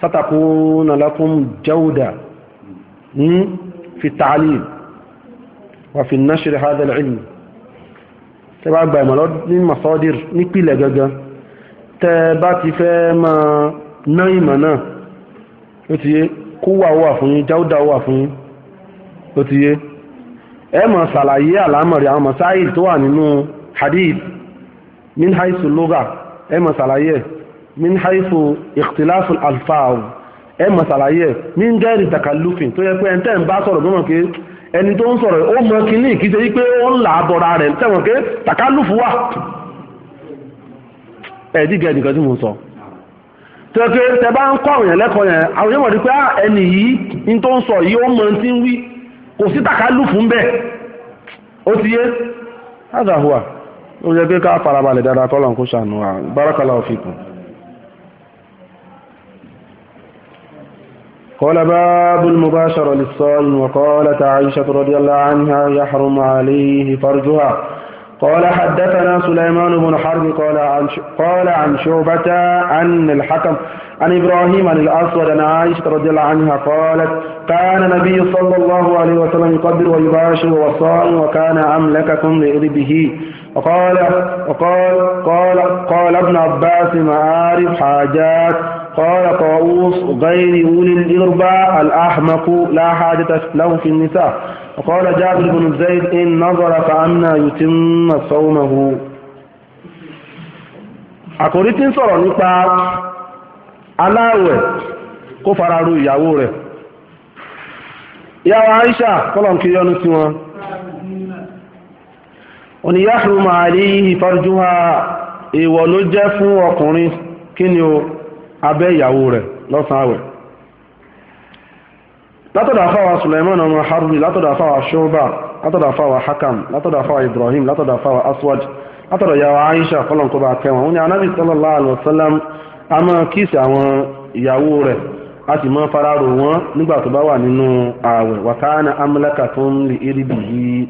[SPEAKER 1] sátàkùnà lakum jawda hmm, fi ta'lim wà fi náṣírí hadal ilmi tẹ́bá gba ìmọ̀lọ́ ní masọ́dìr nípìlẹ̀ gangan tẹ́bá ti fẹ́ máa ná ìmọ̀ náà ó ti yé kó wà wà fún yín jáúdà wà fún yín ó ti yé ẹ mọ̀ àlámọ̀rí àwọn masáìl tó wà nínú hadith min haisu loga ẹ min haisu ikhtilafu alfaaw ẹ mọ̀ min takalufin tó yẹ pé ẹ̀ tẹ́ ń bá sọ̀rọ̀ gbọ́mọ̀ pé ẹni tó ń sọ̀rọ̀ ó mọ kínní ó ń là bọ̀ra rẹ̀ pé takalufu wà sọ pé bá ń kọ́ lẹ́kọ̀ọ́ yẹn kò sí tàkálùfù ń bẹ̀ ó ti yé adáhùwà ó yẹ pé ká farabalẹ̀ dáadáa kọ́lọ̀ kó ṣàánú wa barakallahu fikum. قال باب المباشرة للصائم وقالت عائشة رضي الله عنها يحرم عليه فرجها قال حدثنا سليمان بن حرب قال عن قال عن شعبة أن الحكم عن إبراهيم عن الأسود عن عائشة رضي الله عنها قالت كان النبي صلى الله عليه وسلم يقدر ويباشر وصائم وكان أملككم لإربه وقال وقال قال قال ابن عباس معارف حاجات قال طاووس غير أولي الإربى الأحمق لا حاجة له في النساء وقال جابر بن زيد إن نظر فأنا يتم صومه أقول tí ń sọ̀rọ̀ aláwẹ̀ kó fara ru ìyàwó rẹ̀ ìyàwó Aisha kọ́lọ̀nkì yọnu sí wọn oníyàhùn màálí ìfarjúwa èèwọ̀ ló jẹ́ fún ọkùnrin kí ni o abẹ́ ìyàwó rẹ̀ lọ́sàn àwẹ̀ látọ̀dọ̀ Sulaiman ọmọ harbi látọ̀dọ̀ shoba látọ̀dọ̀ hakam látọ̀dọ̀ Ibrahim látọ̀dọ̀ aswad látọ̀dọ̀ Aisha kọ́lọ̀nkọ́ba kẹwọn onye ní anábì a máa kíìsì àwọn ìyàwó rẹ̀ a sì máa fararò wọn nígbà tó bá wà nínú ààwẹ̀ wàkánà amúlẹ́kà tó ń lè iribi yìí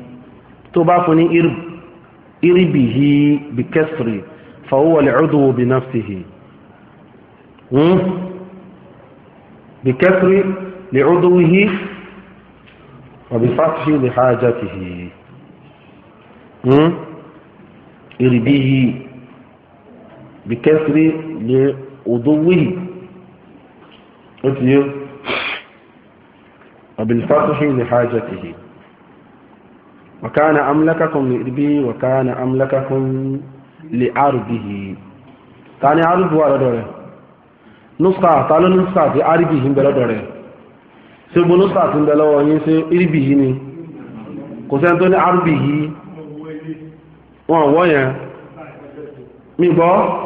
[SPEAKER 1] tó bá fún ní iribi yìí bí kẹsìrì fàwọ́ lè ọdún òbí náà sì hì bí kẹsìrì lè ọdún yìí wàbí fásitì lè hájà tì hì iribi yìí bí kẹsìrì lè ọdún òdòwìhì ó ti yó ọ̀bìlfàtúhì lè hajjá ti hì wàkánà amlákàkùn lè rí wàkánà amlákàkùn lè arùbìhì ta ni arùbù wà lọ́dọ̀ rẹ̀ nùsà ta ló nùsà tí arùbìhì ń bẹ lọ́dọ̀ rẹ̀ ṣe gbogbo nùsà tí ń bẹ lọ́wọ́ yín ṣe irìbìhì ni kò sẹ́ni tó ní arùbìhì wọn wọ́ yẹn mi gbọ́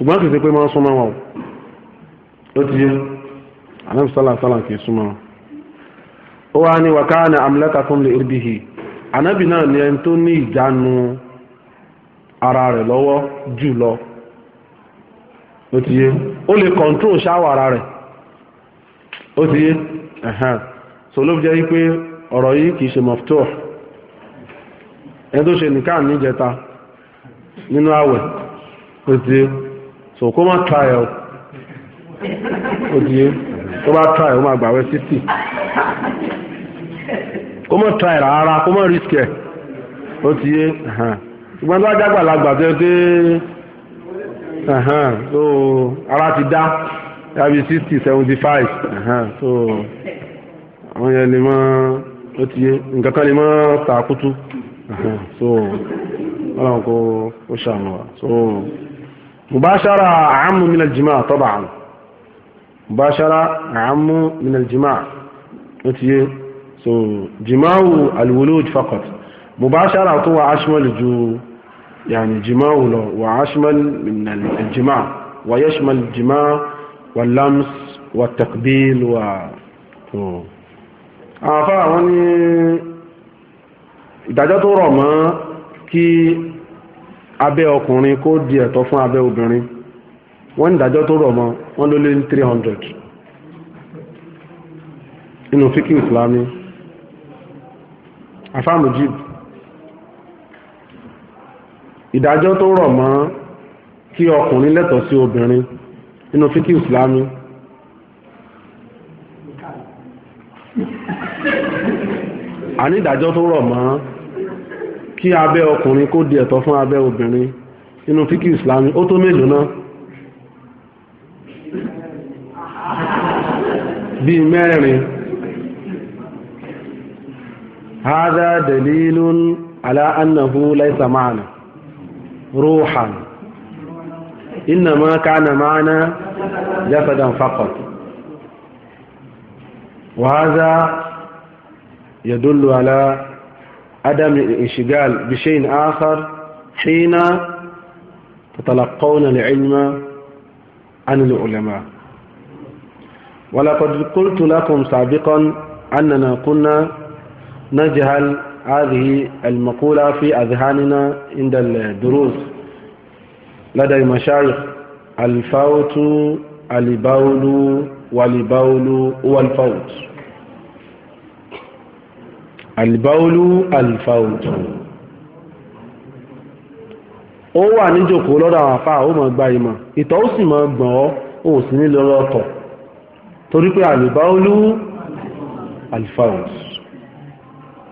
[SPEAKER 1] ṣùgbọ́n kì í ṣe pé máa ń súnmọ́ wọn ó ti yẹ anabi sọlá sọlá kì í súnmọ́ wọn. ó wá ní wàkàánà amúlẹ́ka fún lè náà ẹni tó ní ìjánu ara rẹ̀ lọ́wọ́ jù lọ ó ti yẹ ó lè kọ̀ǹtró ṣáwọ̀ ara rẹ̀ ó ti yé ẹ̀hán so ló fi jẹ́ wípé ọ̀rọ̀ yìí kìí ṣe mọ̀fútọ́ ẹni tó ṣe nìkan níjẹta nínú àwẹ̀ ó ti yé so kó má try ọ ó di yé tó bá try ó má gbà wẹ sixty kó má try rárá kó má risk ẹ ó ti yé ṣùgbọ́n tó bá jágbà lágbà tó yẹ pé so ara ti dá yàbí sixty seventy five so àwọn yẹn lè mọ ó ti yé nǹkan kan lè mọ tààkútú so wọn làwọn kò ṣàmùwà so. مباشرة عم من الجماع طبعا مباشرة عم من الجماع so جماع الولود فقط مباشرة طوى أشمل جو يعني جماع وأشمل من الجماع ويشمل الجماع واللمس والتقبيل و àfáà wọn ní ìdájọ́ tó rọ̀ abẹ́ ọkùnrin kó di ẹ̀tọ́ fún abẹ́ obìnrin wọ́n ní ìdájọ́ tó rọ̀ mọ́ wọ́n ló lé ní three hundred nínú fíkì ìsìlámì afáàmùjib ìdájọ́ tó rọ̀ mọ́ kí ọkùnrin lẹ́tọ̀ọ́ sí obìnrin nínú fíkì ìsìlámì àní ìdájọ́ tó rọ̀ mọ́ kí abẹ́ ọkùnrin kó di ẹ̀tọ́ fún abẹ́ obìnrin nínú fíkì ìsìlámi ó tó mélòó náà bíi mẹ́rin hádá dalilun ala annahu laysa ma'ana ruhan innama kana ma'ana jasadan faqat wa hádá yadullu ala عدم الانشغال بشيء آخر حين تتلقون العلم عن العلماء ولقد قلت لكم سابقا أننا كنا نجهل هذه المقولة في أذهاننا عند الدروس لدى المشايخ الفوت البول والبول هو الفوت Albaulu alìfàòtù ó wà ní jòkó lọ́dọ̀ àwọn afá ó mọ̀ gba ìmọ̀ ìtọ̀ ó sì mọ̀ gbọ̀n ọ́ ó sì ní lọ́lọ́tọ̀ torí pé alìbáolú alìfàòtù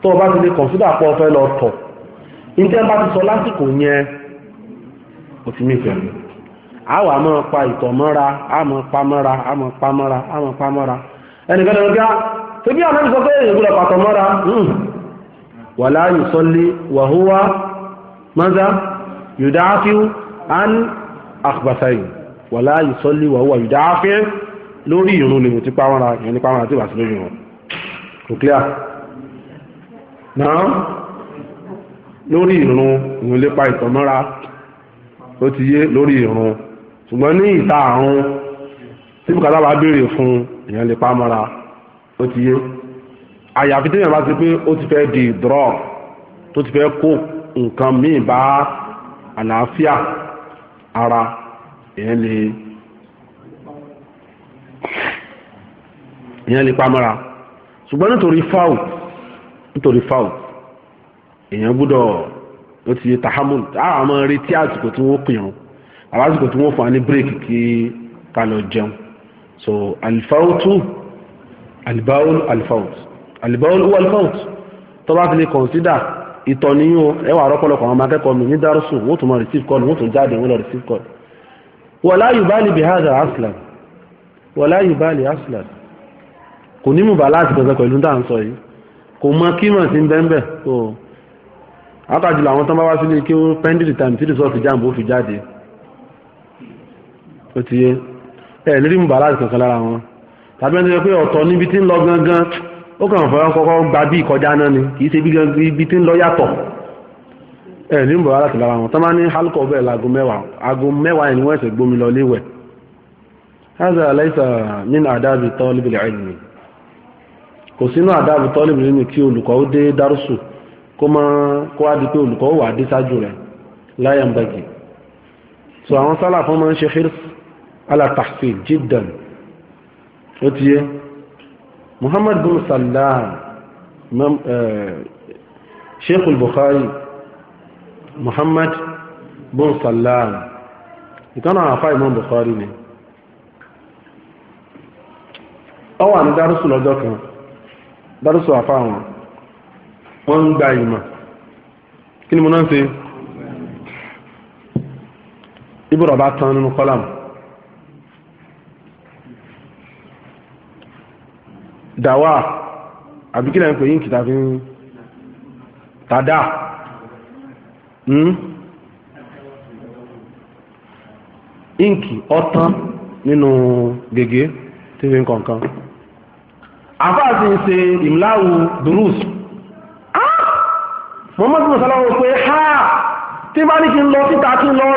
[SPEAKER 1] tó o bá ti lè kọ̀ǹsídà pọ̀ fẹ́ lọ tọ̀ ìjẹ́ bá ti sọ lásìkò yẹn kò ti nífẹ̀ẹ́ mi àwa máa pa ìtọ̀ mọ́ra àmọ́ pa mọ́ra àmọ́ pa mọ́ra àmọ́ pa mọ́ra ẹnìkan lọ́dọ̀ ebi àwọn ọmọ ìsọfẹ́ èyí gbọ́dọ̀ pàtó mọ́ra wà láàyè sọ́lé wàhúwá mọ́zá yùdáfíù án àkùbàsáyì wà láàyè sọ́lé wàhúwá yùdáfíù lórí ìrún ni mo ti pàwọ́ra ìyẹn ní pàwọ́ra tí wà sí lórí wọn kò clear náà lórí ṣùgbọ́n ní ìta àrùn tí bùkátà bá béèrè fún ìyẹn lépa mọ́ra ó ti yé àyàfi téèyàn bá ti pé ó ti fẹ́ di drug tó ti fẹ́ kó nǹkan míì bá àlàáfíà ara èèyàn lè èèyàn lè pamọ́ra ṣùgbọ́n nítorí fowl nítorí fowl èèyàn gbúdọ̀ ó ti yé tahamul àwọn ọmọ retí àsìkò tí wọ́n pìrùn àwọn àsìkò tí wọ́n fún wa ní bírèkì kí ká lọ jẹun so alifawutu albaul alfaut albaul huwa alfaut tó bá fi lè kọ̀nsídà ìtọ̀ niyún ẹwà rọ́pọ̀lọpọ̀ àwọn akẹ́kọ̀ọ́ mi ní dárúsù wọ́n tún mọ receive call wọ́n tún jáde wọ́n lọ receive call wọ́lá yubali bihadha aslan Wala yubali aslan kò ní mùbà láti pẹ̀sẹ̀ pẹ̀lú dáà ń sọ yìí kò mọ kí mọ̀ sí bẹ́ńbẹ̀ so látàjùlọ àwọn tán bá wá sílé kí ó pẹ́ndìlì tàbí tí rìsọ́ọ̀tì jáàmù ó fi jáde ó ti yé ẹ̀ lérí mùbà láti kankan lára wọn tàbí ẹni pé ọ̀tọ̀ níbi tí ń lọ gangan ó kàn fọwọ́ kọ́kọ́ gba bí ìkọjá náà ni kì í ṣe ibi tí ń lọ yàtọ̀ ẹ̀ ní bọ̀ láti lára wọn tó máa ní hálùkọ̀ bẹ́ẹ̀ láago mẹ́wàá aago mẹ́wàá ẹni wọ́n ẹ̀sẹ̀ gbómi lọ léwẹ̀ házà aláìsà nínú àdáàbì tọ́líbì ilmi kò sínú àdáàbì tọ́líbì ilmi kí olùkọ́ ó dé dárúsù kó máa kó wá di pé olùkọ́ ó wà dé sáájú rẹ̀ láyàmbẹ́gì so àwọn sálà fún máa ń ṣe hírs alátàfíì jiddan ó ti yé muhammad bin sallam eh, sheikhul bukhari muhammad bin sallam ìkànnà àfáà imam bukhari ni ó wà ní dárúsù lọ́jọ́ kan dárúsù àfáà wọn wọ́n ń gba ìmọ̀ kí ni mo náà ń ṣe ibùdó bá tán nínú kọ́lámù dawa àbí kí lẹ́yìn pé yín kìtà ń tàdá íǹkì hmm? ọ̀tán nínú gègé tí fi ń kọ̀ọ̀kan àfáà sì ń ṣe ìmláwù durus Muhammad musala wo pé ha tí bá ní kí lọ síta kí n lọ kí n lọ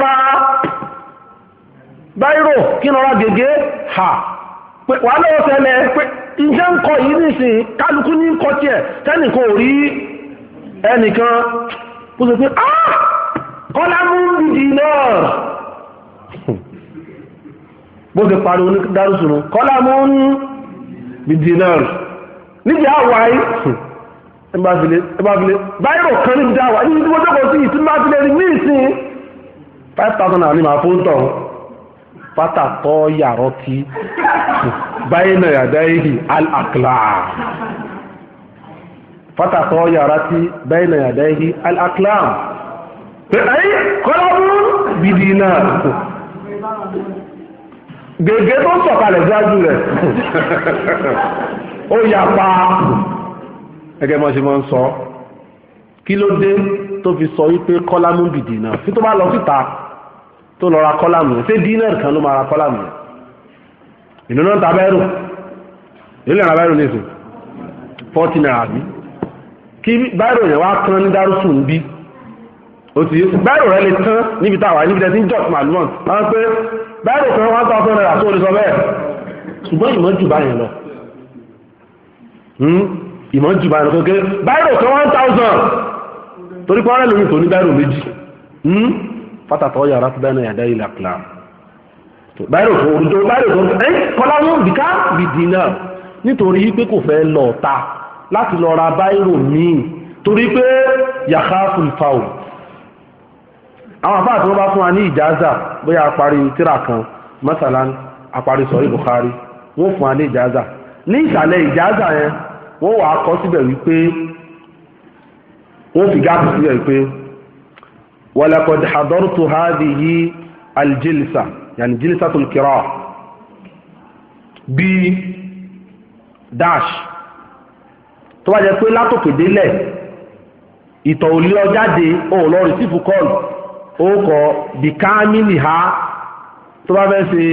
[SPEAKER 1] ha pé lọ́wọ́ ṣẹlẹ̀ pé ìjẹ́ ń kọ yìí nìsìn kálukú ní kọ tiẹ̀ tẹ́nìkan ò rí ẹnìkan ó sọ pé ah! kọ́lá mú ń dìdì náà <laughs> bó ti parí onídárùsùn kọ́lá mú ń dìdì náà níbi àwáyé ẹbáfilé báyìí kan níbi àwáyé níbi tí wọ́n jókòó sí ìsinmi àfilé ní ìsìn 5000 naira màá fóńtọ̀ pátákọ́ yàrá tí báyìí náà yàdá yìí al-akla pátákọ́ yàrá tí báyìí náà yàdá yìí al-akla ẹ̀yìn kọ́lábù bìdì náà gègé tó sọ̀kalẹ̀ síwájú rẹ̀ ó yà pa ẹgẹ́ mọ́ ṣe mọ́ sọ kí ló dé tó fi sọ wípé kọ́lámù bìdì náà fi tó bá lọ síta tó lọ ra kọ́lámù yẹn ṣé dínàrì kan ló máa ra kọ́lámù yẹn ìlú náà ta bẹ́rù ìlú náà bẹ́rù ní ìsìn fọ́tì náírà bí kí bẹ́rù yẹn wá tán ní dárúsùn bí o ti bẹ́rù rẹ lè tán níbi táwa níbi tẹ́sí jọ́ọ̀tì màlúmọ̀ àwọn pé bẹ́rù kan wá tán fún náírà tó lè sọ bẹ́ẹ̀ ṣùgbọ́n ìmọ̀ jù báyẹn lọ hmm? ìmọ̀ jù báyẹn lọ kékeré bẹ́rù kan one thousand torí pé wọ́n rẹ̀ lómi tó ní bẹ́rù méjì hmm? pátákó yàrá tó bẹ́ẹ̀ náà yàda ilà kìlá báyìí tó ń báyìí tó ń ẹ kọ́lá mú bìkà bìdì náà nítorí pé kò fẹ́ lọ ta láti lọ ra báyìí míì torí pé yàrá fúlfàù àwọn afáà tí wọ́n bá fún wa ní ìjáza bóyá apari tíra kan mọ́sálán apari sọ̀rí Bukhari wọ́n fún wa ní ìjáza ní ìsàlẹ̀ ìjáza yẹn wọ́n wà á kọ́ síbẹ̀ wípé wọ́n fi gáàpù síbẹ̀ wípé ولقد حضرت هذه الجلسة يعني جلسة القراءة ب dash tó bá jẹ́ pé látòkè délẹ̀ ìtọ̀ òlé ọjáde òòlọ rìsífù kọlù ó kọ bìkámìlì ha tó bá fẹ́ ṣe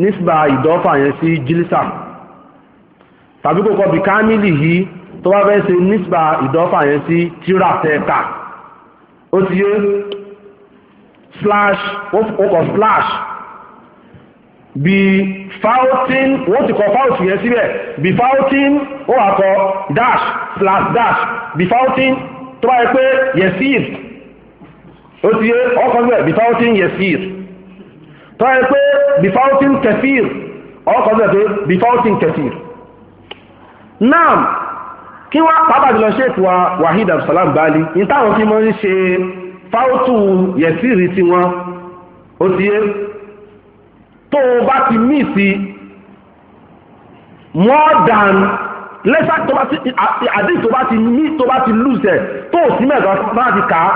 [SPEAKER 1] nísìbà ìdọ́fà yẹn sí jílísà tàbí kò kọ bìkámìlì yìí tó bá fẹ́ ṣe nísìbà ìdọ́fà yẹn sí tírà tẹ́ẹ̀ka ó slash ó kọ slash bí fountain wọ́n ti kọ fountain yẹn síbẹ̀ bí fountain ó wà kọ dash slash dash bí fountain tó bá yẹ pé yẹ sí ìr ó ti yé ọkọ̀ bẹ̀ bí fountain yẹ sí ìr tó yẹ pé bí fountain kẹfìr ọkọ̀ bẹ̀ pé fountain kẹfìr náà kí wọ́n pàápàá jùlọ ṣètò wa Wahid Abdulsalam Bali ní táwọn fi máa ń ṣe fáwọ́tù yẹ̀sìrì tiwọn ó ti yé tó o bá ti mí sí more than lẹ́sà tó bá ti àdé tó bá ti mí tó bá ti lùsẹ̀ tó o sí mẹ́ta bá ti kà á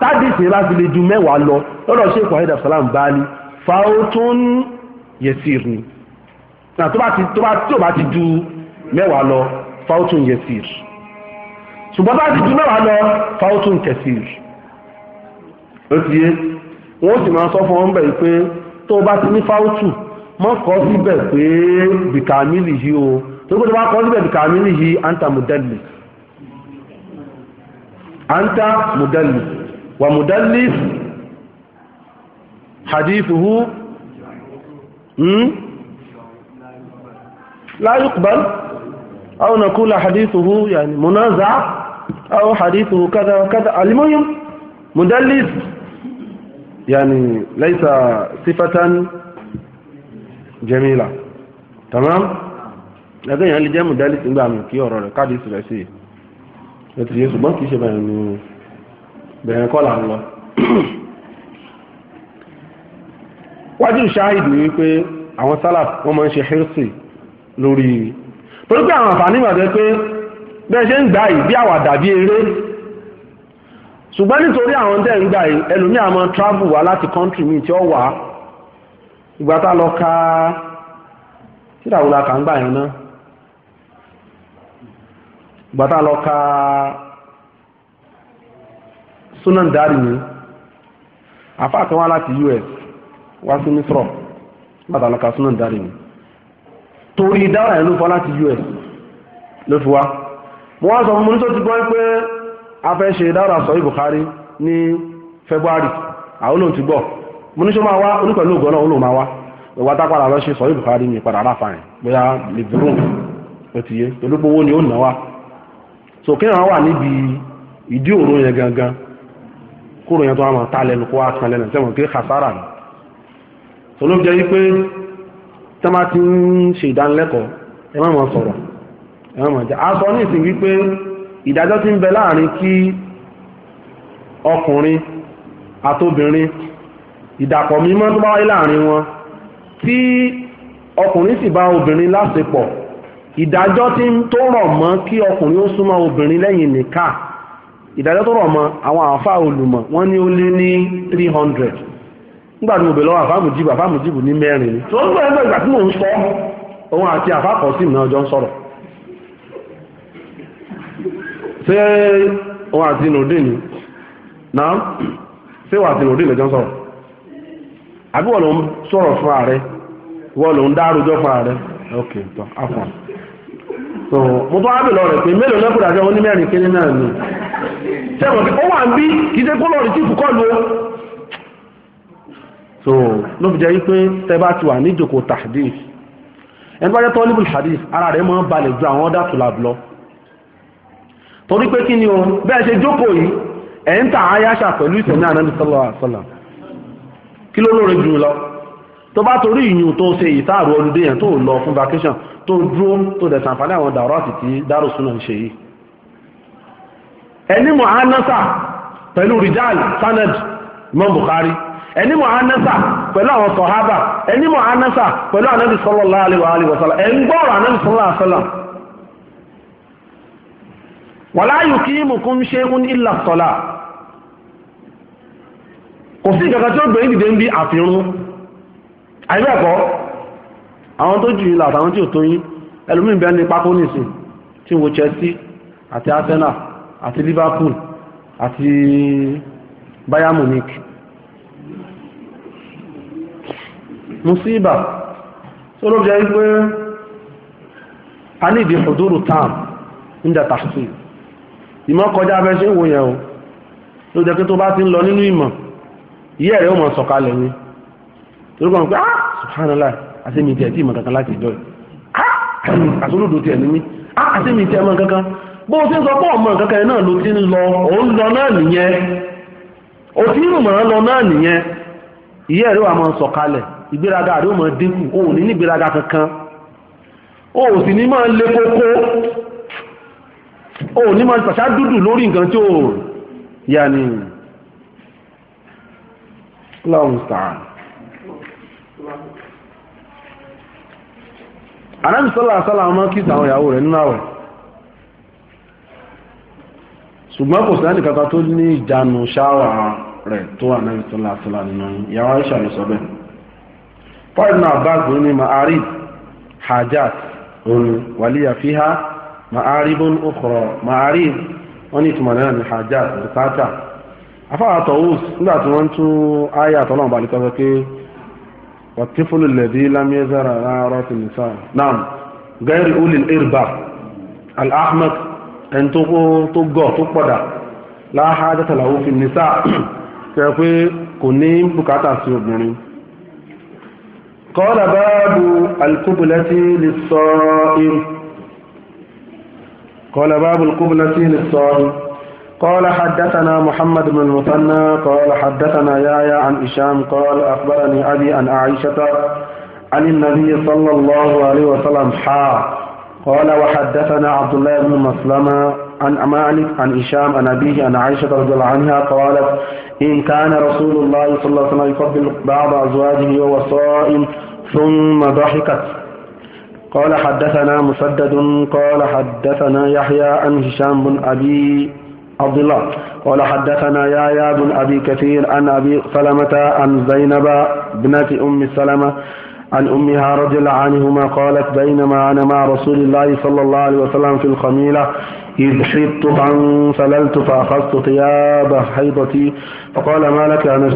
[SPEAKER 1] tádìsì bá ti lè ju mẹ́wàá lọ lọ́dọ̀ ṣètò Wahid Abdulsalam Bali fáwọ́tù yẹ̀sìrì náà tó bá ti ju mẹ́wàá lọ fáwọ́tún yẹsìr ṣùgbọ́n bá ti ju mẹ́wàá lọ fáwọ́tún kẹsìr ó ti yé wọ́n sì máa sọ fún wọn bẹ̀ pé tó o bá ti ní fáwọ́tù mọ́kọ́ síbẹ̀ pé bìkàmílì yìí o tó gbọ́dọ̀ bá kọ́ síbẹ̀ bìkàmílì yìí anta mudalli anta mudalli wa mudalli hadithuhu hmm? la yuqbal. أو نقول حديثه يعني منازع أو حديثه كذا وكذا المهم مدلس يعني ليس صفة جميلة تمام لكن يعني جاء مدلس إن بعمل كيورا يورا كادي سلسي يتري يسو بان كيش بان بان قول الله wájú ṣáàìdì wípé àwọn sálàf wọ́n máa ń torí pé àwọn àǹfààní wà pé bẹ́ẹ̀ ṣe ń gbà yìí bí àwàdà bí eré ṣùgbọ́n nítorí àwọn tẹ́ ń gbà yìí ẹlòmí àmọ́ travel wá láti country mi tí ó wà ìgbà tá lọ ka kà ń gbà yẹn náà ìgbà tá lọ sunan dari ni àfáà kan wá US wá sí misrọ̀ ìgbà tá lọ sunan dari ni torí dára ẹ̀ ló fa láti us ló fi wá mo wá sọ fún tó ti gbọ́ pé a fẹ́ ṣe dára sọ ìbùkárí ní february àwọn olóhùn ti gbọ́ mo ní ṣó máa wá onípẹ̀lú ògbọ́n náà olóhùn máa wá ìwà tápàdà lọ ṣe sọ ìbùkárí ní ìpadà aráfa bóyá ni ó nà wá so kí wọ́n wà níbi ìdí òru yẹn so ló tí wọ́n bá ti ń ṣe ìdánilẹ́kọ̀ọ́ ẹ má mọ̀ sọ̀rọ̀ ẹ má mọ̀ jẹ́ a sọ ní ìsìn wípé ìdájọ́ ti ń bẹ láàrin kí ọkùnrin àtobìnrin ìdàpọ̀ mímọ́ tó bá wáyé láàrin wọn tí ọkùnrin sì bá obìnrin láṣepọ̀ ìdájọ́ tí ń tó rọ̀ mọ́ kí ọkùnrin ó súnmọ́ obìnrin lẹ́yìn nìka ìdájọ́ tó rọ̀ mọ́ àwọn àáfàá olùmọ̀ wọ́n ní ó lé ní three hundred nígbà tí mo bẹ̀ lọ́wọ́ àfáàmù jìbù ní mẹ́rin ni tó ń gbọ́ ẹgbẹ́ ìgbà tí mò ń sọ òun àti àfáàkọ̀ sí ìmọ̀ ń sọ̀rọ̀ ṣé òun àti nùdín ni náà ṣé òun àti nùdín lẹ́jọ́ sọ̀rọ̀ àbí wọ́n lòún sọ̀rọ̀ fún ààrẹ wọ́n lòún dárújọ́ fún ààrẹ ok tán afọ so mo tún wá bẹ̀ lọ pé mélòó lẹ́kùn àjọ onímẹ́rin kéré náà ni ṣé àwọn ó wà ń bí kí so ló fi jẹ́ wípé tẹ́ bá ti wà ní ìjòkó tahdith ẹni bá jẹ́ tọ́líbùl hadith ara rẹ̀ máa ń balẹ̀ ju àwọn ọ̀dà tó lab lọ torí pé kí ni o bẹ́ẹ̀ ṣe jókòó yìí ẹ̀ ń ta ayáṣà pẹ̀lú ìsẹ̀mí ànábì sallallahu alaihi wasallam kí ló lóore jù lọ tó bá torí ìyún tó ṣe ìtààrù ọlùdé yẹn tó lọ fún vacation tó dúró tó dẹ̀ sàǹfààní àwọn dàrọ́ àti tí dárò súnà ń ṣe yìí ẹni mọ̀ ánásà pẹ̀lú rijal sanad imam bukhari ẹni mọ̀hánẹ́sà pẹ̀lú àwọn sọ̀hábà ẹni mọ̀hánẹ́sà pẹ̀lú ànábì sallallahu alaihi wa sallam ẹ̀ ń gbọ́ọ̀rọ̀ ànábì sallallahu alaihi wa sallam wàlá yuqimukum shay'un illa kò sí ìkàkà tí ó gbẹ̀yìn ń bí àfihàn àìbẹ́ẹ̀kọ́ àwọn tó jù ilà àtàwọn tí ò tó yín bẹ́ẹ̀ pákó nìsín tí Arsenal àti Liverpool àti Bayern Munich musíbà tó ló pé a ní ìdí huduru taa níjà tàṣí ìmọ̀ kọjá abẹ́ ṣe ń wo o ló jẹ́ tó bá ti ń lọ nínú ìmọ̀ ìyẹ́ rẹ̀ ó mọ̀ sọ̀kalẹ̀ ni torí pé ah subhanallah àti tí ìmọ̀ kankan láti ìjọ ah, ah, o ti ọmọ ìyẹ́ rẹ̀ ìgbéraga àdó mọ̀ dínkù o ò ní ní ìgbéraga kankan o ò sì ní máa lé kókó o ò ní máa pàṣá dúdù lórí nǹkan tí o yà ní clown star anábìsọ́lá àsọ́lá ọmọ kí ìtàwọn ìyàwó rẹ̀ nínú àwẹ̀ ṣùgbọ́n kò sẹ́ni kankan tó ní ìjánu ṣáwà rẹ̀ tó anábìsọ́lá àsọ́lá nínú ìyàwó àìṣà ló fọ́ọ̀nù abbas ló ní ma'arib hajat òní wàlíyà fíhá ma'aribun ukhra ma'arib wọ́n ní ìtumọ̀ náà ní hajat bùkátà afáwà tọ̀wùs nígbà tí wọ́n tún ayé àtọ́lọ́mọba lè kọ́ pé wàtífúlù lẹ́bí lámíẹ́zára rárọ́ ti nìsá náà gẹ́rì ulil irba al-ahmed ẹni tó gọ̀ tó pọ̀dà láhájátàlàwó fi nìsá kẹ́ pé kò ní bùkátà sí obìnrin قال باب القبلة للصائم قال باب القبلة للصائم قال حدثنا محمد بن المثنى قال حدثنا يايا عن هشام قال أخبرني أبي عن عائشة عن النبي صلى الله عليه وسلم حا قال وحدثنا عبد الله بن مسلمة عن مالك عن هشام عن أبيه عن عائشة رضي الله عنها قالت إن كان رسول الله صلى الله عليه وسلم يفضل بعض أزواجه وهو صائم ثم ضحكت قال حدثنا مسدد قال حدثنا يحيى عن هشام بن أبي عبد الله قال حدثنا يا بن أبي كثير عن أبي سلمة عن زينب ابنة أم سلمة عن أمها رضي الله عنهما قالت بينما أنا مع رسول الله صلى الله عليه وسلم في الخميلة إذ حضت فانفللت فأخذت ثياب حيضتي فقال ما لك أن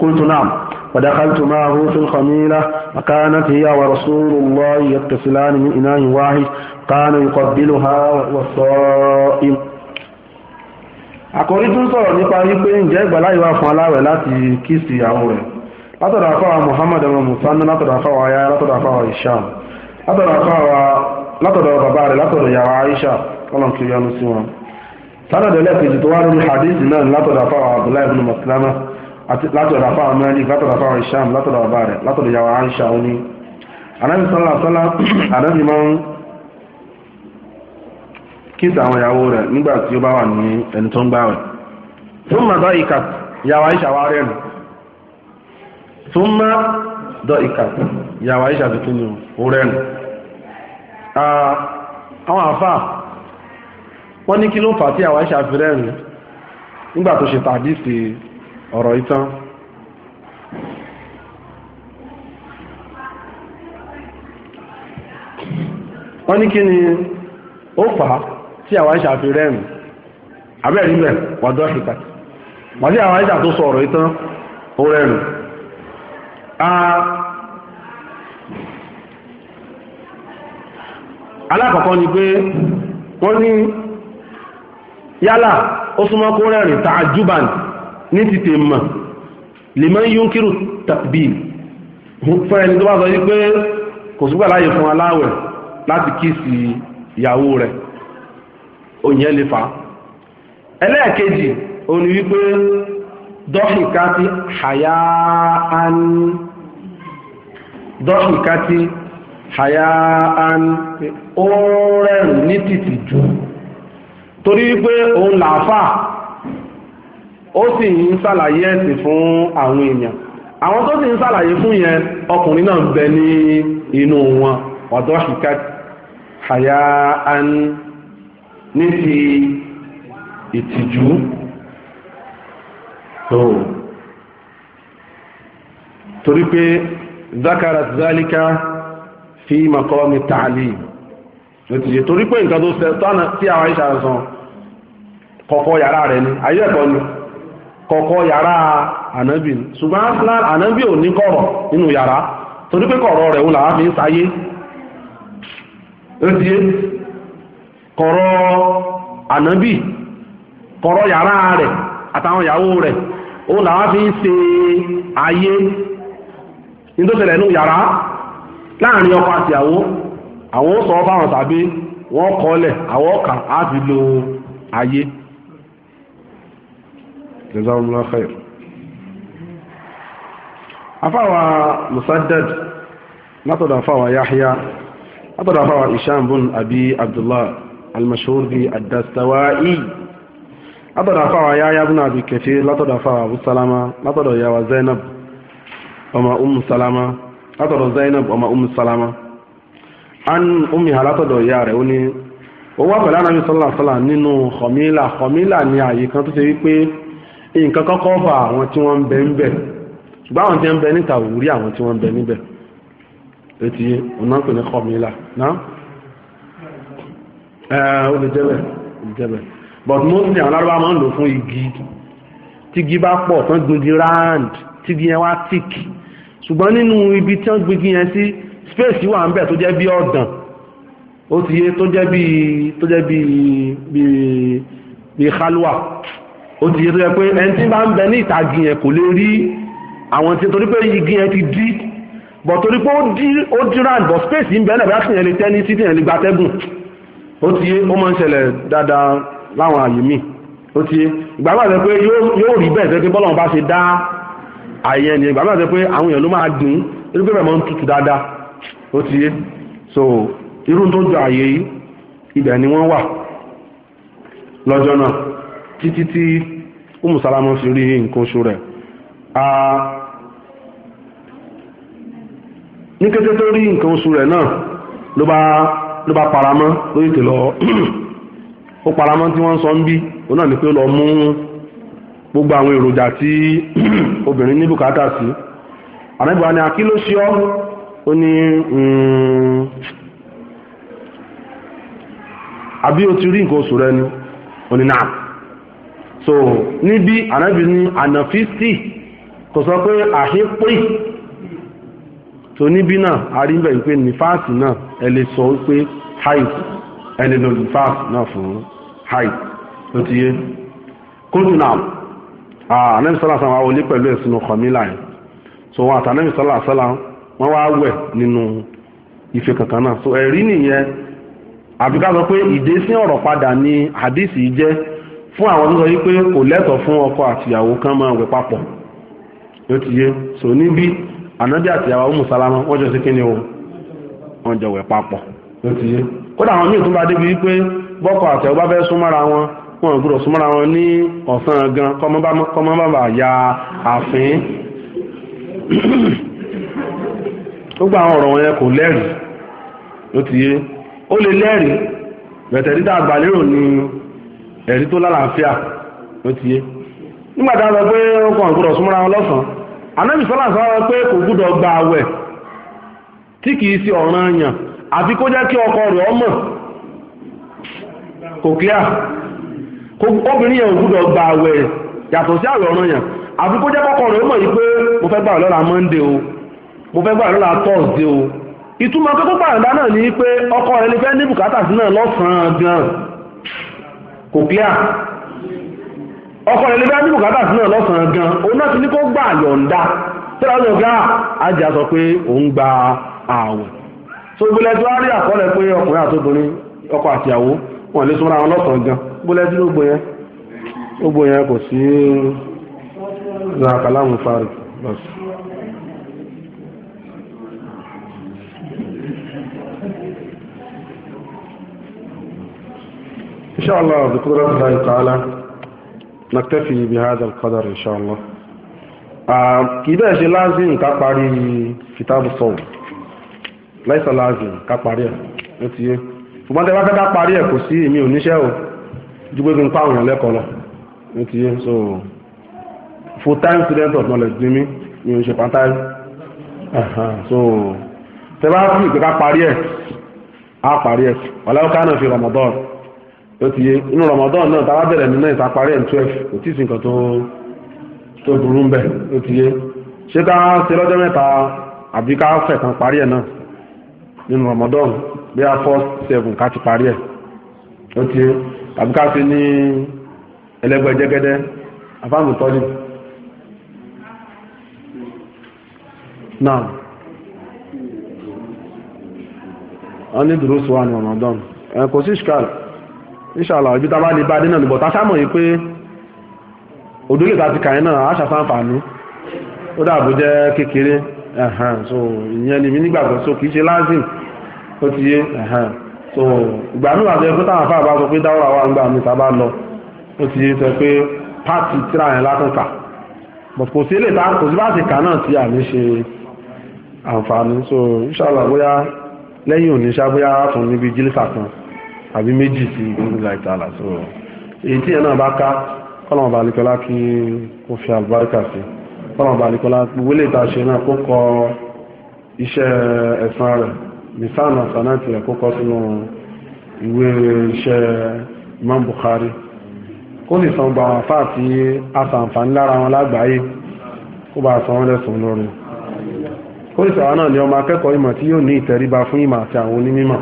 [SPEAKER 1] قلت نعم ودخلت معه في الخميلة فكانت هي ورسول الله يغتسلان من إناء واحد كان يقبلها والصائم àkòrí tún sọ̀rọ̀ nípa wípé ǹjẹ́ ìgbàláyé wà fún aláwẹ̀ láti kíìsì àwọn rẹ̀ látọ̀dọ̀ àfáwà Muhammad ọmọ musanna látọ̀dọ̀ àfáwà ayá látọ̀dọ̀ àfáwà isham látọ̀dọ̀ bàbá rẹ̀ látọ̀dọ̀ ìyàwó Aisha kọ́lọ̀ kí yọnu sí wọn
[SPEAKER 2] sánàdé lẹ́ẹ̀kejì tó wá lórí hadithi náà látọ̀dọ̀ afáwọn abdullahi
[SPEAKER 1] ibn maslama àti látọ̀dọ̀ afáwọn malik látọ̀dọ̀ afáwọn isham látọ̀dọ̀ bàbá rẹ̀ látọ̀dọ̀ yàwó aisha oní anábì sọlá sọlá anábì máa ń kíta àwọn ìyàwó rẹ̀ nígbà tí ó bá wà ní ẹni tó ń gbààwẹ̀ fún màdá ìkà yàwó aisha wá rẹ̀ nù túnmá dọ ìkà yàwó aisha tuntun ní òrẹ́nu àwọn àfáà wọ́n ní kí ló fà tí àwọn ẹ̀ṣẹ̀ àfẹ́rẹ́rìn nígbà tó ṣe tàdísì ọ̀rọ̀ ìtàn wọ́n ní kí ni ó fà tí àwọn ẹ̀ṣẹ̀ àfẹ́rẹ́rìn abẹ́rẹ́ níbẹ̀ wàdọ́ ìgbà wọ́n tí àwọn tó sọ ọ̀rọ̀ ìtàn ó alákọ̀ọ́kọ́ ni pé wọ́n ní yálà ó súnmọ́ kó rẹ̀rìn tààjúbàn ní ti tè mọ̀ liman yunkiru takbir fún ẹni tó bá sọ wípé kò sígbà láàyè fún aláwẹ̀ láti kíìsì ìyàwó rẹ̀ òyìn lè fà á ẹlẹ́ẹ̀kejì òun ni wípé dọ́ṣìkátì hayaan ó rẹ̀rìn ní tìtìjú torí pé òun làáfà ó sì ń ṣàlàyé ẹ̀sìn fún àwọn èèyàn àwọn tó sì ń ṣàlàyé fún yẹn ọkùnrin náà ń bẹ ní inú wọn ọ̀dọ́ ṣìkà àyà án ní ti ìtìjú torí pé zakarat zalika fi makọ́ mi tààlì ló torí pé nǹkan tó sẹ́ tọ́nà tí àwọn ìṣàrẹ̀ sàn kọ̀kọ́ yàrá rẹ̀ ni ayẹ́ẹ̀kọ́ ni kọ̀kọ́ yàrá ànábì ni ṣùgbọ́n ànábì ò ní kọ̀rọ̀ nínú yàrá torí pé kọ̀rọ̀ rẹ̀ wùlà áfi sáyé ó kọ̀rọ̀ ànábì kọ̀rọ̀ yàrá rẹ̀ àtàwọn ìyàwó rẹ̀ ó fi ń ṣe ayé nítòsílẹ̀ nínú yàrá láàrin àti àwọn ó sọ ọ́ tàbí wọ́n kọ́lẹ̀ jazakumullahu khair afáwa musaddad látọ̀dọ̀ afáwa yahya látọ̀dọ̀ afáwa isham bun abi abdullah almashhur bi ad-dastawai látọ̀dọ̀ afáwa yahya bun abi kathir látọ̀dọ̀ afáwa abu salama látọ̀dọ̀ yawa zainab ọmọ umu salama látọ̀dọ̀ zainab ọmọ umu salama an umi halátọ̀dọ̀ ìyá rẹ̀ ó ní ó wá pẹ̀lú anábì sallallahu alaihi wasallam nínú khamila khamila ní àyè kan tó ṣe wípé nǹkan kọ́kọ́ fà àwọn tí wọ́n ń bẹ níbẹ̀ ṣùgbọ́n àwọn tí wọ́n ń bẹ níta ò rí àwọn tí wọ́n ń bẹ níbẹ̀ etí ọ̀nà pè ní kọ́mílà náà ẹ̀ ó lè jẹ́bẹ̀ space wà ń bẹ̀ tó jẹ́ bí ọ̀dàn ó ti yé tó jẹ́ bí bí bí bí kálúà ó ti yẹ tó yẹ pé ẹni tí bá ń bẹ ní ìtàgì yẹn kò lè rí àwọn tí torí pé igi yẹn ti dí bọ̀ torí pé ó dí ó dí round bọ̀ space ń bẹ́ẹ̀ lẹ́bẹ̀ẹ́ àtìyẹn lè tẹ́ ní títí yẹn lè gba tẹ́gùn ó ti yé ó máa ń ṣẹlẹ̀ dáadáa láwọn àyè míì ó ti yé ìgbà máa pé yóò rí bẹ́ẹ̀ sẹ́kẹ́ bọ́lọ́run bá ṣe dá àyè ẹni ìgbà máa pé àwọn èèyàn ló máa dùn irú pé máa ń tutù dáadáa ó ti yé so irú tó ju àyè yìí ibẹ̀ ni wọ́n wà lọ́jọ́ náà títí tí Umu Salama fi rí nǹkan oṣù rẹ̀ ní kété tó rí nǹkan oṣù rẹ̀ náà ló bá ló bá paramọ́ lórí tè lọ <clears throat> ó paramọ́ tí wọ́n sọ ń bí òun náà ni pé lọ mú gbogbo àwọn èròjà tí <clears throat> obìnrin ní bùkátà sí àmẹ́bàá ni àkí ló ṣe ọ́ ó ní hmm, àbí o ti rí nǹkan oṣù rẹ ni ó ní náà so níbi ànábì ní ànàfíìsì kò sọ pé àhípì tó níbí náà a rí bẹ̀ wípé nífàásì náà ẹ lè sọ wípé haid ẹ lè lo nífàásì náà fún haid ló ti yé kóòtù náà ànábì sọ́lá sọ́lá wọlé pẹ̀lú ẹ̀sìn ọkọ̀ mi so wọn àtànábì sọ́lá sọ́lá wọ́n wá wẹ̀ nínú ife kankan náà so ẹ̀rí nìyẹn àbíká sọ pé ìdésí ọ̀rọ̀ padà ni hadisi jẹ́ fún àwọn tó sọ wípé kò lẹ́tọ̀ fún ọkọ àtìyàwó kan máa wẹ̀ papọ̀ ló ti yé so níbi ànábì àtìyàwó mùsàlámà wọ́n jọ sí kí ni o wọ́n jọ wẹ̀ papọ̀ ló ti yé kódà àwọn míì tún bá débi wípé bọ́kọ àtìyàwó bá fẹ́ súnmọ́ra wọn wọn ò gbúdọ̀ súnmọ́ra wọn ní ọ̀sán gan kọ́mọ́ bàbà ya àfín gbogbo àwọn ọ̀rọ̀ yẹn kò lẹ́rìí ló ti yé o lè lẹ́rìí bẹ̀tẹ̀ dídá ẹ̀rí tó lálàáfíà ó ti yé nígbàtà sọ pé ó kàn gbọ́dọ̀ súnmọ́ra wọn lọ́sàn anábì sọ́là sọ pé kò gbọ́dọ̀ gba àwẹ̀ tí kìí ṣe ọ̀ràn àfi kó jẹ́ kí ọkọ rẹ̀ ọmọ kò kíá obìnrin yẹn ò gba yàtọ̀ sí àwẹ̀ ọ̀ràn àfi kó jẹ́ mọ̀ o mo fẹ́ gbà o ìtumọ̀ kókó pàrọ̀dá náà ni pé ọkọ rẹ̀ lè fẹ́ sí kò clear ọkọ rẹ̀ lè bá ní bùkátà sí náà lọ́sàn-án gan òun náà ti ní kó gbà yọ̀ǹda tí wọ́n lọ gbà ájà sọ pé òun gba ààwẹ̀ tó gbọ́lẹ̀ tí wọ́n rí àkọọ́lẹ̀ pé ọkùnrin àtobìnrin ọkọ àtìyàwó wọn lè súnmọ́ra wọn lọ́sàn-án gan gbọ́lẹ̀ tí gbogbo yẹn gbogbo yẹn kò sí
[SPEAKER 2] ìràkàlámù fárí lọ́sàn
[SPEAKER 1] إن شاء الله بقدرة الله تعالى نكتفي بهذا القدر إن شاء الله kìí bẹ́ẹ̀ ṣe láàzín ká parí kìtàbù sọ̀rọ̀ láìsọ̀ láàzín ká parí ẹ̀ ó ti yé ṣùgbọ́n tẹ́ bá fẹ́ ká parí ẹ̀ kò sí èmi ò níṣẹ́ o ju pé kí n pààrọ̀ yàn lẹ́kọ̀ọ́ lọ ó ti yé so full time student of knowledge ni mí mi ò ṣe part-time so tẹ́ bá fi ìpè ká parí ẹ̀ á parí ẹ̀ wàlẹ́ ọ̀ká náà fi Ramadan tó ti inú Ramadan náà táwa bẹ̀rẹ̀ nínú ìtàparí ẹ̀ twelve kò tí ì sí nǹkan tó tó burú ń bẹ̀ tó ti yé ṣé ká ṣe lọ́jọ́ mẹ́ta àbí ká fẹ̀ parí ẹ̀ náà nínú Ramadan bí a four seven ká ti parí ẹ̀ tó ti yé tàbí ká ṣe ní ẹlẹ́gbẹ̀jẹ̀gẹ́dẹ́ afáàmù tọ́lì. náà wọ́n ní dúró sí wa ní Ramadan kò sí ṣkàlù inshallah ibi tá a bá lè bá dé náà nìbọ̀ tá a sámọ̀ yìí pé òdó lè ta ti kàyín náà àṣà sáǹfààní ó dàbò jẹ́ kékeré so ìyẹn ni mi nígbàgbọ́ so kì í ṣe lázìm ó ti yé so ìgbà mi wà sọ pé táwọn afáàbá sọ pé dáwọ́ra wà ń gbà mí sábà lọ ó ti yé sọ pé pààtì tíra yẹn látàn kà but kò sí lè ta kò sí bá ti kà náà tí àmì ṣe àǹfààní so inshallah bóyá lẹ́yìn òní ṣá bóyá fún níbi jílísà kan àbí méjì sí ìgbìmọ̀ láìta àlà so èyí tí ẹ náà bá ká kọ́lọ̀mọ̀ bá alikọ́lá kí kó fi àlùbáríkà sí kọ́lọ̀mọ̀ bá alikọ́lá gbogbo lè ta ṣe náà kó kọ iṣẹ́ ẹ̀san rẹ̀ misanu asanati ẹ̀ kó kọ sínú ìwé iṣẹ́ Imam Bukhari kó lè san gbàwọn afá tí a lára wọn lágbàáyé kó bá san wọn lẹ́sùn lórí kó lè sàwọn náà ní ọmọ akẹ́kọ̀ọ́ ìmọ̀ tí yóò ní ìtẹríba fún ìmọ̀ àti àwọn onímọ̀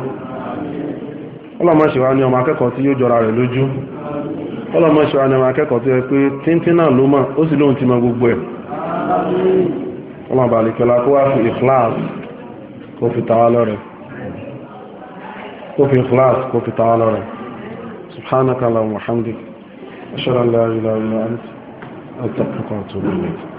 [SPEAKER 1] ọlọ́mọ ṣe wá ní ọmọ akẹ́kọ̀ọ́ tí yóò jọra rẹ̀ lójú ọlọ́mọ ṣe wá ní ọmọ akẹ́kọ̀ọ́ tí ó pé tíntín náà ló mọ̀ ó sì lóhun ti mọ gbogbo ẹ̀ ọlọ́mọ àlekọ́lá kó wá fi ìkíláàs kó fi tàwa lọ́rẹ̀ kó fi ìkíláàs kó fi tàwa lọ́rẹ̀ subhanaka allahumma wa hamdik ashhadu an Allah ilaha illa anta astaghfiruka